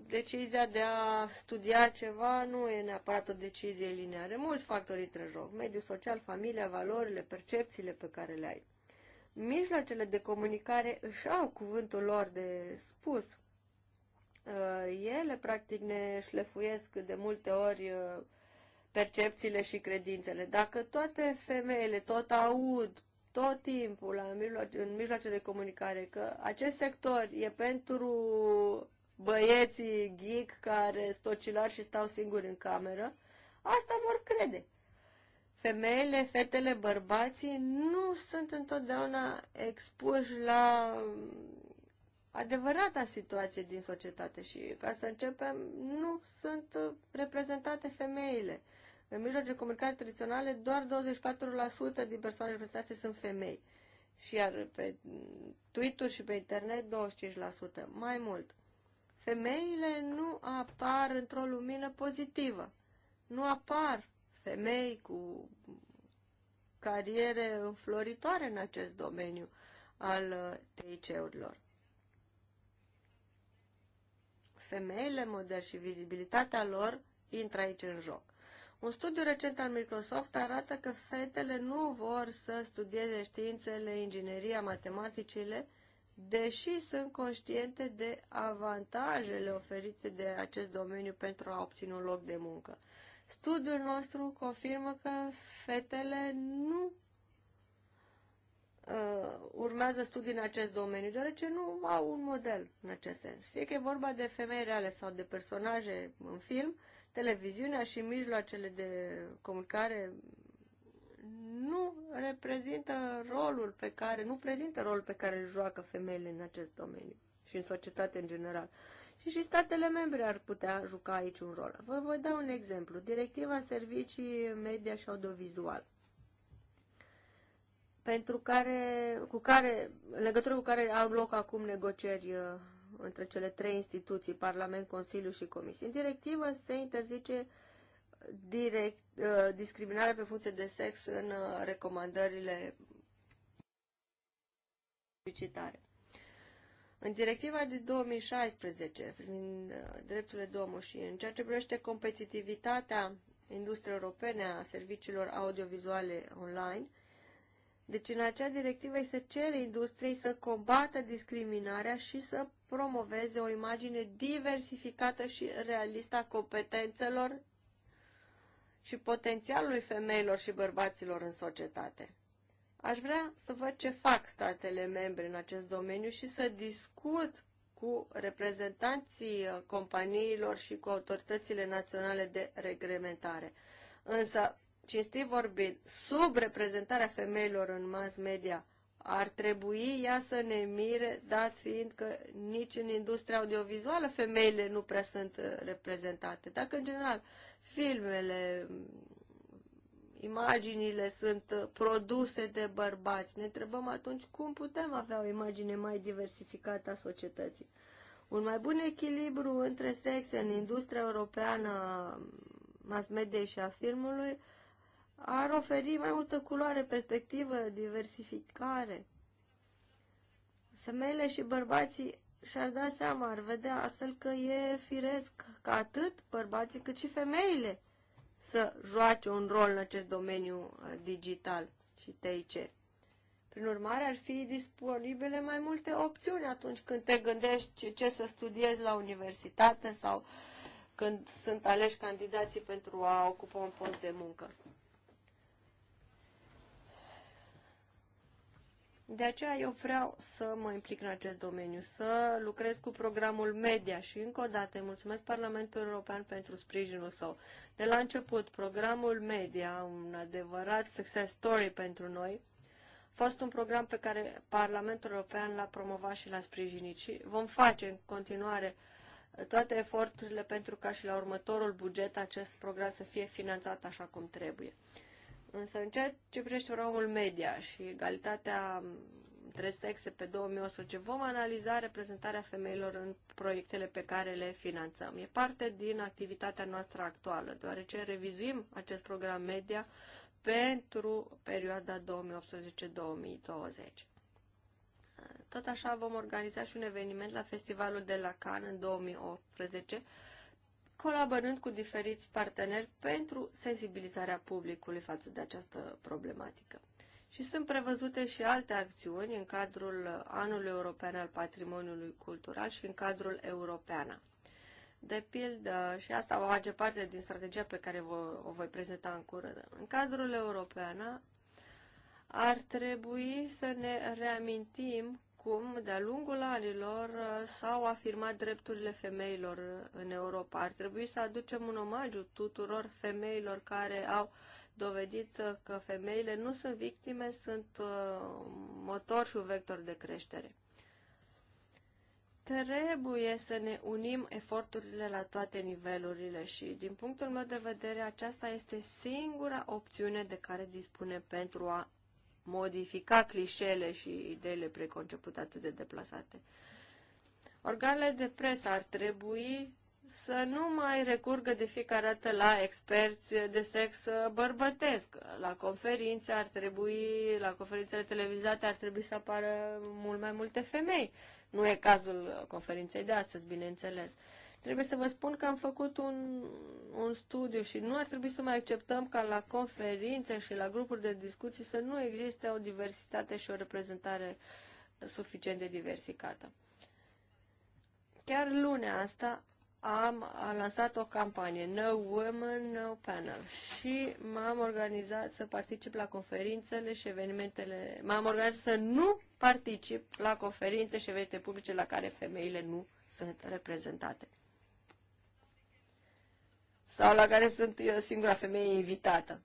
decizia de a studia ceva nu e neapărat o decizie lineară. Mulți factori intră în joc. Mediul social, familia, valorile, percepțiile pe care le ai. Mijloacele de comunicare își au cuvântul lor de spus Uh, ele practic ne șlefuiesc de multe ori uh, percepțiile și credințele. Dacă toate femeile tot aud tot timpul la mijloace, în mijloace de comunicare că acest sector e pentru băieții geek care stocilar și stau singuri în cameră, asta vor crede. Femeile, fetele, bărbații nu sunt întotdeauna expuși la adevărata situație din societate și, ca să începem, nu sunt uh, reprezentate femeile. În mijloc de comunicare tradiționale, doar 24% din persoanele reprezentate sunt femei. Și iar pe mm, Twitter și pe internet, 25%. Mai mult, femeile nu apar într-o lumină pozitivă. Nu apar femei cu cariere înfloritoare în acest domeniu al uh, TIC-urilor. femeile model și vizibilitatea lor intră aici în joc. Un studiu recent al Microsoft arată că fetele nu vor să studieze științele, ingineria, matematicile, deși sunt conștiente de avantajele oferite de acest domeniu pentru a obține un loc de muncă. Studiul nostru confirmă că fetele nu uh, urmează studii în acest domeniu, deoarece nu au un model în acest sens. Fie că e vorba de femei reale sau de personaje în film, televiziunea și mijloacele de comunicare nu reprezintă rolul pe care, nu prezintă rolul pe care îl joacă femeile în acest domeniu și în societate în general. Și și statele membre ar putea juca aici un rol. Vă voi da un exemplu. Directiva Servicii Media și Audiovizual pentru care, cu care, legătură cu care au loc acum negocieri uh, între cele trei instituții, Parlament, Consiliu și Comisie. În directivă se interzice direct, uh, discriminarea pe funcție de sex în uh, recomandările publicitare. În directiva de 2016, privind drepturile de omul și în ceea ce privește competitivitatea industriei europene a serviciilor audiovizuale online, deci în acea directivă se cere industriei să combată discriminarea și să promoveze o imagine diversificată și realistă a competențelor și potențialului femeilor și bărbaților în societate. Aș vrea să văd ce fac statele membre în acest domeniu și să discut cu reprezentanții uh, companiilor și cu autoritățile naționale de reglementare. Însă, este vorbind, sub reprezentarea femeilor în mass media, ar trebui ea să ne mire, dat fiind că nici în industria audiovizuală femeile nu prea sunt uh, reprezentate. Dacă, în general, filmele, mm, imaginile sunt uh, produse de bărbați, ne întrebăm atunci cum putem avea o imagine mai diversificată a societății. Un mai bun echilibru între sexe în industria europeană mm, mass media și a filmului ar oferi mai multă culoare, perspectivă, diversificare. Femeile și bărbații și-ar da seama, ar vedea astfel că e firesc ca atât bărbații cât și femeile să joace un rol în acest domeniu uh, digital și TIC. Prin urmare, ar fi disponibile mai multe opțiuni atunci când te gândești ce să studiezi la universitate sau când sunt aleși candidații pentru a ocupa un post de muncă. De aceea eu vreau să mă implic în acest domeniu, să lucrez cu programul media și încă o dată mulțumesc Parlamentul European pentru sprijinul său. De la început, programul media, un adevărat success story pentru noi, a fost un program pe care Parlamentul European l-a promovat și l-a sprijinit și vom face în continuare uh, toate eforturile pentru ca și la următorul buget acest program să fie finanțat așa cum trebuie. Însă în ceea ce privește programul media și egalitatea între sexe pe 2018, vom analiza reprezentarea femeilor în proiectele pe care le finanțăm. E parte din activitatea noastră actuală, deoarece revizuim acest program media pentru perioada 2018-2020. Tot așa vom organiza și un eveniment la Festivalul de la Cannes în 2018 colaborând cu diferiți parteneri pentru sensibilizarea publicului față de această problematică. Și sunt prevăzute și alte acțiuni în cadrul Anului European al Patrimoniului Cultural și în cadrul Europeana. De pildă, și asta va face parte din strategia pe care o voi prezenta în curând, în cadrul Europeana ar trebui să ne reamintim cum, de-a lungul anilor, s-au afirmat drepturile femeilor în Europa. Ar trebui să aducem un omagiu tuturor femeilor care au dovedit că femeile nu sunt victime, sunt uh, motor și un vector de creștere. Trebuie să ne unim eforturile la toate nivelurile și, din punctul meu de vedere, aceasta este singura opțiune de care dispune pentru a modifica clișele și ideile preconcepute atât de deplasate. Organele de presă ar trebui să nu mai recurgă de fiecare dată la experți de sex bărbătesc. La conferințe ar trebui, la conferințele televizate ar trebui să apară mult mai multe femei. Nu e cazul conferinței de astăzi, bineînțeles. Uh, Trebuie să vă spun că am făcut un, un studiu și nu ar trebui să mai acceptăm ca la conferințe și la grupuri de discuții să nu existe o diversitate și o reprezentare suficient de diversificată. Chiar lunea asta am lansat o campanie, No Women, No Panel, și m-am organizat să particip la conferințele și evenimentele, m-am organizat să nu particip la conferințe și evenimente publice la care femeile nu sunt reprezentate sau la care sunt eu uh, singura femeie invitată.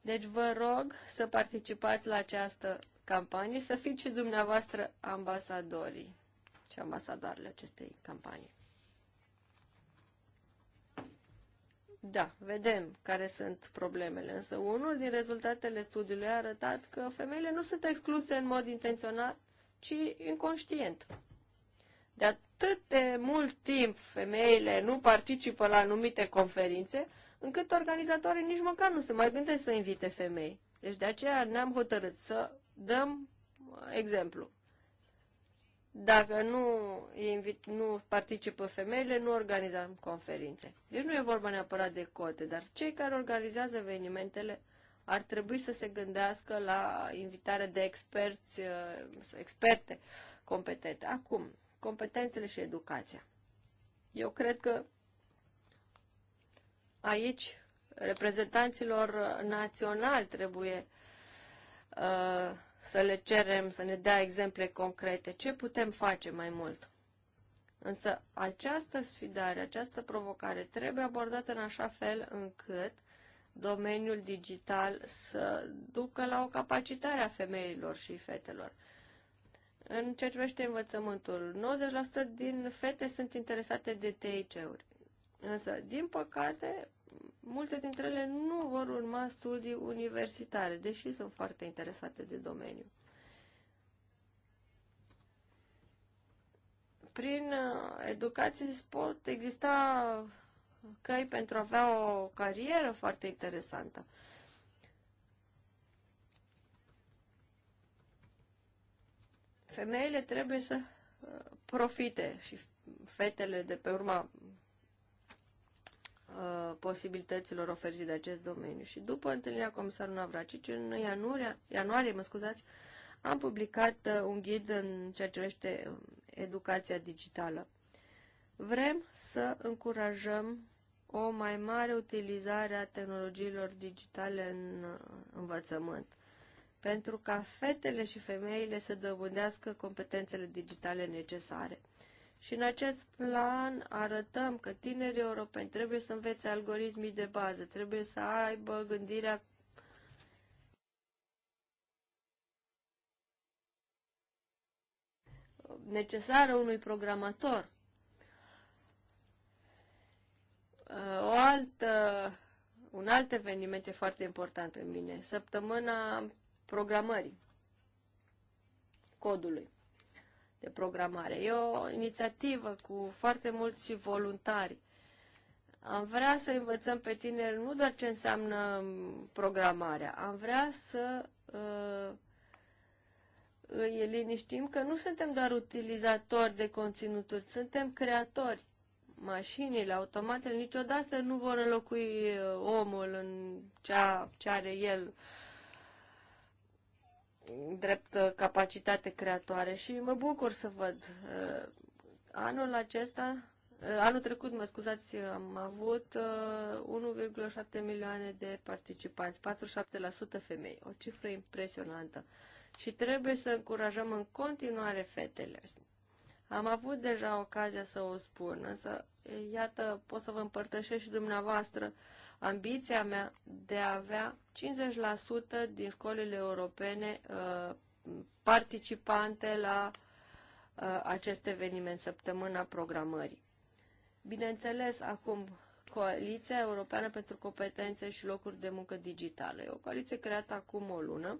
Deci vă rog să participați la această campanie și să fiți și dumneavoastră ambasadorii și ambasadoarele acestei campanii. Da, vedem care sunt problemele, însă unul din rezultatele studiului a arătat că femeile nu sunt excluse în mod intenționat, ci inconștient de atât de mult timp femeile nu participă la anumite conferințe, încât organizatorii nici măcar nu se mai gândesc să invite femei. Deci de aceea ne-am hotărât să dăm uh, exemplu. Dacă nu, invit, nu participă femeile, nu organizăm conferințe. Deci nu e vorba neapărat de cote, dar cei care organizează evenimentele ar trebui să se gândească la invitarea de experți, uh, experte competente. Acum, competențele și educația. Eu cred că aici reprezentanților naționali trebuie uh, să le cerem să ne dea exemple concrete. Ce putem face mai mult? Însă această sfidare, această provocare trebuie abordată în așa fel încât domeniul digital să ducă la o capacitare a femeilor și fetelor. În ce privește învățământul, 90% din fete sunt interesate de TIC-uri. Însă, din păcate, multe dintre ele nu vor urma studii universitare, deși sunt foarte interesate de domeniu. Prin uh, educație pot sport exista căi pentru a avea o carieră foarte interesantă. femeile trebuie să uh, profite și fetele de pe urma uh, posibilităților oferite de acest domeniu. Și după întâlnirea comisarului Navracici, în ianuarie, ianuarie mă scuzați, am publicat uh, un ghid în ceea ce privește um, educația digitală. Vrem să încurajăm o mai mare utilizare a tehnologiilor digitale în învățământ pentru ca fetele și femeile să dobândească competențele digitale necesare. Și în acest plan arătăm că tinerii europeni trebuie să învețe algoritmii de bază, trebuie să aibă gândirea necesară unui programator. O altă, un alt eveniment e foarte important în mine. Săptămâna programării codului de programare. E o inițiativă cu foarte mulți voluntari. Am vrea să învățăm pe tineri nu doar ce înseamnă programarea, am vrea să uh, îi liniștim că nu suntem doar utilizatori de conținuturi, suntem creatori. Mașinile, automatele niciodată nu vor înlocui uh, omul în ceea ce are el uh, drept uh, capacitate creatoare și mă bucur să văd. Uh, anul acesta, uh, anul trecut, mă scuzați, am avut 1,7 milioane de participanți, 47% femei, o cifră impresionantă. Și trebuie să încurajăm în continuare fetele. Am avut deja ocazia să o spun, însă, iată, pot să vă împărtășesc și dumneavoastră uh, ambiția mea de a avea 50% din școlile europene uh, participante la uh, acest eveniment, săptămâna programării. Bineînțeles, acum Coaliția Europeană pentru Competențe și Locuri de Muncă Digitale. E o coaliție creată acum o lună,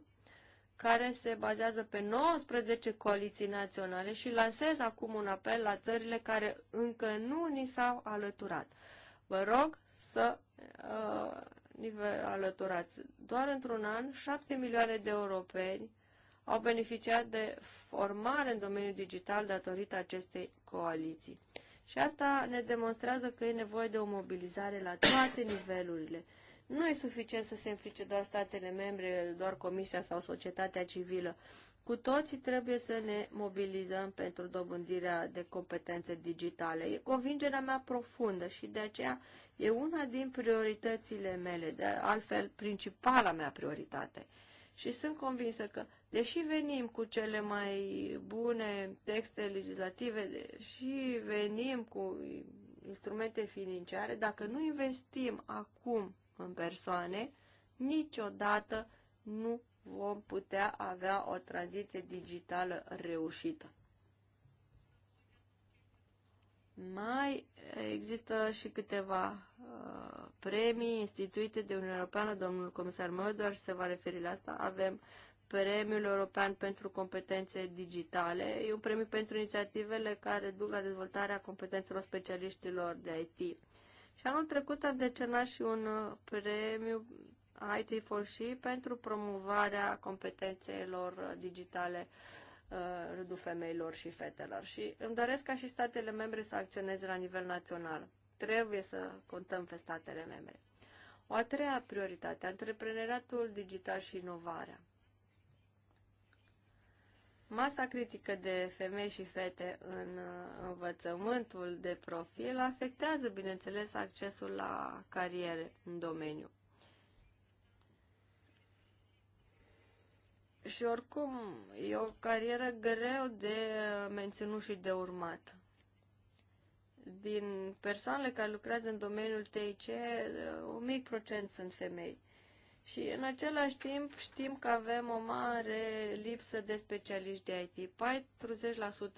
care se bazează pe 19 coaliții naționale și lansez acum un apel la țările care încă nu ni s-au alăturat. Vă rog să uh, nivel alăturați. Doar într-un an, 7 milioane de europeni au beneficiat de formare în domeniul digital datorită acestei coaliții. Și asta ne demonstrează că e nevoie de o mobilizare la toate nivelurile. Nu e suficient să se implice doar statele membre, doar Comisia sau societatea civilă. Cu toții trebuie să ne mobilizăm pentru dobândirea de competențe digitale. E convingerea mea profundă și de aceea e una din prioritățile mele, de altfel principala mea prioritate. Și sunt convinsă că, deși venim cu cele mai bune texte legislative și venim cu instrumente financiare, dacă nu investim acum în persoane, niciodată nu vom putea avea o tranziție digitală reușită. Mai există și câteva uh, premii instituite de Uniunea Europeană. Domnul comisar Mădor se va referi la asta. Avem Premiul European pentru Competențe Digitale. E un premiu pentru inițiativele care duc la dezvoltarea competențelor specialiștilor de IT. Și anul trecut am decernat și un uh, premiu IT for She pentru promovarea competențelor digitale uh, rândul femeilor și fetelor. Și îmi doresc ca și statele membre să acționeze la nivel național. Trebuie să contăm pe statele membre. O a treia prioritate, antreprenoriatul digital și inovarea. Masa critică de femei și fete în uh, învățământul de profil afectează, bineînțeles, accesul la cariere în domeniu. Și oricum, e o carieră greu de menținut și de urmat. Din persoanele care lucrează în domeniul TIC, un mic procent sunt femei. Și în același timp știm că avem o mare lipsă de specialiști de IT.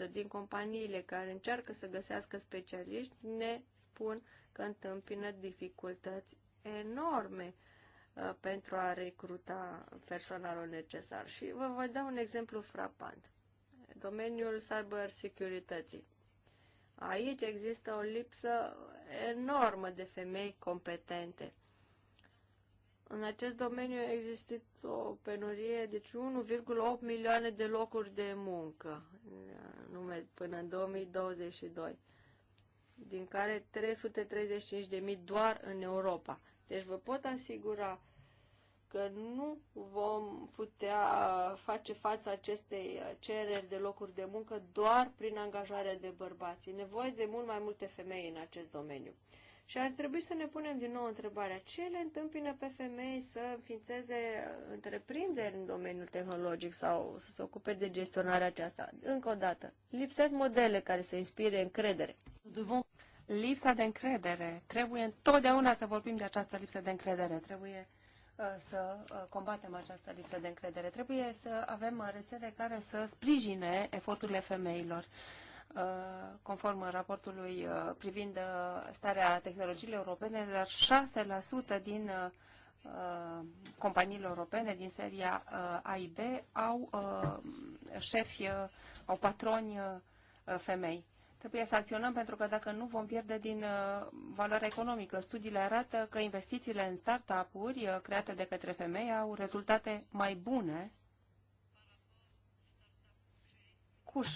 40% din companiile care încearcă să găsească specialiști ne spun că întâmpină dificultăți enorme Uh, pentru a recruta personalul necesar. Și vă voi da un exemplu frapant. Domeniul cybersecurității. Aici există o lipsă enormă de femei competente. În acest domeniu există o penurie, deci 1,8 milioane de locuri de muncă nume, până în 2022, din care 335.000 doar în Europa. Deci vă pot asigura că nu vom putea face față acestei cereri de locuri de muncă doar prin angajarea de bărbați. E nevoie de mult mai multe femei în acest domeniu. Și ar trebui să ne punem din nou întrebarea, ce le întâmpină pe femei să înființeze întreprinderi în domeniul tehnologic sau să se ocupe de gestionarea aceasta? Încă o dată, lipsesc modele care să inspire încredere lipsa de încredere. Trebuie întotdeauna să vorbim de această lipsă de încredere. Trebuie uh, să uh, combatem această lipsă de încredere. Trebuie să avem uh, rețele care să sprijine eforturile femeilor. Conform raportului privind starea tehnologiilor europene, dar 6% din companiile europene din seria AIB au șefi, au patroni femei. Trebuie să acționăm pentru că dacă nu vom pierde din uh, valoare economică. Studiile arată că investițiile în startup-uri uh, create de către femei au rezultate mai bune cu 63%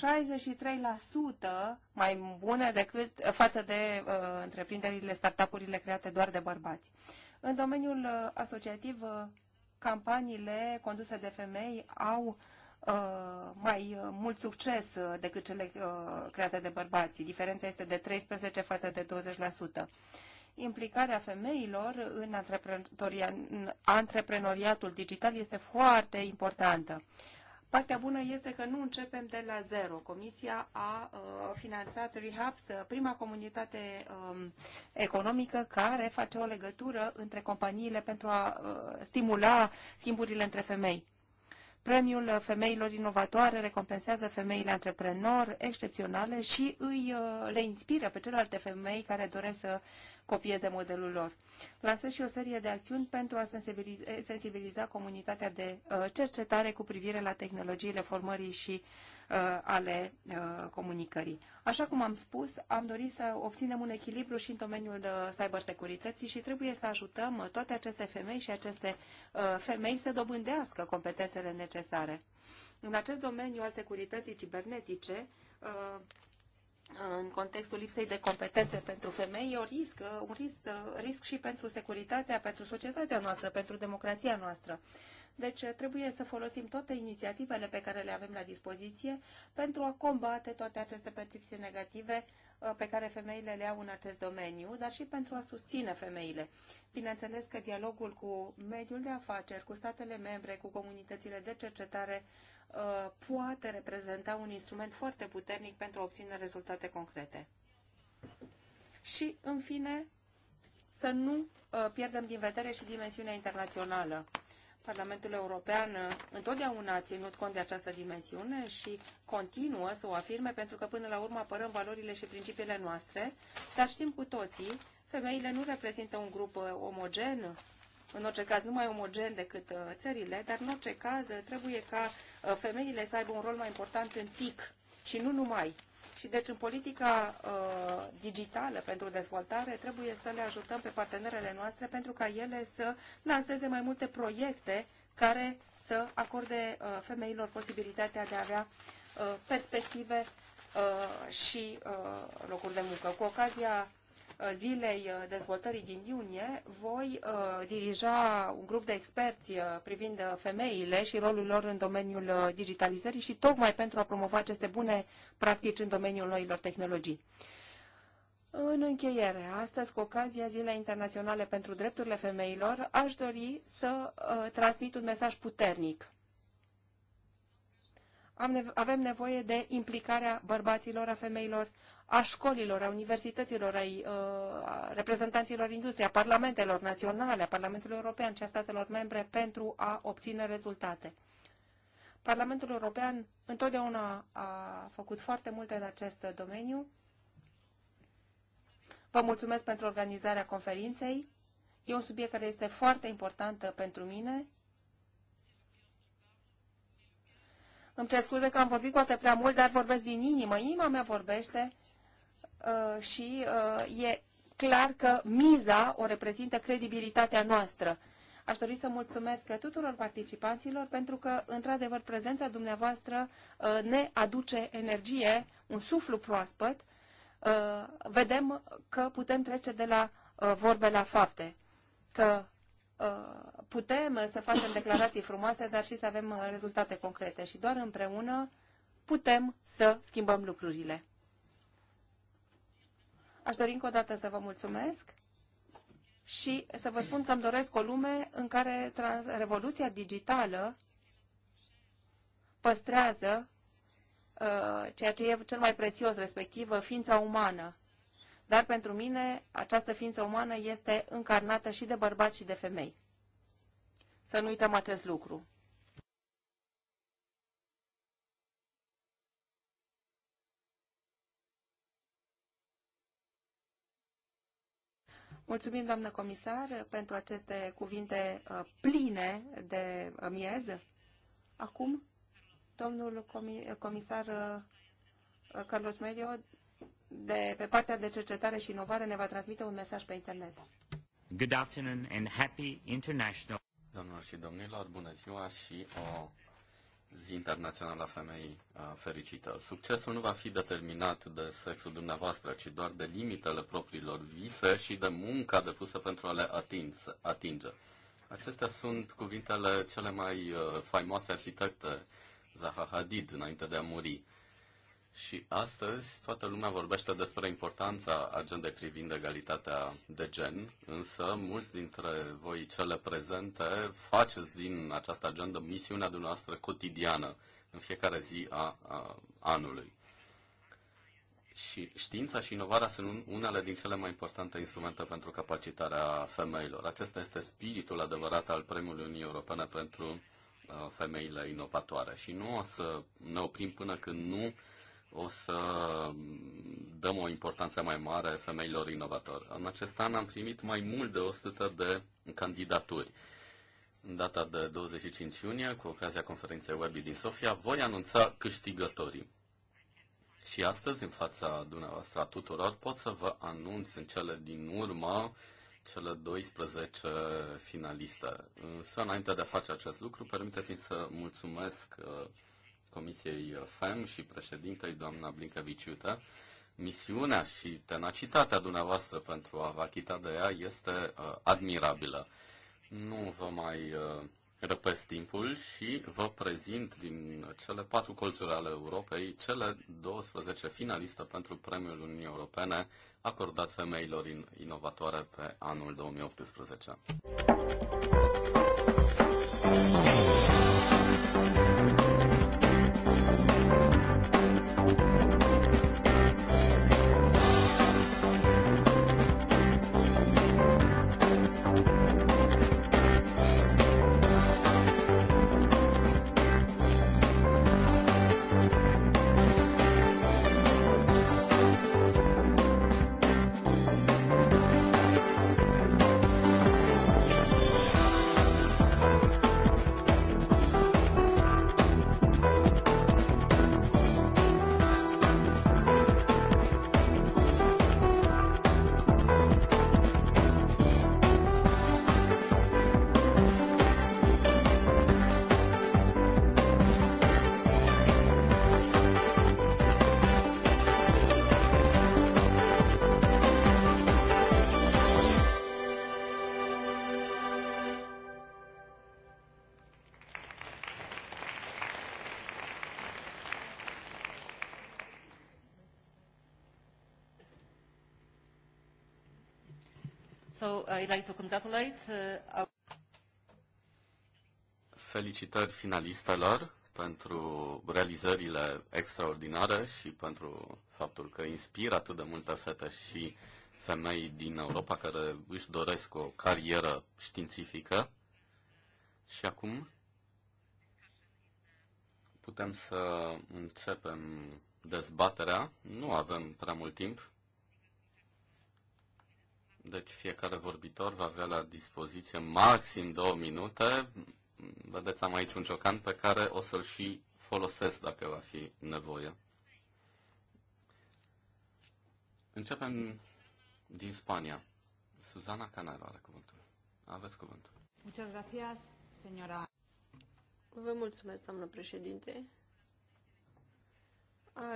mai bune decât uh, față de uh, întreprinderile, startup-urile create doar de bărbați. În domeniul uh, asociativ, uh, campaniile conduse de femei au Uh, mai uh, mult succes uh, decât cele create de bărbați. Diferența este de 13 față de 20%. Implicarea femeilor în, în antreprenoriatul digital este foarte importantă. Partea bună este că nu începem de la zero. Comisia a uh, finanțat Rehabs, prima comunitate um, economică care face o legătură între companiile pentru a uh, stimula schimburile între femei. Premiul femeilor inovatoare recompensează femeile antreprenori excepționale și îi uh, le inspiră pe celelalte femei care doresc să copieze modelul lor. Lansez și o serie de acțiuni pentru a sensibiliza, sensibiliza comunitatea de uh, cercetare cu privire la tehnologiile formării și uh, Uh, ale uh, comunicării. Așa cum am spus, am dorit să obținem un echilibru și în domeniul uh, cybersecurității și trebuie să ajutăm toate aceste femei și aceste femei să dobândească competențele necesare. În acest domeniu al securității cibernetice, în contextul lipsei de competențe pentru femei, e o risc, un risc, risc și pentru securitatea, pentru societatea noastră, pentru democrația noastră. Deci eh, trebuie să folosim toate inițiativele pe care le avem la dispoziție pentru a combate toate aceste percepții negative eh, pe care femeile le au în acest domeniu, dar și pentru a susține femeile. Bineînțeles că dialogul cu mediul de afaceri, cu statele membre, cu comunitățile de cercetare eh, poate reprezenta un instrument foarte puternic pentru a obține rezultate concrete. Și, în fine, să nu pierdem din vedere și dimensiunea internațională Parlamentul European uh, întotdeauna a ținut cont de această dimensiune și continuă să o afirme pentru că până la urmă apărăm valorile și principiile noastre, dar știm cu toții, femeile nu reprezintă un grup uh, omogen, în orice caz nu mai omogen decât uh, țările, dar în orice caz trebuie ca femeile să aibă un rol mai important în TIC și nu numai și deci în politica uh, digitală pentru dezvoltare trebuie să le ajutăm pe partenerele noastre pentru ca ele să lanseze mai multe proiecte care să acorde uh, femeilor posibilitatea de a avea uh, perspective uh, și uh, locuri de muncă. Cu ocazia Uh, zilei uh, dezvoltării din iunie, voi uh, dirija un grup de experți privind femeile și rolul lor în domeniul digitalizării și tocmai pentru a promova aceste bune practici în domeniul noilor tehnologii. În încheiere, astăzi, cu ocazia Zilei Internaționale pentru Drepturile Femeilor, aș dori să uh, transmit un mesaj puternic. Am avem nevoie de implicarea bărbaților, a femeilor, a școlilor, a universităților, a, uh, a reprezentanților industriei, a parlamentelor naționale, a Parlamentului European și a statelor membre pentru a obține rezultate. Parlamentul European întotdeauna a făcut foarte multe în acest domeniu. Vă mulțumesc pentru organizarea conferinței. E un subiect care este foarte important pentru mine. Îmi cer scuze că am vorbit poate prea mult, dar vorbesc din inimă. Inima mea vorbește Uh, și uh, e clar că miza o reprezintă credibilitatea noastră. Aș dori să mulțumesc tuturor participanților pentru că, într-adevăr, prezența dumneavoastră uh, ne aduce energie, un suflu proaspăt. Vedem că putem trece de la vorbe la fapte, că putem să facem declarații frumoase, dar și să avem rezultate concrete și doar împreună putem să schimbăm lucrurile. Aș dori încă o dată să vă mulțumesc și să vă spun că îmi doresc o lume în care revoluția digitală păstrează uh, ceea ce e cel mai prețios, respectiv uh, ființa umană. Dar pentru mine această ființă umană este încarnată și de bărbați și de femei. Să nu uităm acest lucru. Mulțumim, doamnă comisar, pentru aceste cuvinte uh, pline de uh, miez. Acum, domnul uh, comisar Carlos Medio, de pe partea de cercetare și inovare, ne va transmite un mesaj pe internet. Good afternoon and happy international. Domnilor și domnilor, bună ziua și o zi internațională a femeii fericită. Succesul nu va fi determinat de sexul dumneavoastră, ci doar de limitele propriilor vise și de munca depusă pentru a le atinge. Acestea sunt cuvintele cele mai faimoase arhitecte Zaha Hadid înainte de a muri. Și astăzi toată lumea vorbește despre importanța agendei privind egalitatea de gen, însă mulți dintre voi cele prezente faceți din această agendă misiunea dumneavoastră cotidiană în fiecare zi a, a anului. Și știința și inovarea sunt unele din cele mai importante instrumente pentru capacitarea femeilor. Acesta este spiritul adevărat al Premiului Unii Europene pentru uh, femeile inovatoare. Și nu o să ne oprim până când nu o să dăm o importanță mai mare femeilor inovatori. În acest an am primit mai mult de 100 de candidaturi. În data de 25 iunie, cu ocazia conferinței web din Sofia, voi anunța câștigătorii. Și astăzi, în fața dumneavoastră a tuturor, pot să vă anunț în cele din urmă cele 12 finaliste. Însă, înainte de a face acest lucru, permiteți-mi să mulțumesc uh, Comisiei FEM și președintei, doamna Viciuta, misiunea și tenacitatea dumneavoastră pentru a vă achita de ea este uh, admirabilă. Nu vă mai uh, răpesc timpul și vă prezint din cele patru colțuri ale Europei cele 12 finaliste pentru Premiul Uniunii Europene acordat femeilor inovatoare pe anul 2018. congratulate uh, Felicitări finalistelor pentru realizările extraordinare și pentru faptul că inspiră atât de multe fete și femei din Europa care își doresc o carieră științifică. Și acum putem să începem dezbaterea. Nu avem prea mult timp, deci fiecare vorbitor va avea la dispoziție maxim două minute. Vedeți, am aici un ciocan pe care o să-l și folosesc dacă va fi nevoie. Începem din Spania. Susana Canaro are cuvântul. Aveți cuvântul. Muchas gracias, señora. Vă mulțumesc, doamnă președinte.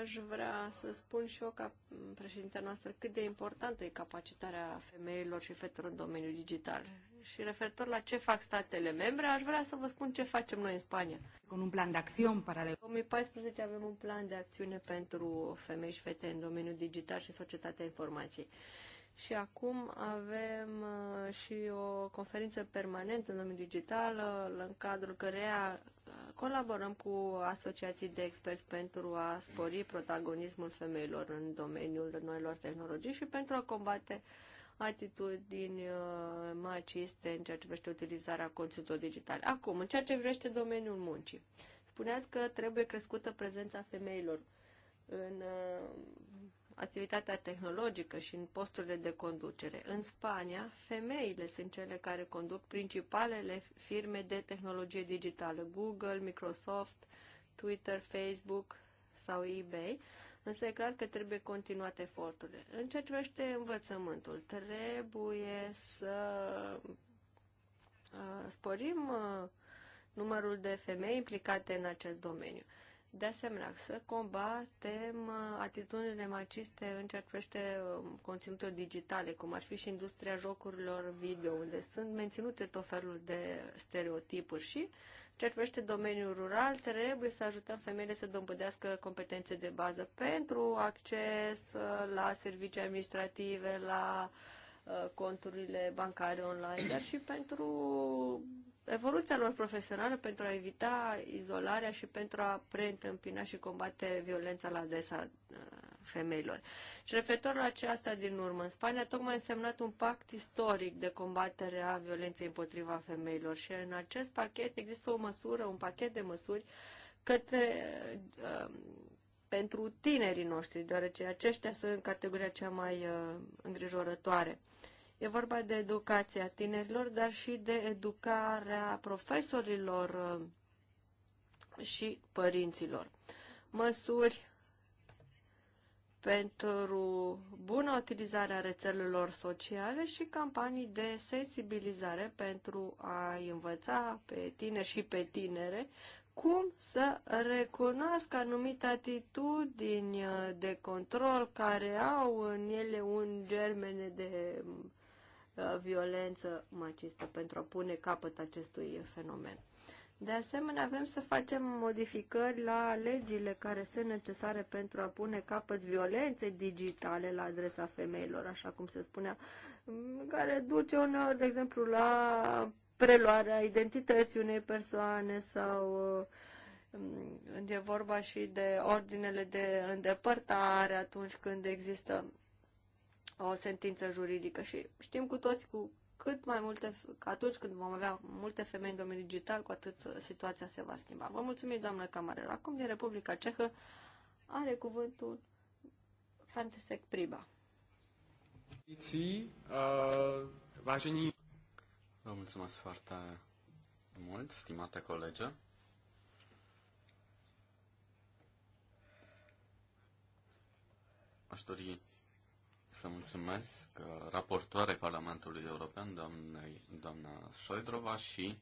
Aș vrea să spun și eu, ca președintea noastră, cât de importantă e capacitarea femeilor și fetelor în domeniul digital. Și referitor la ce fac statele membre, aș vrea să vă spun ce facem noi în Spania. Cu un plan de acțiune paralel. În 2014 avem un plan de acțiune pentru femei și fete în domeniul digital și societatea informației. Și acum avem uh, și o conferință permanentă în domeniul digital, uh, în cadrul căreia uh, colaborăm cu asociații de experți pentru a spori protagonismul femeilor în domeniul noilor tehnologii și pentru a combate atitudini maciste în ceea ce privește utilizarea conținutului digital. Acum, în ceea ce privește domeniul muncii, spuneați că trebuie crescută prezența femeilor în activitatea tehnologică și în posturile de conducere. În Spania, femeile sunt cele care conduc principalele firme de tehnologie digitală, Google, Microsoft, Twitter, Facebook sau eBay, însă e clar că trebuie continuate eforturile. În ceea ce privește învățământul, trebuie să uh, sporim uh, numărul de femei implicate în acest domeniu. De asemenea, să combatem uh, atitudinile maciste în ceea ce privește um, conținuturi digitale, cum ar fi și industria jocurilor video, unde sunt menținute tot felul de stereotipuri și ceea ce privește domeniul rural, trebuie să ajutăm femeile să dobândească competențe de bază pentru acces uh, la servicii administrative, la uh, conturile bancare online, dar și pentru evoluția lor profesională pentru a evita izolarea și pentru a preîntâmpina și combate violența la adresa uh, femeilor. Și referitor la aceasta din urmă, în Spania tocmai a însemnat un pact istoric de combatere a violenței împotriva femeilor și în acest pachet există o măsură, un pachet de măsuri către, uh, pentru tinerii noștri, deoarece aceștia sunt categoria cea mai uh, îngrijorătoare. Uh, E vorba de educația tinerilor, dar și de educarea profesorilor uh, și părinților. Măsuri pentru bună utilizarea rețelelor sociale și campanii de sensibilizare pentru a învăța pe tineri și pe tinere cum să recunoască anumite atitudini uh, de control care au în ele un germene de Uh, violență macistă pentru a pune capăt acestui fenomen. De asemenea, vrem să facem modificări la legile care sunt necesare pentru a pune capăt violenței digitale la adresa femeilor, așa cum se spunea, mm, care duce uneori, de exemplu, la preluarea identității unei persoane sau mm, e vorba și de ordinele de îndepărtare atunci când există o sentință juridică și știm cu toți cu cât mai multe, că atunci când vom avea multe femei în domeniul digital, cu atât uh, situația se va schimba. Vă mulțumim, doamnă Camarel. Acum, din Republica Cehă, are cuvântul Frantisek Priba. Vă mulțumesc foarte mult, stimate colegă. Aș dori să mulțumesc uh, raportoarei Parlamentului European, doamnei, doamna Șoidrova, și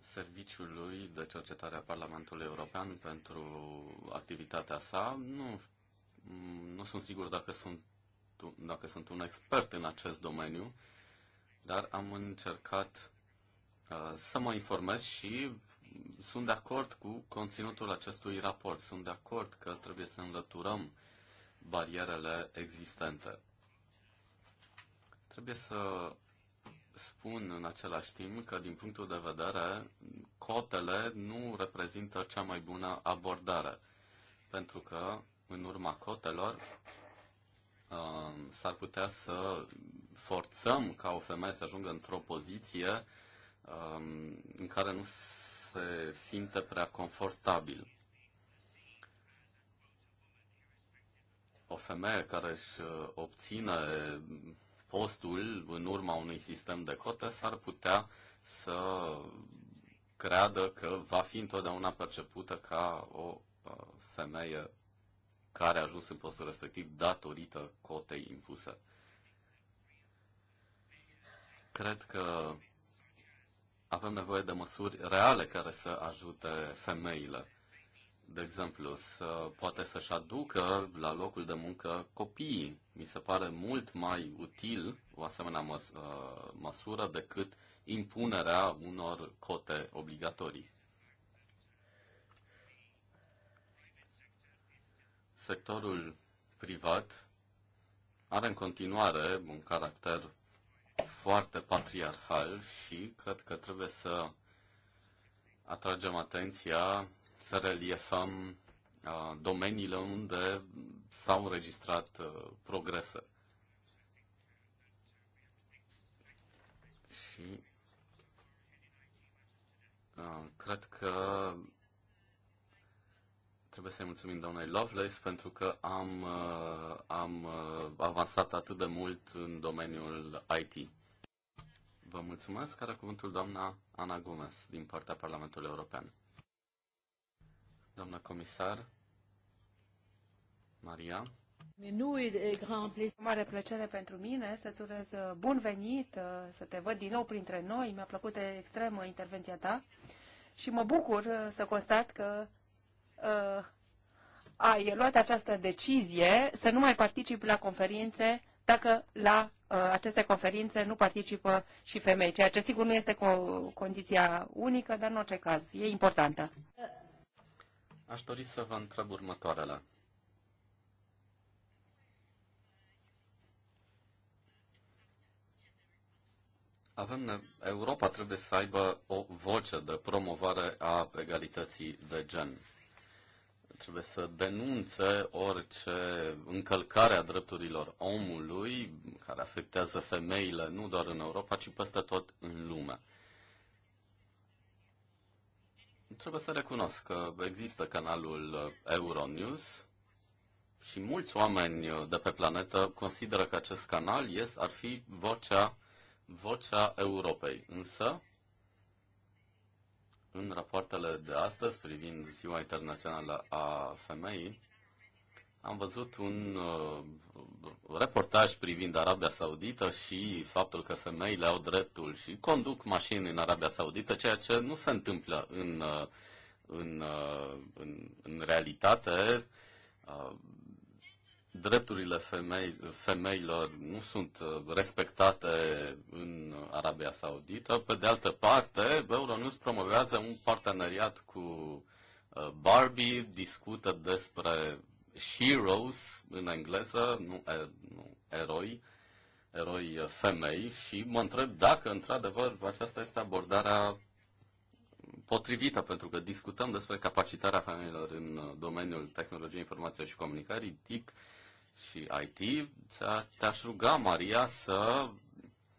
Serviciului de Cercetare a Parlamentului European pentru activitatea sa. Nu, nu sunt sigur dacă sunt, dacă sunt un expert în acest domeniu, dar am încercat uh, să mă informez și sunt de acord cu conținutul acestui raport. Sunt de acord că trebuie să înlăturăm uh, barierele existente. Trebuie să spun în același timp că, din punctul de vedere, cotele nu reprezintă cea mai bună abordare, pentru că, în urma cotelor, um, s-ar putea să forțăm ca o femeie să ajungă într-o poziție um, în care nu se simte prea confortabil. o femeie care își uh, obține postul în urma unui sistem de cote s-ar putea să creadă că va fi întotdeauna percepută ca o uh, femeie care a ajuns în postul respectiv datorită cotei impuse. Cred că avem nevoie de măsuri reale care să ajute femeile de exemplu, să poate să-și aducă la locul de muncă copiii. Mi se pare mult mai util o asemenea măs- uh, măsură decât impunerea unor cote obligatorii. Sectorul privat are în continuare un caracter foarte patriarhal și cred că trebuie să atragem atenția să reliefăm domeniile unde s-au înregistrat progrese. Și cred că trebuie să-i mulțumim doamnei Lovelace pentru că am, am avansat atât de mult în domeniul IT. Vă mulțumesc. care cuvântul doamna Ana Gomez din partea Parlamentului European doamna comisar. Maria. Mare plăcere pentru mine să-ți urez uh, bun venit, uh, să te văd din nou printre noi. Mi-a plăcut extrem intervenția ta și mă bucur uh, să constat că uh, ai luat această decizie să nu mai participi la conferințe dacă la uh, aceste conferințe nu participă și femei, ceea ce sigur nu este co- condiția unică, dar în orice caz e importantă. Aș dori să vă întreb următoarele. Avem, Europa trebuie să aibă o voce de promovare a egalității de gen. Trebuie să denunțe orice încălcare a drepturilor omului care afectează femeile nu doar în Europa, ci peste tot în lume. Trebuie să recunosc că există canalul uh, Euronews și mulți oameni uh, de pe planetă consideră că acest canal yes, ar fi vocea, vocea Europei. Însă, în rapoartele de astăzi privind Ziua Internațională a Femeii, am văzut un uh, reportaj privind Arabia Saudită și faptul că femeile au dreptul și conduc mașini în Arabia Saudită, ceea ce nu se întâmplă în, uh, în, uh, în, în realitate. Uh, drepturile femei, femeilor nu sunt uh, respectate în Arabia Saudită. Pe de altă parte, Euronews promovează un parteneriat cu uh, Barbie, discută despre heroes în engleză, nu, e, nu eroi, eroi femei și mă întreb dacă într-adevăr aceasta este abordarea potrivită, pentru că discutăm despre capacitarea femeilor în uh, domeniul tehnologiei informației și comunicării, TIC și IT. Te-aș ruga, Maria, să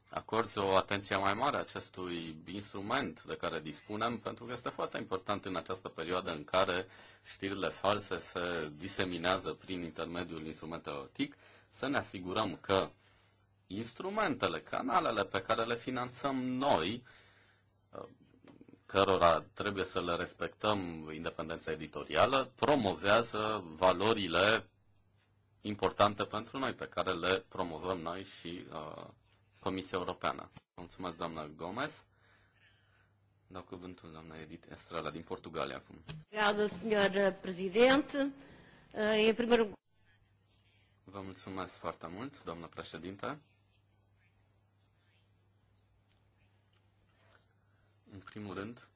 acorzi o atenție mai mare acestui instrument de care dispunem, pentru că este foarte important în această perioadă în care știrile false se diseminează prin intermediul instrumentelor TIC, să ne asigurăm că instrumentele, canalele pe care le finanțăm noi, cărora trebuie să le respectăm independența editorială, promovează valorile importante pentru noi, pe care le promovăm noi și uh, Comisia Europeană. Mulțumesc, doamna Gomez. Dau cuvântul doamna Edith Estrada din Portugalia acum. Obrigada, senhor presidente. E eh, primul Vă mulțumesc foarte mult, doamna președinte. În primul rând,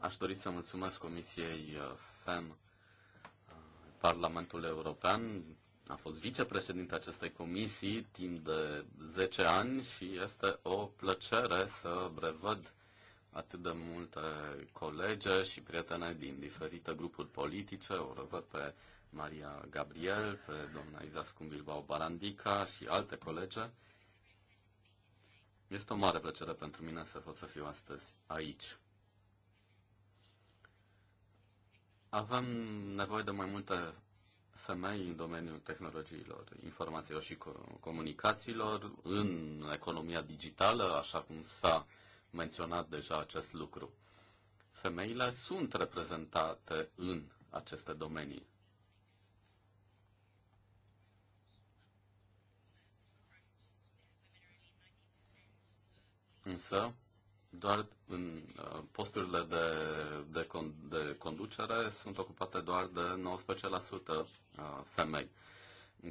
aș dori să mulțumesc Comisiei eh, FEM eh, Parlamentul European a fost vicepreședinte acestei comisii timp de 10 ani și este o plăcere să revăd atât de multe colege și prietene din diferite grupuri politice. O revăd pe Maria Gabriel, pe doamna Izascun Bilbao Barandica și alte colege. Este o mare plăcere pentru mine să pot să fiu astăzi aici. Avem nevoie de mai multe femei în domeniul tehnologiilor, informațiilor și comunicațiilor, în economia digitală, așa cum s-a menționat deja acest lucru. Femeile sunt reprezentate în aceste domenii. Însă, doar în uh, posturile de, de, de conducere sunt ocupate doar de 19% uh, femei.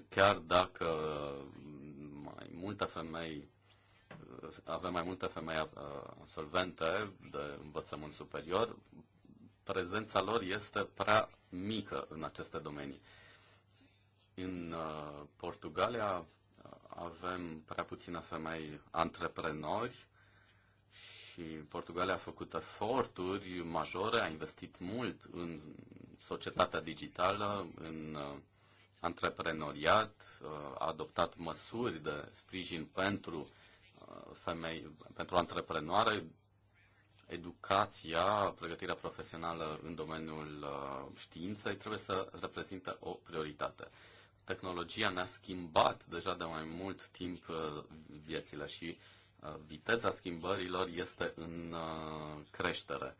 Chiar dacă mai multe femei uh, avem mai multe femei absolvente de învățământ superior, prezența lor este prea mică în aceste domenii. În Portugalia avem prea puține femei antreprenori, și Portugalia a făcut eforturi majore, a investit mult în societatea digitală, în uh, antreprenoriat, uh, a adoptat măsuri de sprijin pentru uh, femei, pentru antreprenoare, educația, pregătirea profesională în domeniul științei trebuie să reprezinte o prioritate. Tehnologia ne-a schimbat deja de mai mult timp viețile și uh, viteza schimbărilor este în uh, creștere.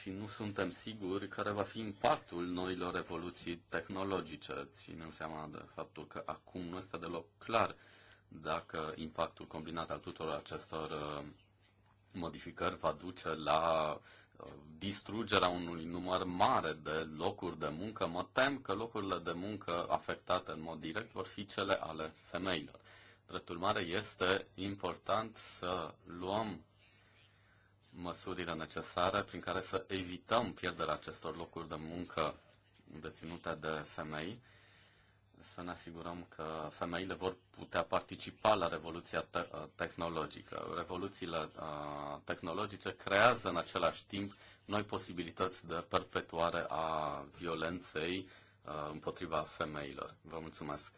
Și nu suntem siguri care va fi impactul noilor evoluții tehnologice, ținând seama de faptul că acum nu este deloc clar dacă impactul combinat al tuturor acestor uh, modificări va duce la uh, distrugerea unui număr mare de locuri de muncă. Mă tem că locurile de muncă afectate în mod direct vor fi cele ale femeilor. Drept urmare, este important să luăm măsurile necesare prin care să evităm pierderea acestor locuri de muncă deținute de femei, să ne asigurăm că femeile vor putea participa la revoluția te- uh, tehnologică. Revoluțiile uh, tehnologice creează în același timp noi posibilități de perpetuare a violenței uh, împotriva femeilor. Vă mulțumesc!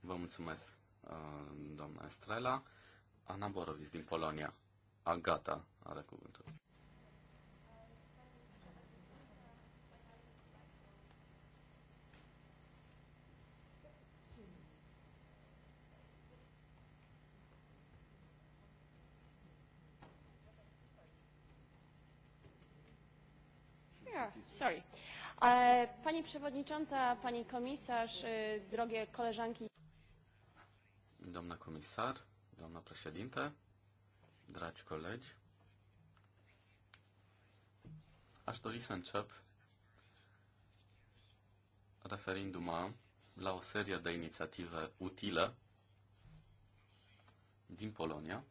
Vă mulțumesc! Uh, doamna Estrela. Ana Borovic din Polonia. Agata are cuvântul. Sorry. Pani przewodnicząca, pani komisarz, drogie koleżanki. Doamna comisar, doamna președinte, dragi colegi, aș dori să încep referindu-mă la o serie de inițiative utile din Polonia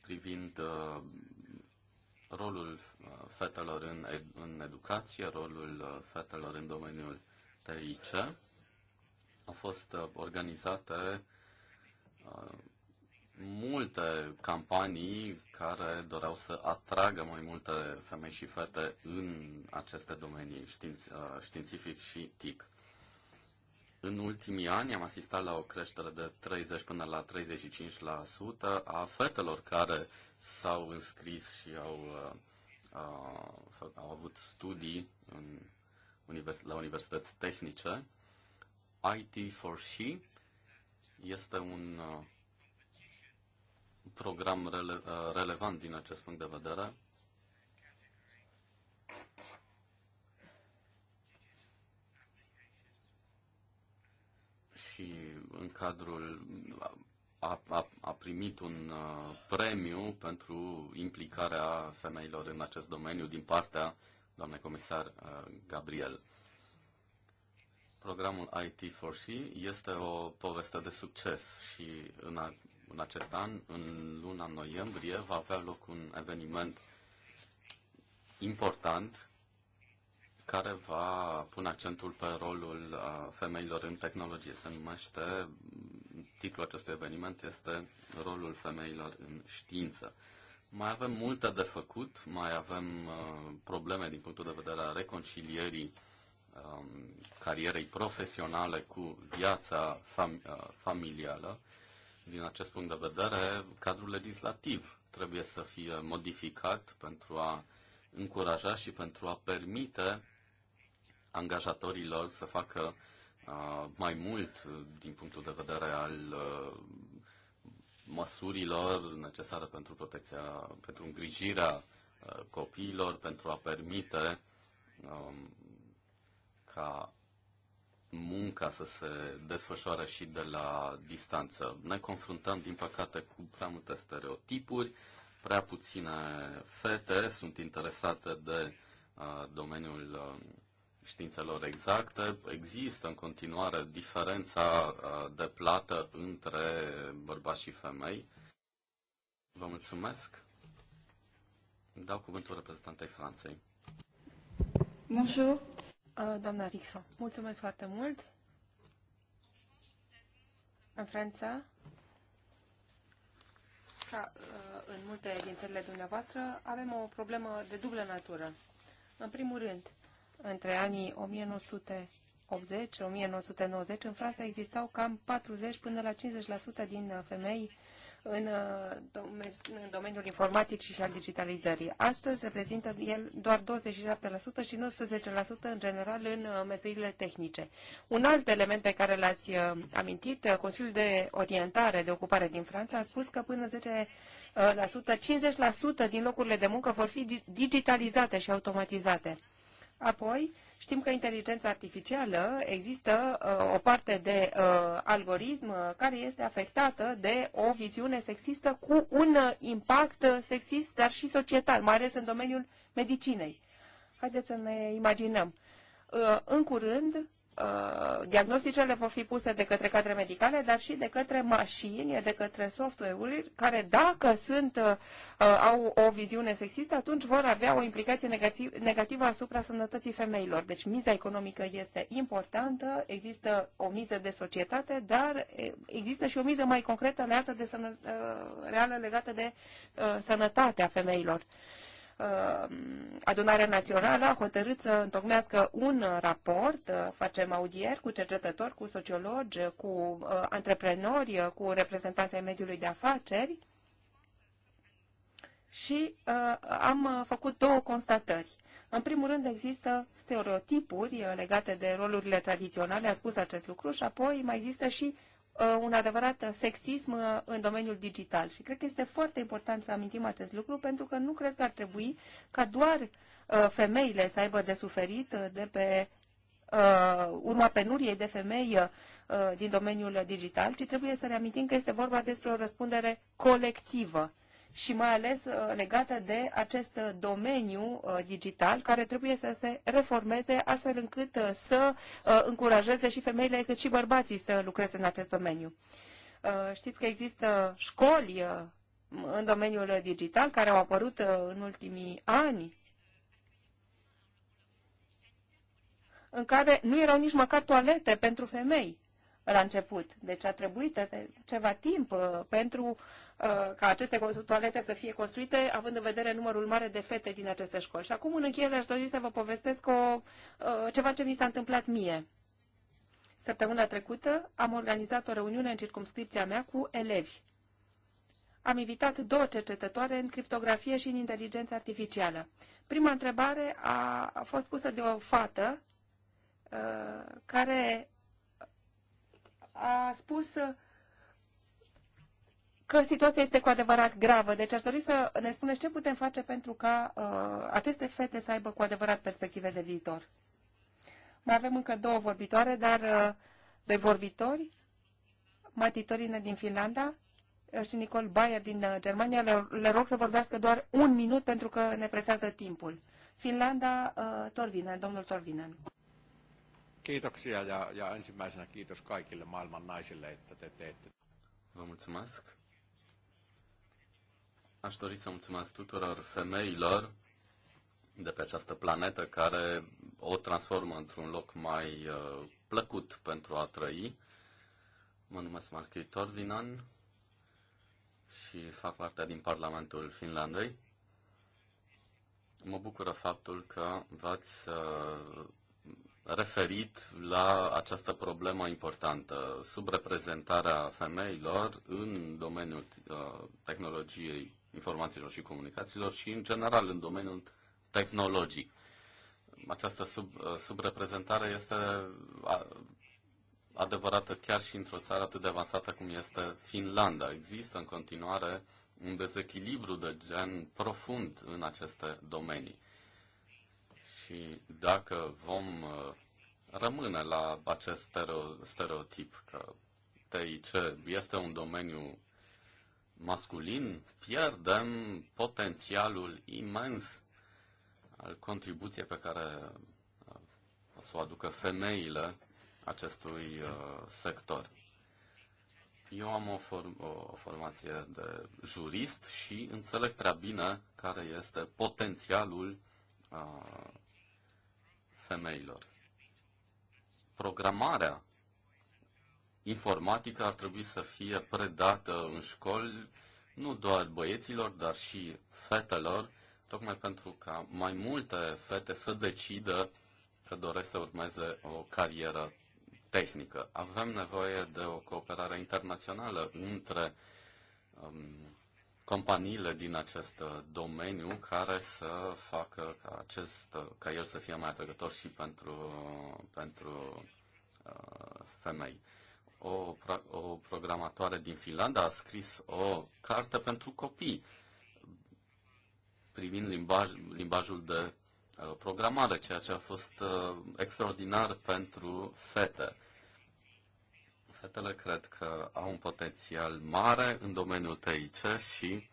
privind uh, rolul uh, fetelor în, ed- în educație, rolul uh, fetelor în domeniul TIC a fost uh, organizate uh, multe campanii care doreau să atragă mai multe femei și fete în aceste domenii științ, uh, științific și TIC. În ultimii ani am asistat la o creștere de 30 până la 35% a fetelor care s-au înscris și au, au avut studii în la universități tehnice IT4She este un uh, program rele- uh, relevant din acest punct de vedere. Și în cadrul a, a, a primit un uh, premiu pentru implicarea femeilor în acest domeniu din partea doamnei comisar Gabriel. Programul IT4C este o poveste de succes și în, a, în acest an, în luna noiembrie, va avea loc un eveniment important care va pune accentul pe rolul femeilor în tehnologie. Se numește, titlul acestui eveniment este Rolul femeilor în știință. Mai avem multe de făcut, mai avem uh, probleme din punctul de vedere a reconcilierii uh, um, carierei profesionale cu viața fam- uh, familială. Din acest punct de vedere, cadrul legislativ trebuie să fie modificat pentru a încuraja și pentru a permite angajatorilor să facă uh, mai mult din punctul de vedere al uh, măsurilor necesare pentru protecția, pentru îngrijirea uh, copiilor, pentru a permite uh, ca munca să se desfășoare și de la distanță. Ne confruntăm, din păcate, cu prea multe stereotipuri, prea puține fete sunt interesate de uh, domeniul uh, științelor exacte. Există în continuare diferența uh, de plată între bărbați și femei. Vă mulțumesc. Dau cuvântul reprezentantei Franței. Bonjour. Uh, doamna Rixo, mulțumesc foarte mult. În Franța, ca uh, în multe din țările dumneavoastră, avem o problemă de dublă natură. În primul rând, între anii 1980-1990, în Franța existau cam 40 până la 50% din femei în, uh, în domeniul informaticii și al digitalizării. Astăzi reprezintă el doar 27% și 19% în general în uh, meserile tehnice. Un alt element pe care l-ați uh, amintit, Consiliul de Orientare de Ocupare din Franța a spus că până 10 50% din locurile de muncă vor fi digitalizate și automatizate. Apoi, Știm că inteligența artificială există uh, o parte de uh, algoritm uh, care este afectată de o viziune sexistă cu un uh, impact uh, sexist, dar și societal, mai ales în domeniul medicinei. Haideți să ne imaginăm. Uh, în curând, Uh, diagnosticele vor fi puse de către cadre medicale, dar și de către mașini, de către software-uri, care dacă sunt, uh, au o viziune sexistă, atunci vor avea o implicație negativ, negativă asupra sănătății femeilor. Deci miza economică este importantă, există o miză de societate, dar există și o miză mai concretă legată de sănă, uh, reală legată de uh, sănătatea femeilor. Uh, Uh, adunarea Națională a hotărât să întocmească un raport, uh, facem audieri cu cercetători, cu sociologi, uh, cu antreprenori, cu reprezentanții mediului de afaceri și am făcut două constatări. În primul rând există stereotipuri legate de rolurile tradiționale, A spus acest lucru, și apoi mai există și Uh, un adevărat sexism uh, în domeniul digital. Și cred că este foarte important să amintim acest lucru, pentru că nu cred că ar trebui ca doar uh, femeile să aibă de suferit de pe urma penuriei de femei din domeniul digital, ci trebuie să amintim că este vorba despre o răspundere colectivă și mai ales uh, legată de acest uh, domeniu uh, digital care trebuie să se reformeze astfel încât să încurajeze și femeile cât și bărbații să lucreze în acest domeniu. Știți că există școli în domeniul digital care au apărut în ultimii ani în care nu erau nici măcar toalete pentru femei la început. Deci a trebuit ceva timp pentru Uh, ca aceste toalete să fie construite, având în vedere numărul mare de fete din aceste școli. Și acum, în încheiere, aș dori să vă povestesc o, uh, ceva ce mi s-a întâmplat mie. Săptămâna trecută am organizat o reuniune în circumscripția mea cu elevi. Am invitat două cercetătoare în criptografie și în inteligență artificială. Prima întrebare a, a fost pusă de o fată uh, care a spus că situația este cu adevărat gravă. Deci aș dori să ne spuneți ce putem face pentru ca uh, aceste fete să aibă cu adevărat perspective de viitor. Mai avem încă două vorbitoare, dar uh, doi vorbitori, Mati din Finlanda uh, și Nicol Bayer din uh, Germania. Le, le rog să vorbească doar un minut pentru că ne presează timpul. Finlanda, uh, Torvinen, domnul Torvinen. Kiitoksia ja, ja ensimmäisenä kiitos kaikille maailman naisille, että te teette. Vă mulțumesc. Aș dori să mulțumesc tuturor femeilor de pe această planetă care o transformă într-un loc mai uh, plăcut pentru a trăi. Mă numesc Marchi Torvinan și fac parte din Parlamentul Finlandei. Mă bucură faptul că v-ați uh, referit la această problemă importantă, subreprezentarea femeilor în domeniul uh, tehnologiei informațiilor și comunicațiilor și, în general, în domeniul tehnologic. Această sub, uh, subreprezentare este adevărată chiar și într-o țară atât de avansată cum este Finlanda. Există în continuare un dezechilibru de gen profund în aceste domenii. Și dacă vom uh, rămâne la acest stereotip că TIC este un domeniu masculin, pierdem potențialul imens al contribuției pe care uh, o să o aducă femeile acestui uh, sector. Eu am o, form- o formație de jurist și înțeleg prea bine care este potențialul uh, femeilor. Programarea informatica ar trebui să fie predată în școli nu doar băieților, dar și fetelor, tocmai pentru ca mai multe fete să decidă că doresc să urmeze o carieră tehnică. Avem nevoie de o cooperare internațională între um, companiile din acest domeniu care să facă ca, acest, ca el să fie mai atrăgător și pentru, pentru uh, femei o, o programatoare din Finlanda a scris o carte pentru copii privind limbaj, limbajul de uh, programare, ceea ce a fost uh, extraordinar pentru fete. Fetele cred că au un potențial mare în domeniul TIC și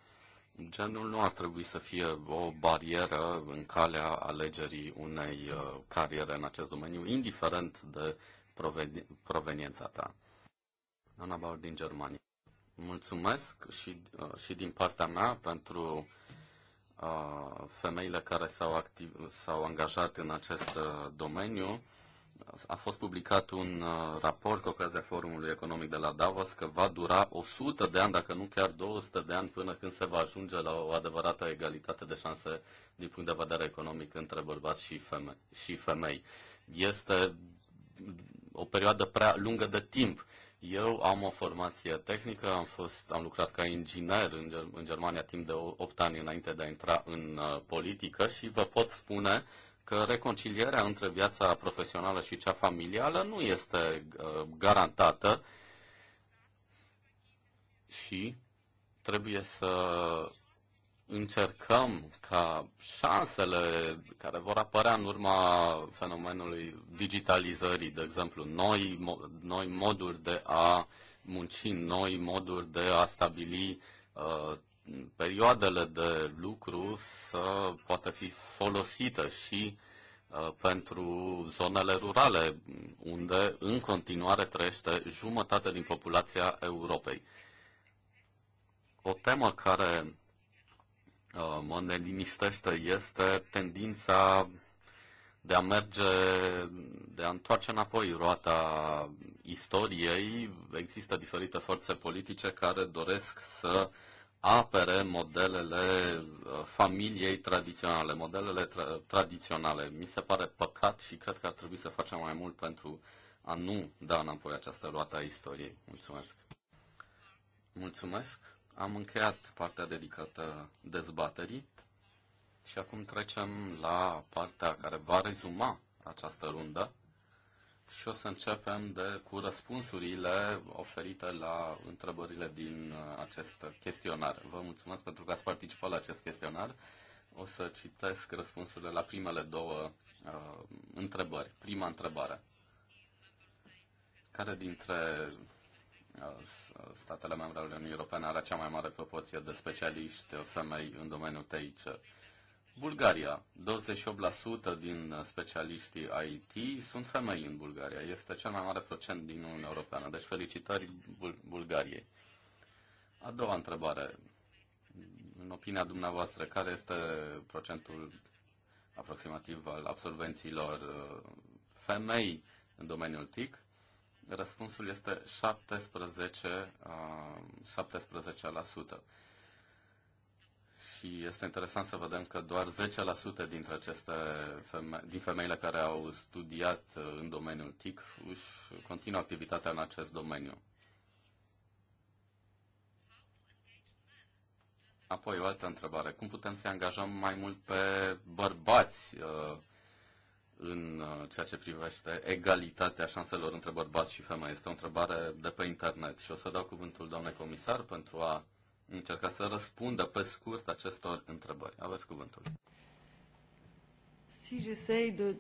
genul nu ar trebui să fie o barieră în calea alegerii unei uh, cariere în acest domeniu, indiferent de proveni- proveniența ta. Ana Bauer din Germania. Mulțumesc și, uh, și din partea mea pentru uh, femeile care s-au, activ, s-au angajat în acest uh, domeniu. A fost publicat un uh, raport cu ocazia Forumului Economic de la Davos că va dura 100 de ani, dacă nu chiar 200 de ani, până când se va ajunge la o adevărată egalitate de șanse din punct de vedere economic între bărbați și femei. Și femei. Este o perioadă prea lungă de timp eu am o formație tehnică, am, fost, am lucrat ca inginer în, Ger- în Germania timp de 8 ani înainte de a intra în uh, politică și vă pot spune că reconcilierea între viața profesională și cea familială nu este uh, garantată și trebuie să încercăm ca șansele care vor apărea în urma fenomenului digitalizării, de exemplu, noi, noi moduri de a munci, noi moduri de a stabili uh, perioadele de lucru să poată fi folosită și uh, pentru zonele rurale, unde în continuare trăiește jumătate din populația Europei. O temă care Uh, mă neliniștește este tendința de a merge, de a întoarce înapoi roata istoriei. Există diferite forțe politice care doresc să apere modelele uh, familiei tradiționale, modelele tra- tradiționale. Mi se pare păcat și cred că ar trebui să facem mai mult pentru a nu da înapoi această roată a istoriei. Mulțumesc! Mulțumesc! Am încheiat partea dedicată dezbaterii și acum trecem la partea care va rezuma această rundă și o să începem de, cu răspunsurile oferite la întrebările din acest chestionar. Vă mulțumesc pentru că ați participat la acest chestionar. O să citesc răspunsurile la primele două uh, întrebări. Prima întrebare. Care dintre statele membre ale Uniunii Europene are cea mai mare proporție de specialiști femei în domeniul TIC. Bulgaria, 28% din specialiștii IT sunt femei în Bulgaria. Este cel mai mare procent din Uniunea Europeană. Deci felicitări Bul- Bulgariei. A doua întrebare. În opinia dumneavoastră, care este procentul aproximativ al absolvenților uh, femei în domeniul TIC? răspunsul este 17, 17%. Și este interesant să vedem că doar 10% dintre aceste feme- din femeile care au studiat uh, în domeniul TIC își continuă activitatea în acest domeniu. Apoi o altă întrebare. Cum putem să angajăm mai mult pe bărbați uh, în uh, ceea ce privește egalitatea șanselor între bărbați și femei. Este o întrebare de pe internet și o să dau cuvântul doamnei comisar pentru a încerca să răspundă pe scurt acestor întrebări. Aveți cuvântul. Si de...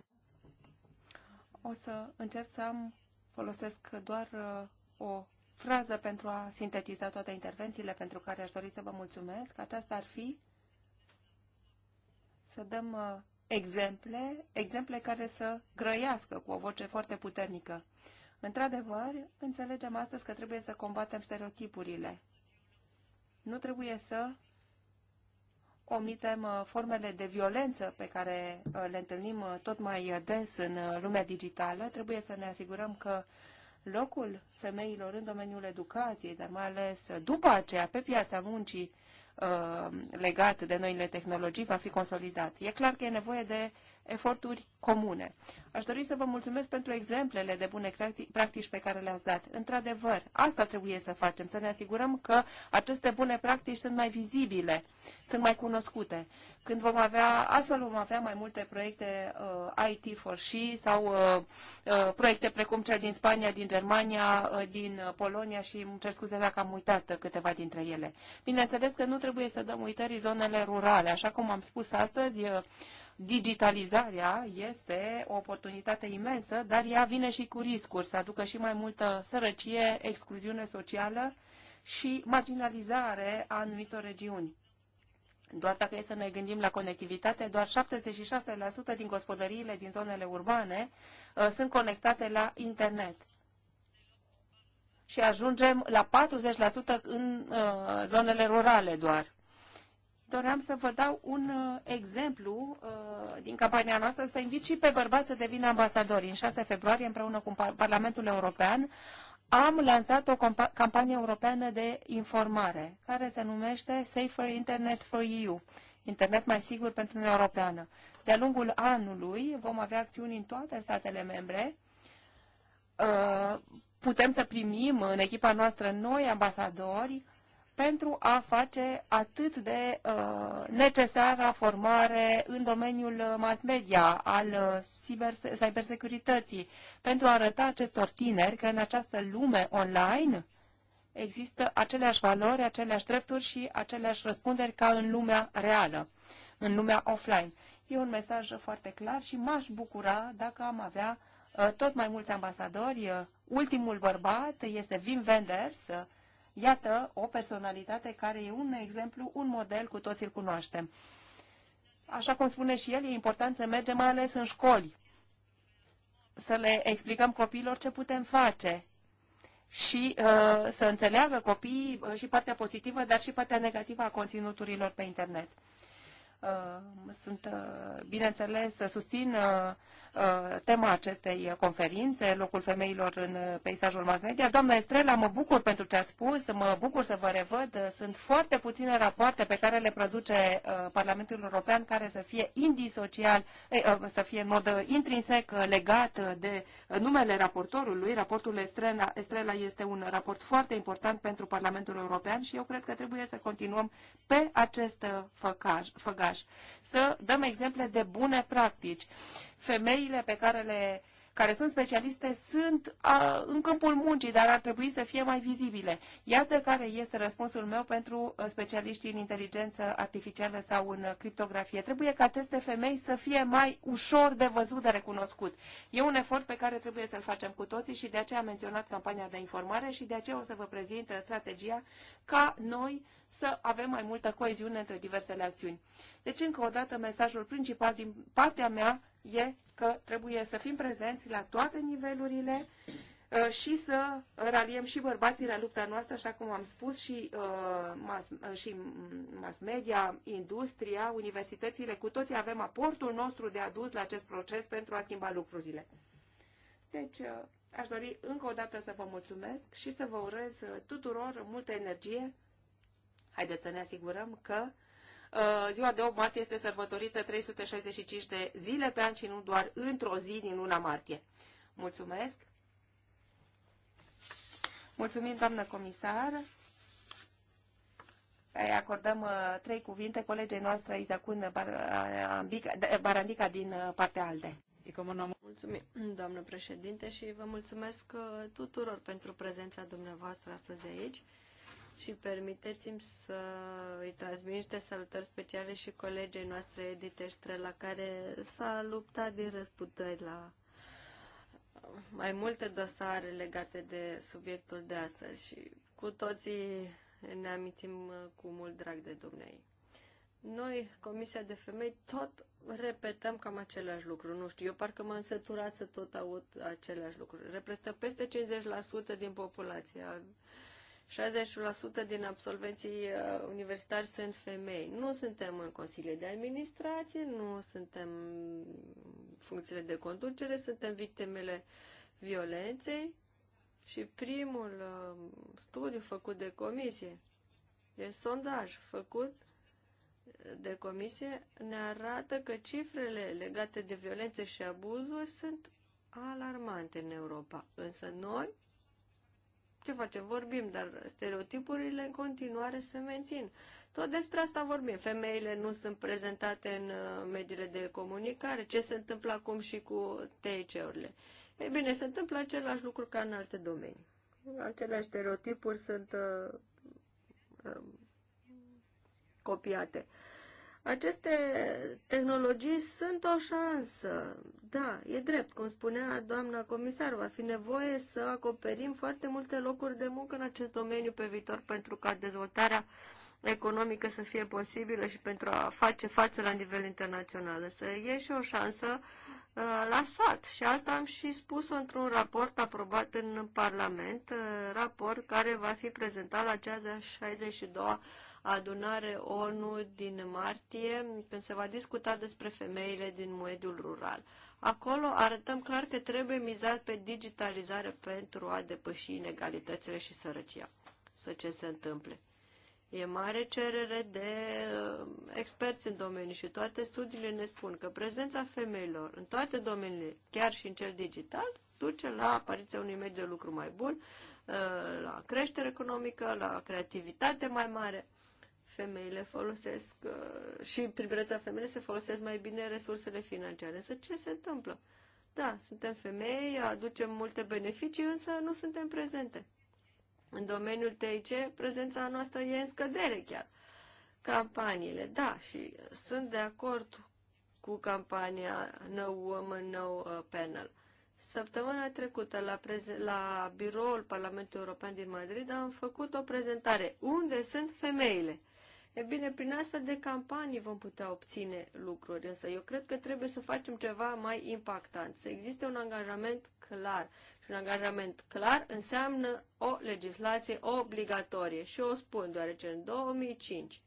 O să încerc să am, folosesc doar uh, o frază pentru a sintetiza toate intervențiile pentru care aș dori să vă mulțumesc. Aceasta ar fi să dăm uh, exemple, exemple care să grăiască cu o voce foarte puternică. Într-adevăr, înțelegem astăzi că trebuie să combatem stereotipurile. Nu trebuie să omitem uh, formele de violență pe care uh, le întâlnim uh, tot mai des în lumea digitală. Trebuie să ne asigurăm că locul femeilor în domeniul educației, dar mai ales după aceea pe piața muncii, Uh, legat de noile tehnologii va fi consolidat. E clar că e nevoie de eforturi comune. Aș dori să vă mulțumesc pentru exemplele de bune practici pe care le-ați dat. Într-adevăr, asta trebuie să facem, să ne asigurăm că aceste bune practici sunt mai vizibile, sunt mai cunoscute. Când vom avea, astfel vom avea mai multe proiecte uh, IT for She sau uh, uh, proiecte precum cel din Spania, din Germania, uh, din uh, Polonia și îmi cer scuze dacă am uitat câteva dintre ele. Bineînțeles că nu trebuie să dăm uitării zonele rurale. Așa cum am spus astăzi, uh, digitalizarea este o oportunitate imensă, dar ea vine și cu riscuri, să aducă și mai multă sărăcie, excluziune socială și marginalizare a anumitor regiuni. Doar dacă e să ne gândim la conectivitate, doar 76% din gospodăriile din zonele urbane uh, sunt conectate la internet. Și ajungem la 40% în uh, zonele rurale doar doream să vă dau un uh, exemplu uh, din campania noastră, să invit și pe bărbați să devină ambasadori. În 6 februarie, împreună cu Parlamentul European, am lansat o campanie europeană de informare, care se numește Safer Internet for EU, Internet mai sigur pentru Uniunea Europeană. De-a lungul anului vom avea acțiuni în toate statele membre, uh, putem să primim în echipa noastră noi ambasadori pentru a face atât de uh, necesară formare în domeniul uh, mass media, al uh, cyber, cybersecurității, pentru a arăta acestor tineri că în această lume online există aceleași valori, aceleași drepturi și aceleași răspunderi ca în lumea reală, în lumea offline. E un mesaj foarte clar și m-aș bucura dacă am avea uh, tot mai mulți ambasadori. Uh, ultimul bărbat este Wim Wenders, uh, Iată o personalitate care e un exemplu, un model, cu toți îl cunoaștem. Așa cum spune și el, e important să mergem mai ales în școli, să le explicăm copiilor ce putem face și uh, să înțeleagă copiii uh, și partea pozitivă, dar și partea negativă a conținuturilor pe internet. Uh, sunt, uh, bineînțeles, susțin uh, Uh, tema acestei conferințe, locul femeilor în uh, peisajul mass media. Doamna Estrela, mă bucur pentru ce ați spus, mă bucur să vă revăd. Sunt foarte puține rapoarte pe care le produce uh, Parlamentul European care să fie indisocial, eh, să fie în mod intrinsec legat de numele raportorului. Raportul Estrela, Estrela este un raport foarte important pentru Parlamentul European și eu cred că trebuie să continuăm pe acest făcaș, făgaș, să dăm exemple de bune practici femeile pe care le care sunt specialiste sunt a, în câmpul muncii, dar ar trebui să fie mai vizibile. Iată care este răspunsul meu pentru uh, specialiștii în inteligență artificială sau în criptografie. Trebuie ca aceste femei să fie mai ușor de văzut, de recunoscut. E un efort pe care trebuie să-l facem cu toții și de aceea am menționat campania de informare și de aceea o să vă prezint strategia ca noi să avem mai multă coeziune între diversele acțiuni. Deci, încă o dată, mesajul principal din partea mea e că trebuie să fim prezenți la toate nivelurile uh, și să raliem și bărbații la lupta noastră, așa cum am spus, și, uh, mass, uh, și mass media, industria, universitățile, cu toții avem aportul nostru de adus la acest proces pentru a schimba lucrurile. Deci, uh, aș dori încă o dată să vă mulțumesc și să vă urez uh, tuturor multă energie. Haideți să ne asigurăm că uh, Uh, ziua de 8 martie este sărbătorită 365 de zile pe an și nu doar într-o zi din luna martie. Mulțumesc! Mulțumim, doamnă comisar! acordăm uh, trei cuvinte colegei noastre Izacun uh, Barandica din partea ALDE. Mulțumim, <clears throat> doamnă președinte, și vă mulțumesc tuturor pentru prezența dumneavoastră astăzi aici și permiteți-mi să îi transmit niște salutări speciale și colegei noastre Edith la care s-a luptat din răsputări la mai multe dosare legate de subiectul de astăzi și cu toții ne amintim cu mult drag de dumnei. Noi, Comisia de Femei, tot repetăm cam același lucru. Nu știu, eu parcă m-am săturat să tot aud același lucru. Reprezintă peste 50% din populație. 60% din absolvenții uh, universitari sunt femei. Nu suntem în consiliile de administrație, nu suntem funcțiile de conducere, suntem victimele violenței și primul uh, studiu făcut de comisie, de sondaj făcut de comisie, ne arată că cifrele legate de violențe și abuzuri sunt alarmante în Europa. Însă noi ce facem? Vorbim, dar stereotipurile în continuare se mențin. Tot despre asta vorbim. Femeile nu sunt prezentate în uh, mediile de comunicare. Ce se întâmplă acum și cu tec urile Ei bine, se întâmplă același lucru ca în alte domenii. Aceleași stereotipuri sunt uh, uh, copiate. Uh, aceste tehnologii sunt o șansă. Da, e drept. Cum spunea doamna comisar, va fi nevoie să acoperim foarte multe locuri de muncă în acest domeniu pe viitor pentru ca dezvoltarea economică să fie posibilă și pentru a face față la nivel internațional. Să e și o șansă uh, la sat. Și asta am și spus-o într-un raport aprobat în Parlament, uh, raport care va fi prezentat la cea de 62-a adunare ONU din martie, când se va discuta despre femeile din mediul rural. Acolo arătăm clar că trebuie mizat pe digitalizare pentru a depăși inegalitățile și sărăcia. Să ce se întâmple. E mare cerere de uh, experți în domeniu și toate studiile ne spun că prezența femeilor în toate domeniile, chiar și în cel digital, duce la apariția unui mediu de lucru mai bun, uh, la creștere economică, la creativitate mai mare femeile folosesc uh, și prin preț femeile se folosesc mai bine resursele financiare. Însă ce se întâmplă? Da, suntem femei, aducem multe beneficii, însă nu suntem prezente. În domeniul TIC, prezența noastră e în scădere chiar. Campaniile, da, și sunt de acord cu campania No Woman, No uh, Panel. Săptămâna trecută, la, la biroul Parlamentului European din Madrid, am făcut o prezentare. Unde sunt femeile? E bine, prin astfel de campanii vom putea obține lucruri, însă eu cred că trebuie să facem ceva mai impactant, să existe un angajament clar. Și un angajament clar înseamnă o legislație obligatorie. Și o spun, deoarece în 2005,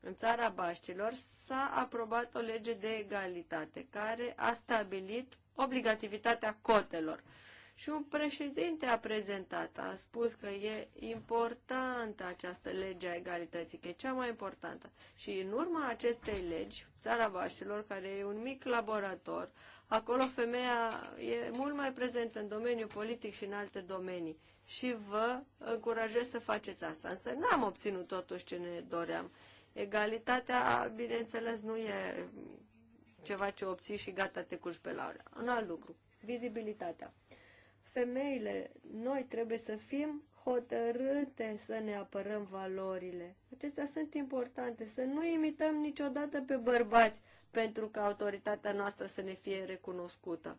în țara Baștilor, s-a aprobat o lege de egalitate care a stabilit obligativitatea cotelor. Și un președinte a prezentat, a spus că e importantă această lege a egalității, că e cea mai importantă. Și în urma acestei legi, țara Vașilor, care e un mic laborator, acolo femeia e mult mai prezentă în domeniul politic și în alte domenii. Și vă încurajez să faceți asta. Însă n-am obținut totuși ce ne doream. Egalitatea, bineînțeles, nu e ceva ce obții și gata, te curci pe la Un alt lucru, vizibilitatea femeile, noi trebuie să fim hotărâte să ne apărăm valorile. Acestea sunt importante, să nu imităm niciodată pe bărbați pentru ca autoritatea noastră să ne fie recunoscută.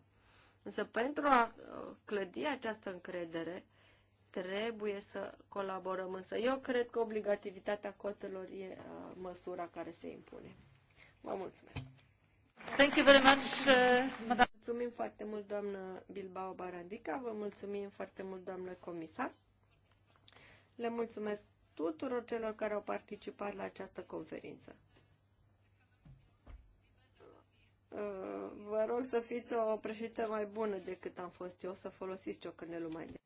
Însă pentru a uh, clădi această încredere, trebuie să colaborăm. Însă eu cred că obligativitatea cotelor e uh, măsura care se impune. Vă mulțumesc! Thank you very much, uh, mulțumim foarte mult, doamnă Bilbao Barandica, vă mulțumim foarte mult, doamnă comisar. Le mulțumesc tuturor celor care au participat la această conferință. Uh, vă rog să fiți o președintă mai bună decât am fost eu, să folosiți ciocănelul mai de.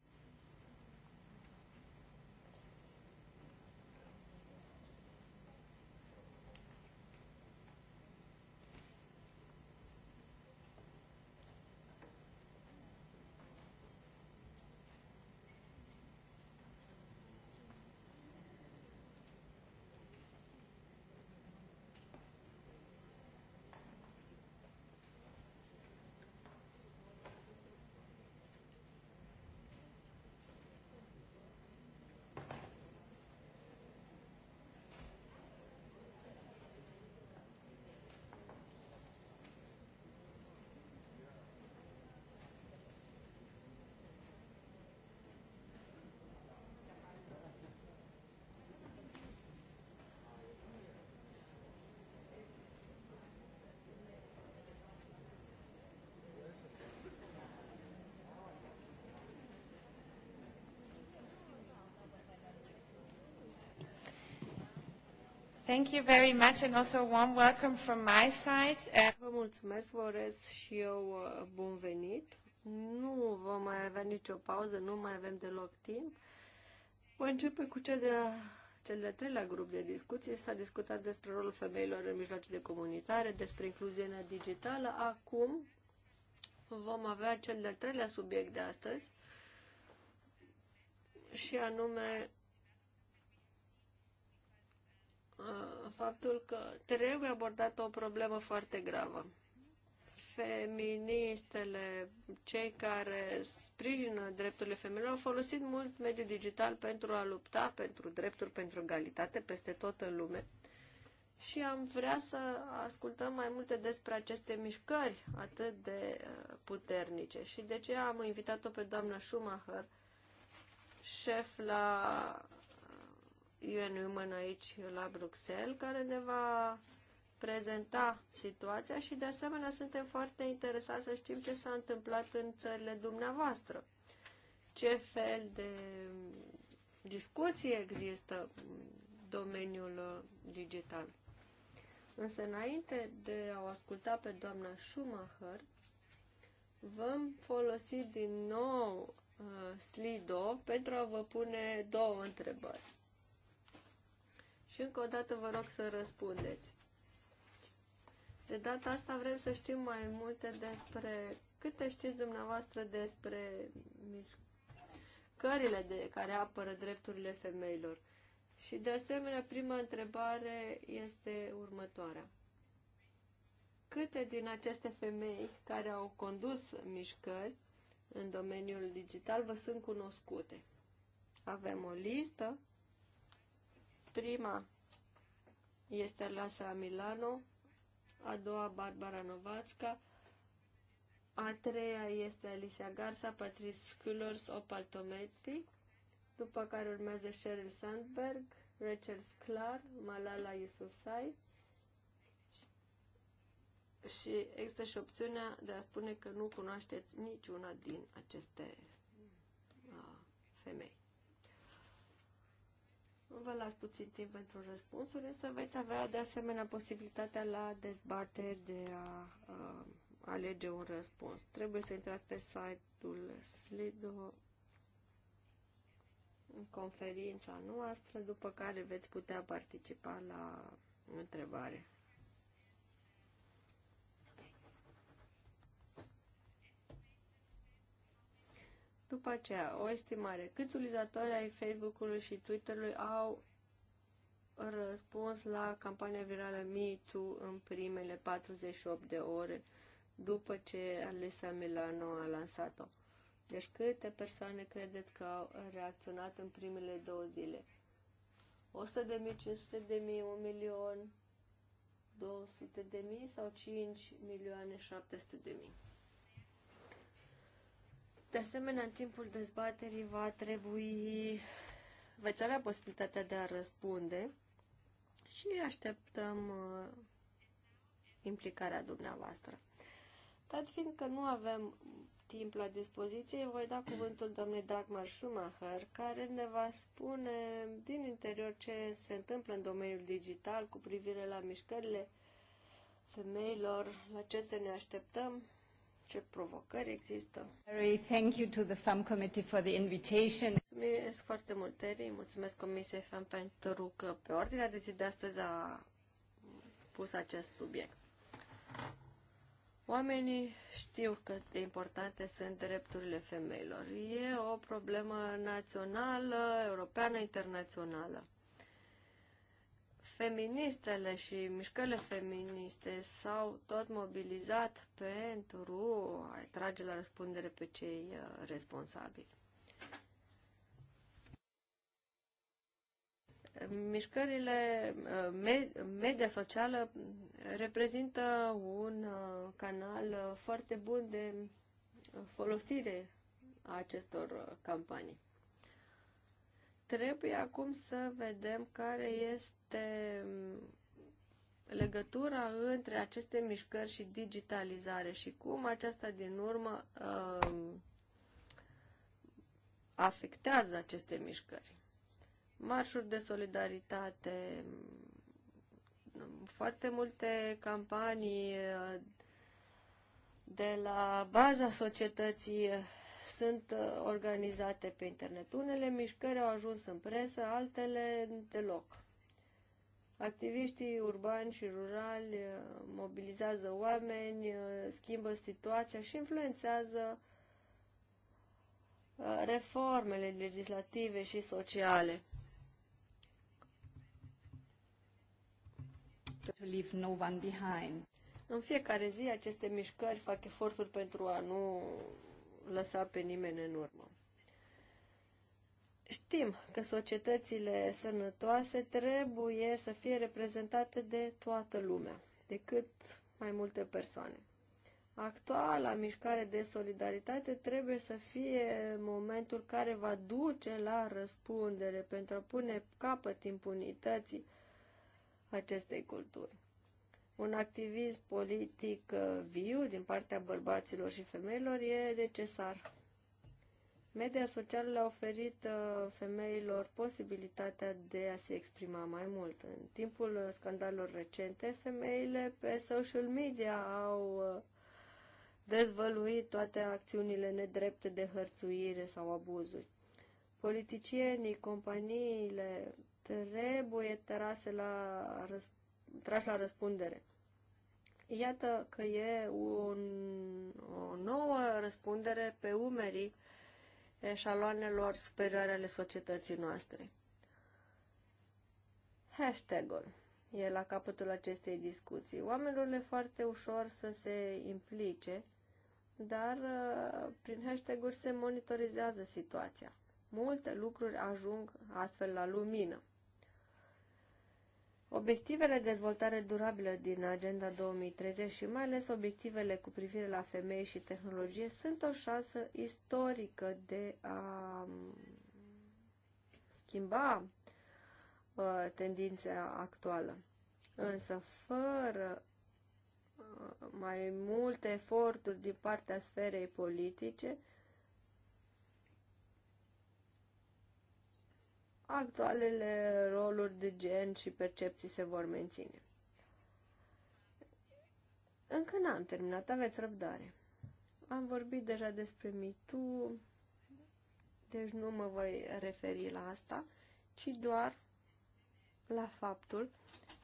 Thank you very much and also warm welcome from my side. Uh, vă mulțumesc, vă urez și eu uh, bun venit. Nu vom mai avea nicio pauză, nu mai avem deloc timp. Voi începe cu cea de cel de-al treilea grup de discuții s-a discutat despre rolul femeilor în mijloace de comunicare, despre incluziunea digitală. Acum vom avea cel de-al treilea subiect de astăzi și anume Uh, faptul că trebuie abordată o problemă foarte gravă. Feministele, cei care sprijină drepturile femeilor, au folosit mult mediul digital pentru a lupta pentru drepturi, pentru egalitate peste tot în lume. Și am vrea să ascultăm mai multe despre aceste mișcări atât de uh, puternice. Și de ce am invitat-o pe doamna Schumacher, șef la UN Women aici la Bruxelles, care ne va prezenta situația și de asemenea suntem foarte interesați să știm ce s-a întâmplat în țările dumneavoastră. Ce fel de discuții există în domeniul uh, digital. Însă înainte de a o asculta pe doamna Schumacher, vom folosi din nou uh, Slido pentru a vă pune două întrebări. Și încă o dată vă rog să răspundeți. De data asta vrem să știm mai multe despre câte știți dumneavoastră despre mișcările de, care apără drepturile femeilor. Și de asemenea, prima întrebare este următoarea. Câte din aceste femei care au condus mișcări în domeniul digital vă sunt cunoscute? Avem o listă Prima este Lasa Milano, a doua Barbara Novatska, a treia este Alicia Garza, Patrice Schuller's, Opal Tometi, după care urmează Sheryl Sandberg, Rachel Sklar, Malala Yousafzai și există și opțiunea de a spune că nu cunoașteți niciuna din aceste a, femei. Vă las puțin timp pentru răspunsuri, însă veți avea de asemenea posibilitatea la dezbateri de a, a alege un răspuns. Trebuie să intrați pe site-ul Slido în conferința noastră, după care veți putea participa la întrebare. După aceea, o estimare. Câți utilizatori ai Facebook-ului și Twitter-ului au răspuns la campania virală MeToo în primele 48 de ore după ce Alisa Milano a lansat-o? Deci câte persoane credeți că au reacționat în primele două zile? 100 de mii, 500 de mii, 1 milion, 200 de mii sau 5 milioane 700 de mii? De asemenea, în timpul dezbaterii va trebui, veți avea posibilitatea de a răspunde și așteptăm uh, implicarea dumneavoastră. Dat fiind că nu avem timp la dispoziție, voi da cuvântul doamnei Dagmar Schumacher, care ne va spune din interior ce se întâmplă în domeniul digital cu privire la mișcările femeilor, la ce să ne așteptăm ce provocări există. thank you to the FAM Committee for the invitation. Mulțumesc foarte mult, Terry. Mulțumesc Comisiei FAM pentru că pe ordinea de zi de astăzi a pus acest subiect. Oamenii știu cât de importante sunt drepturile femeilor. E o problemă națională, europeană, internațională feministele și mișcările feministe s-au tot mobilizat pentru a trage la răspundere pe cei uh, responsabili. Mișcările uh, media socială reprezintă un uh, canal foarte bun de folosire a acestor campanii. Trebuie acum să vedem care este legătura între aceste mișcări și digitalizare și cum aceasta din urmă um, afectează aceste mișcări. Marșuri de solidaritate, foarte multe campanii uh, de la baza societății sunt uh, organizate pe internet. Unele mișcări au ajuns în presă, altele deloc. Activiștii urbani și rurali uh, mobilizează oameni, uh, schimbă situația și influențează reformele legislative și sociale. To leave no one behind. În fiecare zi aceste mișcări fac eforturi pentru a nu lăsa pe nimeni în urmă. Știm că societățile sănătoase trebuie să fie reprezentate de toată lumea, de cât mai multe persoane. Actuala mișcare de solidaritate trebuie să fie momentul care va duce la răspundere pentru a pune capăt impunității acestei culturi un activism politic uh, viu din partea bărbaților și femeilor e necesar. Media socială le-a oferit uh, femeilor posibilitatea de a se exprima mai mult. În timpul scandalurilor recente, femeile pe social media au uh, dezvăluit toate acțiunile nedrepte de hărțuire sau abuzuri. Politicienii, companiile trebuie terase la răspundere trași la răspundere. Iată că e un, o nouă răspundere pe umerii eșaloanelor superioare ale societății noastre. Hashtag-ul e la capătul acestei discuții. Oamenilor le foarte ușor să se implice, dar uh, prin hashtag-uri se monitorizează situația. Multe lucruri ajung astfel la lumină. Obiectivele de dezvoltare durabilă din Agenda 2030 și mai ales obiectivele cu privire la femei și tehnologie sunt o șansă istorică de a mm, schimba uh, tendința actuală. Însă, fără uh, mai multe eforturi din partea sferei politice, actualele roluri de gen și percepții se vor menține. Încă n-am terminat, aveți răbdare. Am vorbit deja despre mitu, deci nu mă voi referi la asta, ci doar la faptul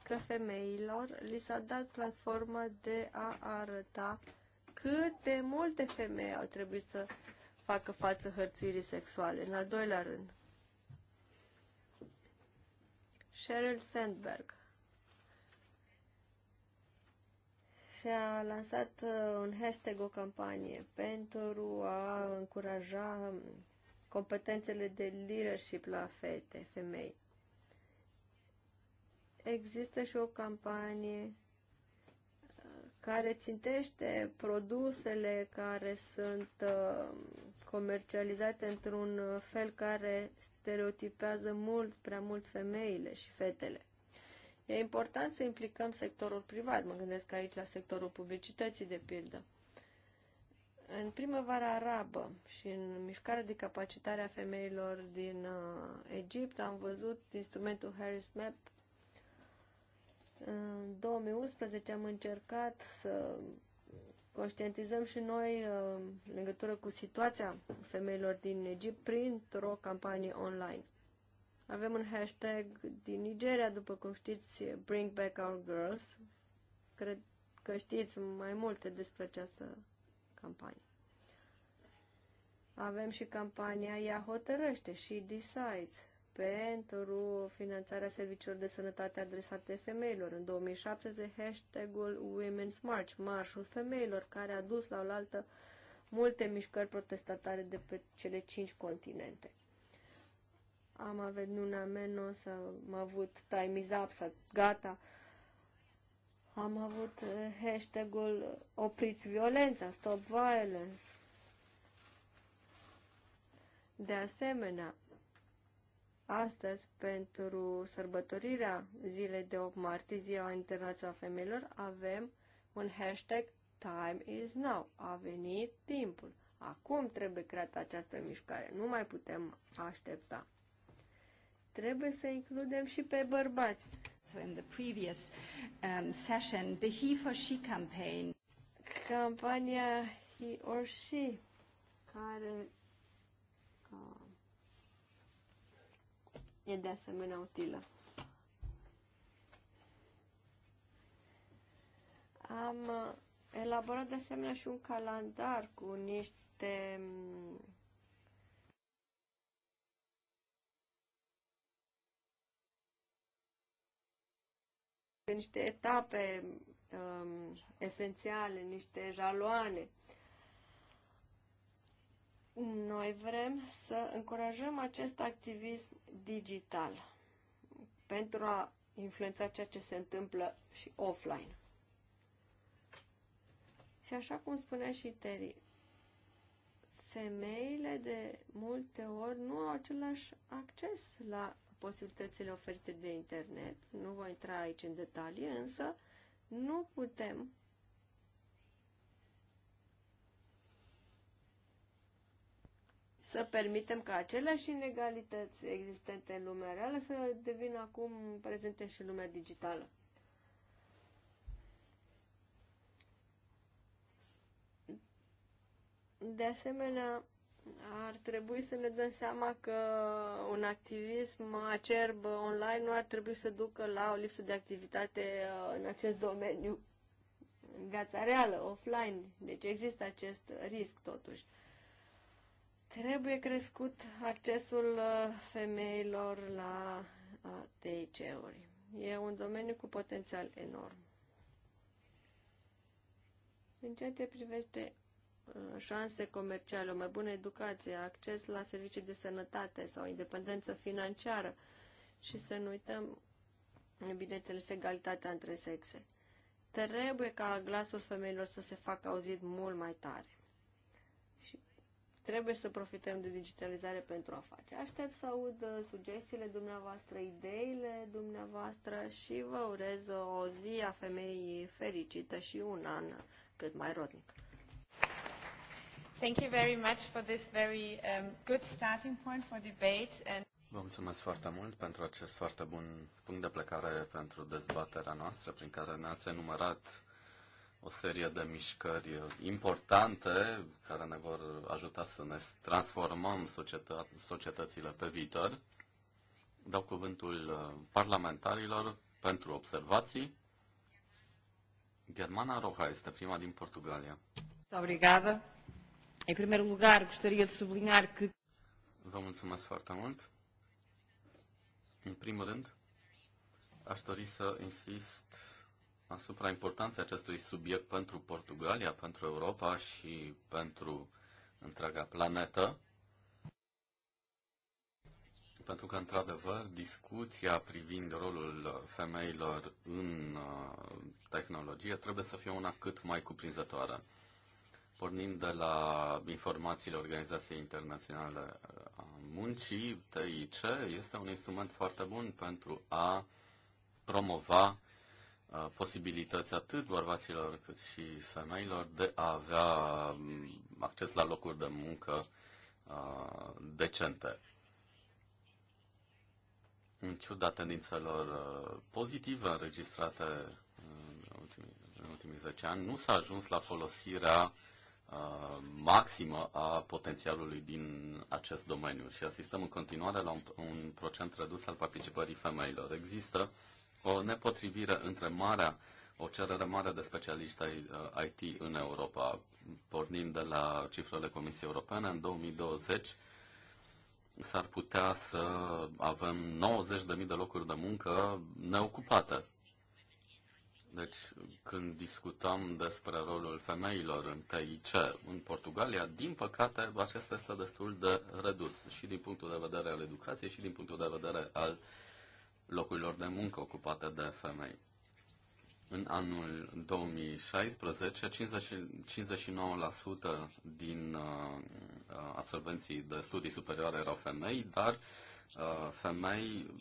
că femeilor li s-a dat platforma de a arăta cât de multe femei au trebuit să facă față hărțuirii sexuale. În al doilea rând, Sheryl Sandberg. Și a lansat uh, un hashtag, o campanie pentru a încuraja um, competențele de leadership la fete, femei. Există și o campanie uh, care țintește produsele care sunt uh, comercializate într-un uh, fel care stereotipează mult, prea mult femeile și fetele. E important să implicăm sectorul privat, mă gândesc aici la sectorul publicității, de pildă. În primăvara arabă și în mișcarea de capacitare a femeilor din uh, Egipt am văzut instrumentul Harris Map. În 2011 am încercat să conștientizăm și noi uh, în legătură cu situația femeilor din Egipt printr-o campanie online. Avem un hashtag din Nigeria, după cum știți, Bring Back Our Girls. Cred că știți mai multe despre această campanie. Avem și campania Ea hotărăște și Decides, pentru finanțarea serviciilor de sănătate adresate femeilor. În 2017 hashtagul Women's March, Marșul Femeilor, care a dus la oaltă multe mișcări protestatare de pe cele cinci continente. Am avut Nuna Menos, am avut Time is up, gata. Am avut eh, hashtagul eh, Opriți violența, Stop Violence. De asemenea, Astăzi, pentru sărbătorirea zilei de 8 martie, Ziua Internațională a Femeilor, avem un hashtag Time is now. A venit timpul. Acum trebuie creată această mișcare. Nu mai putem aștepta. Trebuie să includem și pe bărbați. So in the previous um, session, the he for she campaign. Campania he or she, care uh, e de asemenea utilă. Am uh, elaborat de asemenea și un calendar cu niște mm, niște etape um, esențiale, niște jaloane. Uh, noi vrem să încurajăm acest activism digital pentru a influența ceea ce se întâmplă și offline. Și așa cum spunea și Terry, femeile de multe ori nu au același acces la posibilitățile oferite de internet. Nu voi intra aici în detalii, însă nu putem să permitem ca aceleași inegalități existente în lumea reală să devină acum prezente și în lumea digitală. De asemenea, ar trebui să ne dăm seama că un activism acerb online nu ar trebui să ducă la o lipsă de activitate uh, în acest domeniu, în viața reală, offline. Deci există acest risc totuși. Trebuie crescut accesul uh, femeilor la TIC-uri. Uh, e un domeniu cu potențial enorm. În ceea ce privește uh, șanse comerciale, o mai bună educație, acces la servicii de sănătate sau independență financiară și să nu uităm, bineînțeles, egalitatea între sexe. Trebuie ca glasul femeilor să se facă auzit mult mai tare. Trebuie să profităm de digitalizare pentru a face. Aștept să aud uh, sugestiile dumneavoastră, ideile dumneavoastră și vă urez o zi a femeii fericită și un an cât mai rodnic. Thank you very much for this very um, good starting point for debate and Vă mulțumesc foarte mult pentru acest foarte bun punct de plecare pentru dezbaterea noastră, prin care ne-ați enumerat o serie de mișcări importante care ne vor ajuta să ne transformăm societă- societățile pe viitor. Dau cuvântul uh, parlamentarilor pentru observații. Germana Roja este prima din Portugalia. Obrigada. În primul lugar, gostaria de sublinhar că... Vă mulțumesc foarte mult. În primul rând, aș dori să insist asupra importanței acestui subiect pentru Portugalia, pentru Europa și pentru întreaga planetă. Pentru că, într-adevăr, discuția privind rolul femeilor în uh, tehnologie trebuie să fie una cât mai cuprinzătoare. Pornind de la informațiile Organizației Internaționale uh, a Muncii, TIC, este un instrument foarte bun pentru a promova Uh, posibilități atât bărbaților cât și femeilor de a avea um, acces la locuri de muncă uh, decente. În ciuda tendințelor uh, pozitive înregistrate în ultimii, în ultimii 10 ani, nu s-a ajuns la folosirea maximă a potențialului din acest domeniu și asistăm în continuare la un, un procent redus al participării femeilor. Există uh, o nepotrivire între marea, o cerere mare de specialiști IT uh, în Europa. Pornind de la cifrele Comisiei Europene, în 2020 s-ar putea să avem 90.000 de locuri de muncă neocupate. Deci, când discutăm despre rolul femeilor în TIC în Portugalia, din păcate, acesta este destul de redus și din punctul de vedere al educației și din punctul de vedere al uh, locurilor de muncă ocupate de femei. În anul 2016, 50, 59% din uh, uh, absolvenții de studii superioare erau femei, dar uh, femei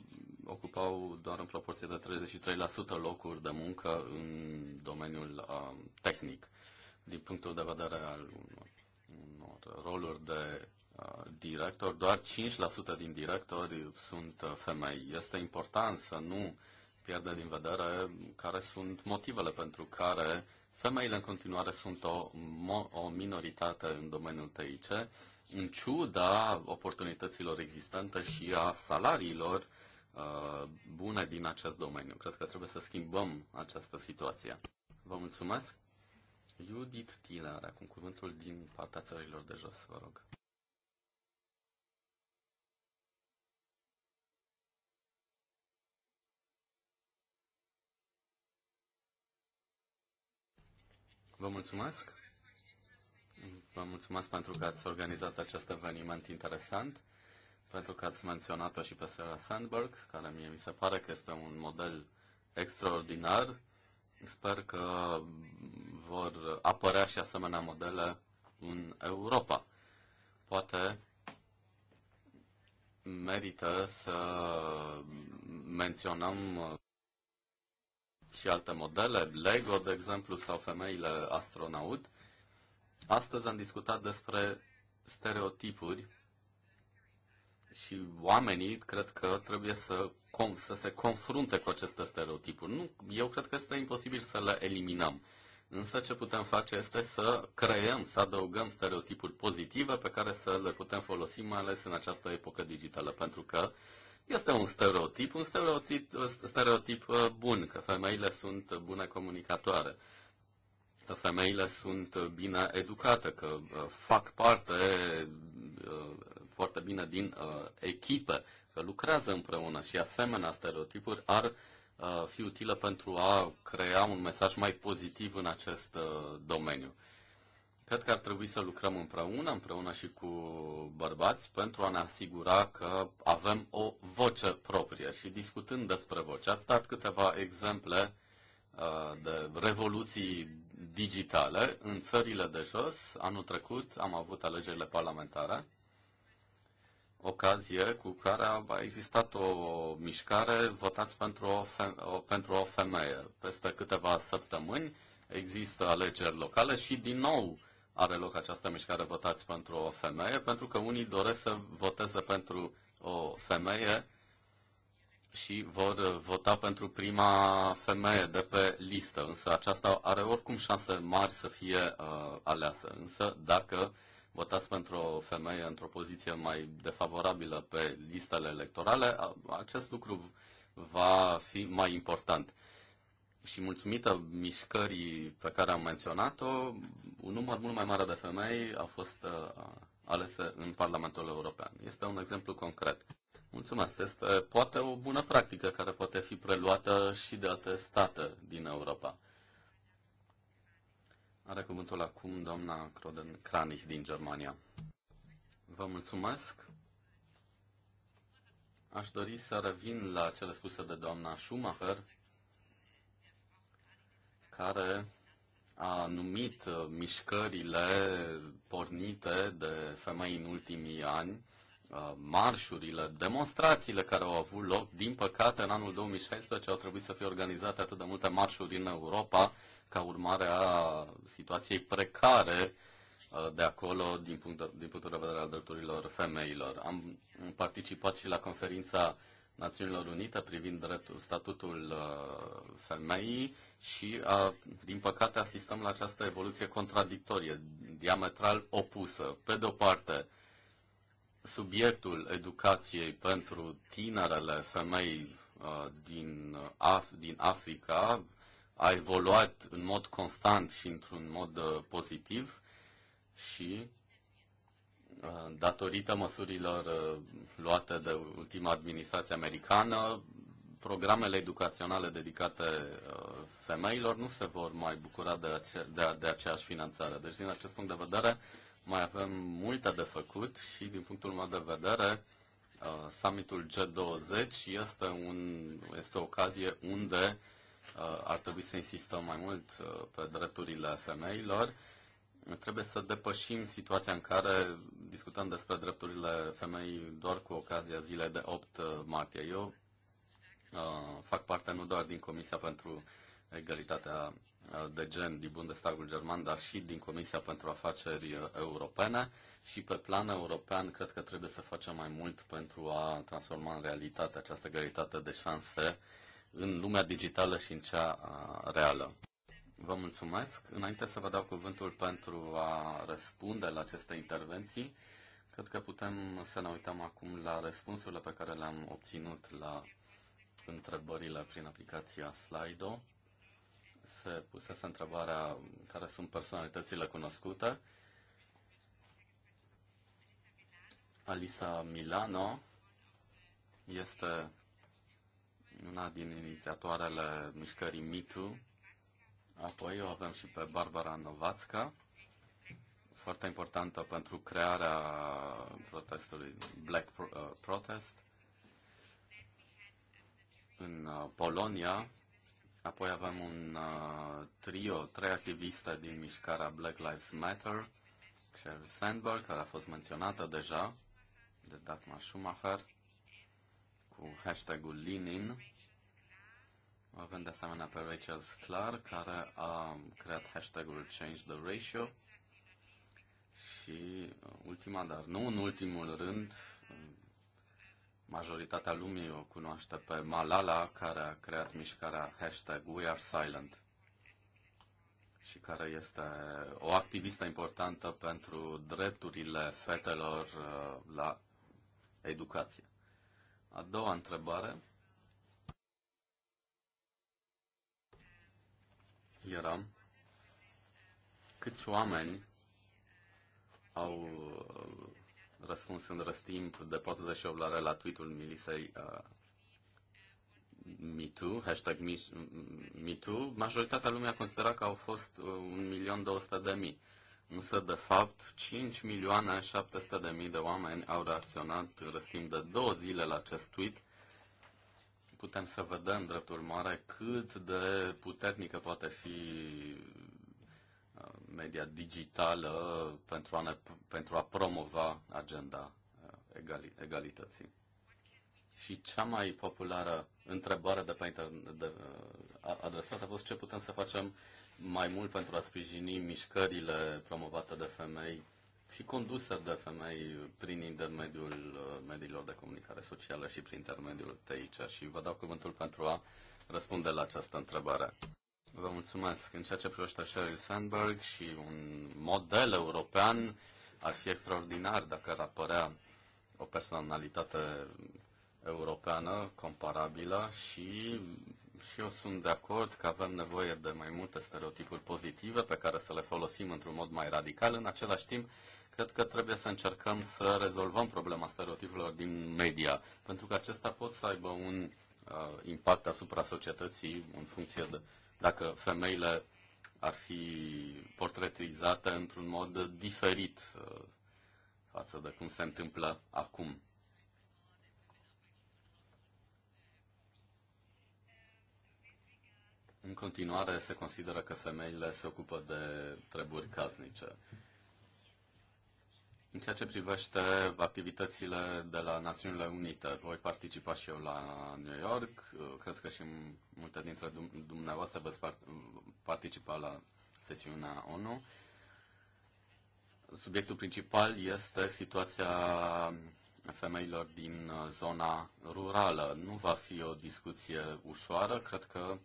ocupau doar în proporție de 33% locuri de muncă în domeniul uh, tehnic. Din punctul de vedere al unor, unor roluri de directori, doar 5% din directori sunt uh, femei. Este important să nu pierde din vedere care sunt motivele pentru care femeile în continuare sunt o, o minoritate în domeniul TIC, în ciuda oportunităților existente și a salariilor uh, bune din acest domeniu. Cred că trebuie să schimbăm această situație. Vă mulțumesc! Judith Tiller, acum cuvântul din partea țărilor de jos, vă rog. Vă mulțumesc. Vă mulțumesc pentru că ați organizat acest eveniment interesant, pentru că ați menționat-o și pe Sarah Sandberg, care mie mi se pare că este un model extraordinar. Sper că vor apărea și asemenea modele în Europa. Poate merită să menționăm și alte modele, Lego, de exemplu, sau femeile astronaut. Astăzi am discutat despre stereotipuri și oamenii cred că trebuie să, com, să se confrunte cu aceste stereotipuri. Nu, eu cred că este imposibil să le eliminăm. Însă ce putem face este să creăm, să adăugăm stereotipuri pozitive pe care să le putem folosi mai ales în această epocă digitală, pentru că uh, este un stereotip, un stereotip, stereotip uh, bun, că femeile sunt bune comunicatoare, că femeile sunt bine educate, că uh, fac parte uh, foarte bine din echipă, că lucrează împreună și asemenea stereotipuri ar fi utilă pentru a crea un mesaj mai pozitiv în acest domeniu. Cred că ar trebui să lucrăm împreună, împreună și cu bărbați, pentru a ne asigura că avem o voce proprie. Și discutând despre voce, ați dat câteva exemple uh, de revoluții digitale în țările de jos. Anul trecut am avut alegerile parlamentare, ocazie cu care a existat o mișcare votați pentru o, o, pentru o femeie. Peste câteva săptămâni există alegeri locale și din nou are loc această mișcare Votați pentru o femeie, pentru că unii doresc să voteze pentru o femeie și vor vota pentru prima femeie de pe listă, însă aceasta are oricum șanse mari să fie uh, aleasă. Însă dacă votați pentru o femeie într-o poziție mai defavorabilă pe listele electorale, acest lucru va fi mai important și mulțumită mișcării pe care am menționat-o, un număr mult mai mare de femei a fost uh, alese în Parlamentul European. Este un exemplu concret. Mulțumesc. Este poate o bună practică care poate fi preluată și de alte state din Europa. Are cuvântul acum doamna Croden Kranich din Germania. Vă mulțumesc. Aș dori să revin la cele spuse de doamna Schumacher care a numit uh, mișcările pornite de femei în ultimii ani, uh, marșurile, demonstrațiile care au avut loc. Din păcate, în anul 2016 au trebuit să fie organizate atât de multe marșuri în Europa ca urmare a situației precare uh, de acolo din, punct de, de vedere al drepturilor femeilor. Am participat și la conferința uh, Națiunilor Unite privind dreptul, statutul uh, femeii și, uh, din păcate, asistăm la această evoluție contradictorie, diametral opusă. Pe de o parte, subiectul educației pentru tinerele femei uh, din, Af- din Africa a evoluat în mod constant și într-un mod uh, pozitiv și Uh, datorită măsurilor uh, luate de ultima administrație americană, programele educaționale dedicate uh, femeilor nu se vor mai bucura de, ace- de, de aceeași finanțare. Deci, din acest punct de vedere, mai avem multe de făcut și, din punctul meu de vedere, summitul G20 este, un, este o ocazie unde ar trebui să insistăm mai mult pe drepturile femeilor trebuie să depășim situația în care discutăm despre drepturile femeii doar cu ocazia zilei de 8 uh, martie. Eu uh, fac parte nu doar din Comisia pentru Egalitatea uh, de Gen din Bundestagul German, dar și din Comisia pentru Afaceri uh, Europene și pe plan european cred că trebuie să facem mai mult pentru a transforma în realitate această egalitate de șanse în lumea digitală și în cea reală. Vă mulțumesc. Înainte să vă dau cuvântul pentru a răspunde la aceste intervenții, cred că putem să ne uităm acum la răspunsurile pe care le-am obținut la întrebările prin aplicația Slido. Se pusese întrebarea care sunt personalitățile cunoscute. Alisa Milano este una din inițiatoarele mișcării MeToo, Apoi o avem și pe Barbara Novațca, foarte importantă pentru crearea protestului Black uh, Protest în uh, Polonia. Apoi avem un uh, trio, trei activiste din mișcarea Black Lives Matter, Sheryl Sandberg, care a fost menționată deja de Dagmar Schumacher, cu hashtagul Lenin avem de asemenea pe Rachel Sklar, care a creat hashtagul Change the Ratio. Și uh, ultima, dar nu în ultimul rând, uh, majoritatea lumii o cunoaște pe Malala, care a creat mișcarea hashtag We Are Silent și care este o activistă importantă pentru drepturile fetelor uh, la educație. A doua întrebare eram câți oameni au uh, răspuns în răstimp de 48 la ore la tweet-ul Milisei uh, MeToo, hashtag MeToo, majoritatea lumii a considerat că au fost 1.200.000. Uh, Însă, de fapt, 5.700.000 de de oameni au reacționat răstimp de două zile la acest tweet putem să vedem, drept urmare, cât de puternică poate fi uh, media digitală pentru a, ne, pentru a promova agenda uh, egali, egalității. Și cea mai populară întrebare de pe internet, uh, adresată a fost ce putem să facem mai mult pentru a sprijini mișcările promovate de femei și condusă de femei prin intermediul uh, mediilor de comunicare socială și prin intermediul TIC și vă dau cuvântul pentru a răspunde la această întrebare. Vă mulțumesc. În ceea ce privește Sheryl Sandberg și un model european, ar fi extraordinar dacă ar apărea o personalitate europeană comparabilă și, și eu sunt de acord că avem nevoie de mai multe stereotipuri pozitive pe care să le folosim într-un mod mai radical. În același timp, cred că trebuie să încercăm să rezolvăm problema stereotipurilor din media, pentru că acesta pot să aibă un uh, impact asupra societății în funcție de dacă femeile ar fi portretizate într-un mod diferit uh, față de cum se întâmplă acum. În continuare se consideră că femeile se ocupă de treburi casnice. În ceea ce privește activitățile de la Națiunile Unite, voi participa și eu la New York, cred că și multe dintre dumneavoastră veți participa la sesiunea ONU. Subiectul principal este situația femeilor din zona rurală. Nu va fi o discuție ușoară, cred că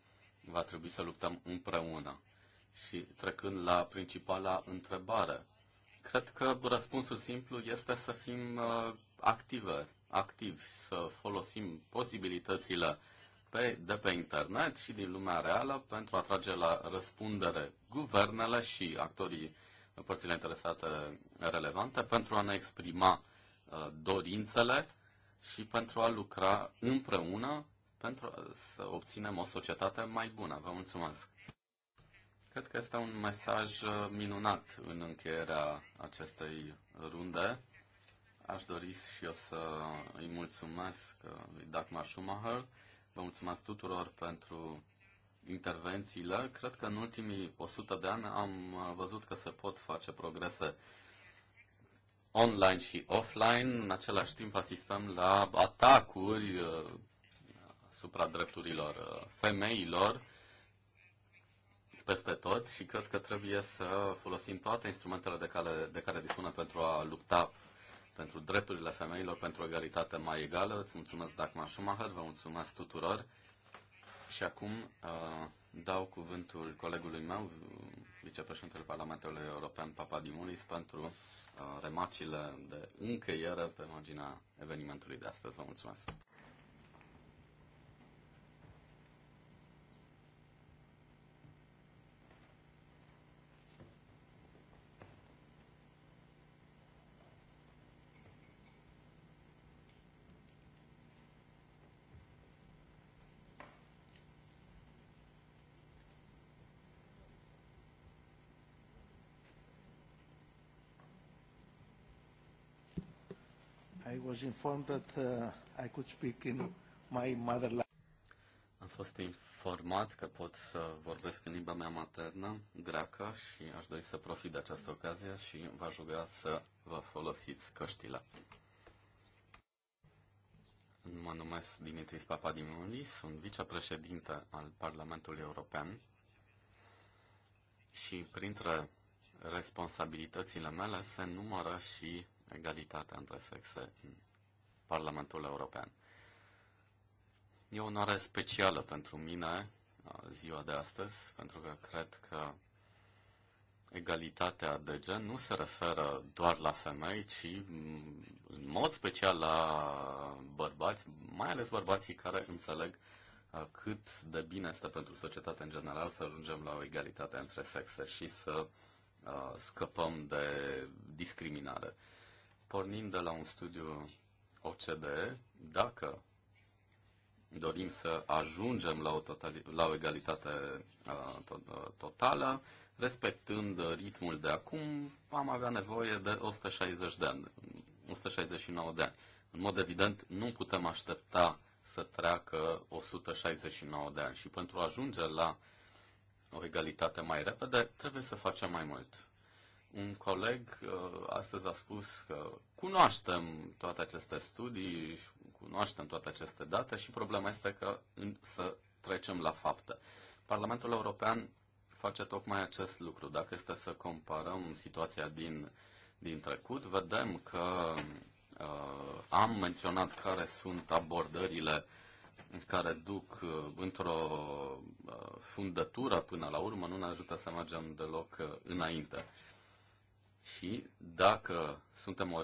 va trebui să luptăm împreună. Și trecând la principala întrebare, Cred că răspunsul simplu este să fim uh, active, activi, să folosim posibilitățile pe, de pe internet și din lumea reală pentru a trage la răspundere guvernele și actorii părțile interesate relevante pentru a ne exprima uh, dorințele și pentru a lucra împreună pentru să obținem o societate mai bună. Vă mulțumesc! Cred că este un mesaj uh, minunat în încheierea acestei runde. Aș dori și eu să îi mulțumesc uh, lui Dagmar Schumacher. Vă mulțumesc tuturor pentru intervențiile. Cred că în ultimii 100 de ani am uh, văzut că se pot face progrese online și offline. În același timp asistăm la atacuri asupra drepturilor femeilor peste tot și cred că trebuie să folosim toate instrumentele de care, de care dispunem pentru a lupta pentru drepturile femeilor, pentru o egalitate mai egală. Îți mulțumesc, Dagmar Schumacher, vă mulțumesc tuturor. Și acum uh, dau cuvântul colegului meu, vicepreședintele Parlamentului European, papa Dimulis, pentru uh, remarcile de încheiere pe marginea evenimentului de astăzi. Vă mulțumesc! was informed that uh, I could speak in my mother language. Am fost informat că pot să vorbesc în limba mea maternă, greacă, și aș dori să profit de această ocazie și vă aș ruga să vă folosiți căștile. Mă numesc Dimitris Papadimulis, sunt vicepreședinte al Parlamentului European și printre responsabilitățile mele se numără și egalitatea între sexe în Parlamentul European. E o onoare specială pentru mine uh, ziua de astăzi, pentru că cred că egalitatea de gen nu se referă doar la femei, ci în mod special la bărbați, mai ales bărbații care înțeleg uh, cât de bine este pentru societatea în general să ajungem la o egalitate între sexe și să uh, scăpăm de discriminare pornind de la un studiu OCD, dacă dorim să ajungem la o, totali- la o egalitate uh, to- totală, respectând ritmul de acum, am avea nevoie de 160 de ani, 169 de ani. În mod evident, nu putem aștepta să treacă 169 de ani și pentru a ajunge la o egalitate mai repede, trebuie să facem mai mult. Un coleg uh, astăzi a spus că cunoaștem toate aceste studii, cunoaștem toate aceste date și problema este că să trecem la fapte. Parlamentul European face tocmai acest lucru. Dacă este să comparăm situația din, din trecut, vedem că uh, am menționat care sunt abordările care duc uh, într-o uh, fundătură până la urmă, nu ne ajută să mergem deloc înainte și dacă suntem uh,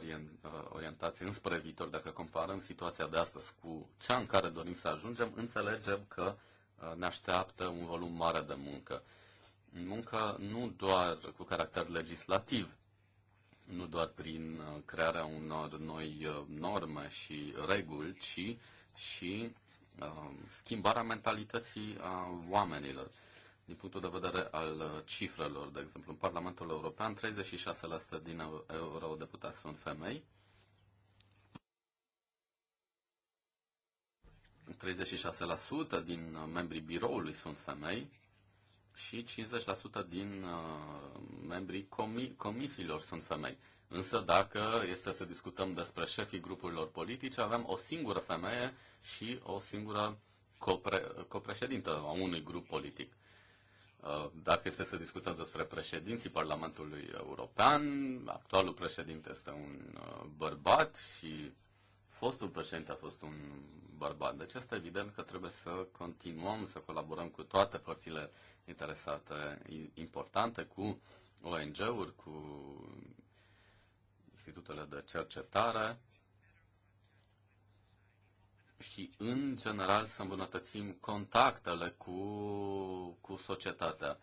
orientați înspre viitor, dacă comparăm situația de astăzi cu cea în care dorim să ajungem, înțelegem că uh, ne așteaptă un volum mare de muncă. Muncă nu doar cu caracter legislativ, nu doar prin uh, crearea unor noi norme și reguli, ci și schimbarea mentalității a oamenilor din punctul de vedere al uh, cifrelor. De exemplu, în Parlamentul European, 36% din eurodeputați sunt femei, 36% din uh, membrii biroului sunt femei și 50% din uh, membrii comi- comisiilor sunt femei. Însă dacă este să discutăm despre șefii grupurilor politice, avem o singură femeie și o singură copre- copreședintă a unui grup politic. Uh, dacă este să discutăm despre președinții Parlamentului European, actualul președinte este un uh, bărbat și fostul președinte a fost un bărbat. Deci este evident că trebuie să continuăm să colaborăm cu toate părțile interesate importante, cu ONG-uri, cu institutele de cercetare și, în general, să îmbunătățim contactele cu, cu societatea.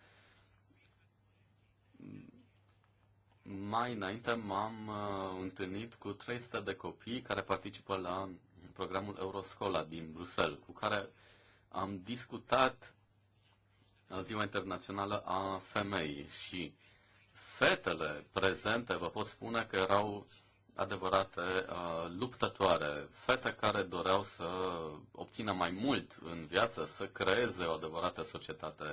Mai înainte m-am uh, întâlnit cu 300 de copii care participă la programul Euroscola din Bruxelles, cu care am discutat Ziua Internațională a Femeii și fetele prezente vă pot spune că erau adevărate uh, luptătoare, fete care doreau să obțină mai mult în viață, să creeze o adevărată societate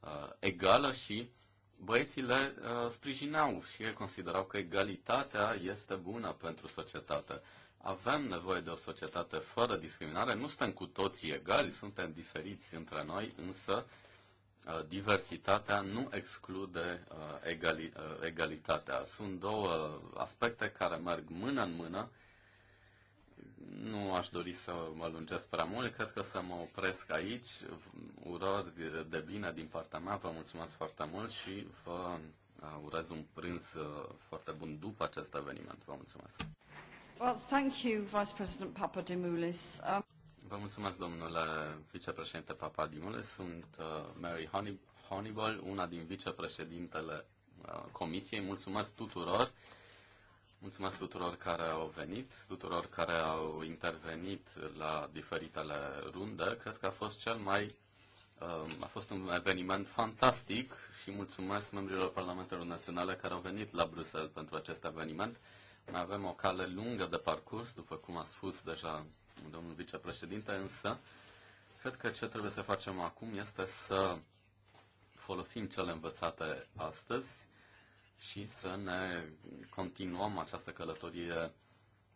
uh, egală și băieții le uh, sprijineau și ei considerau că egalitatea este bună pentru societate. Avem nevoie de o societate fără discriminare, nu suntem cu toții egali, suntem diferiți între noi, însă Uh, diversitatea nu exclude uh, egali, uh, egalitatea. Sunt două aspecte care merg mână în mână. Nu aș dori să mă lungesc prea mult, cred că să mă opresc aici. Urări de bine din partea mea, vă mulțumesc foarte mult și vă urez un prânz foarte bun după acest eveniment. Vă mulțumesc. Well, thank you, Vice President Papadimoulis. Um... Vă mulțumesc, domnule vicepreședinte Papadimule. Sunt uh, Mary Honeyball, una din vicepreședintele uh, Comisiei. Mulțumesc tuturor. Mulțumesc tuturor care au venit, tuturor care au intervenit la diferitele runde. Cred că a fost cel mai uh, a fost un eveniment fantastic și mulțumesc membrilor Parlamentelor Naționale care au venit la Bruxelles pentru acest eveniment. Mai avem o cale lungă de parcurs, după cum a spus deja domnul vicepreședinte, însă cred că ce trebuie să facem acum este să folosim cele învățate astăzi și să ne continuăm această călătorie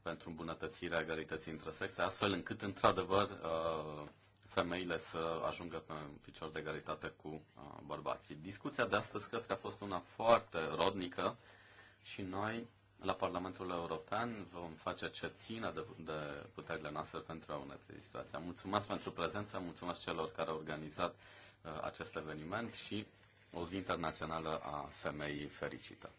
pentru îmbunătățirea egalității între sexe, astfel încât, într-adevăr, uh, femeile să ajungă pe un picior de egalitate cu uh, bărbații. Discuția de astăzi cred că a fost una foarte rodnică și noi la Parlamentul European vom face ce țină de, de puterile noastre pentru a unătăți situația. Mulțumesc pentru prezență, mulțumesc celor care au organizat uh, acest eveniment și o zi internațională a femeii fericită.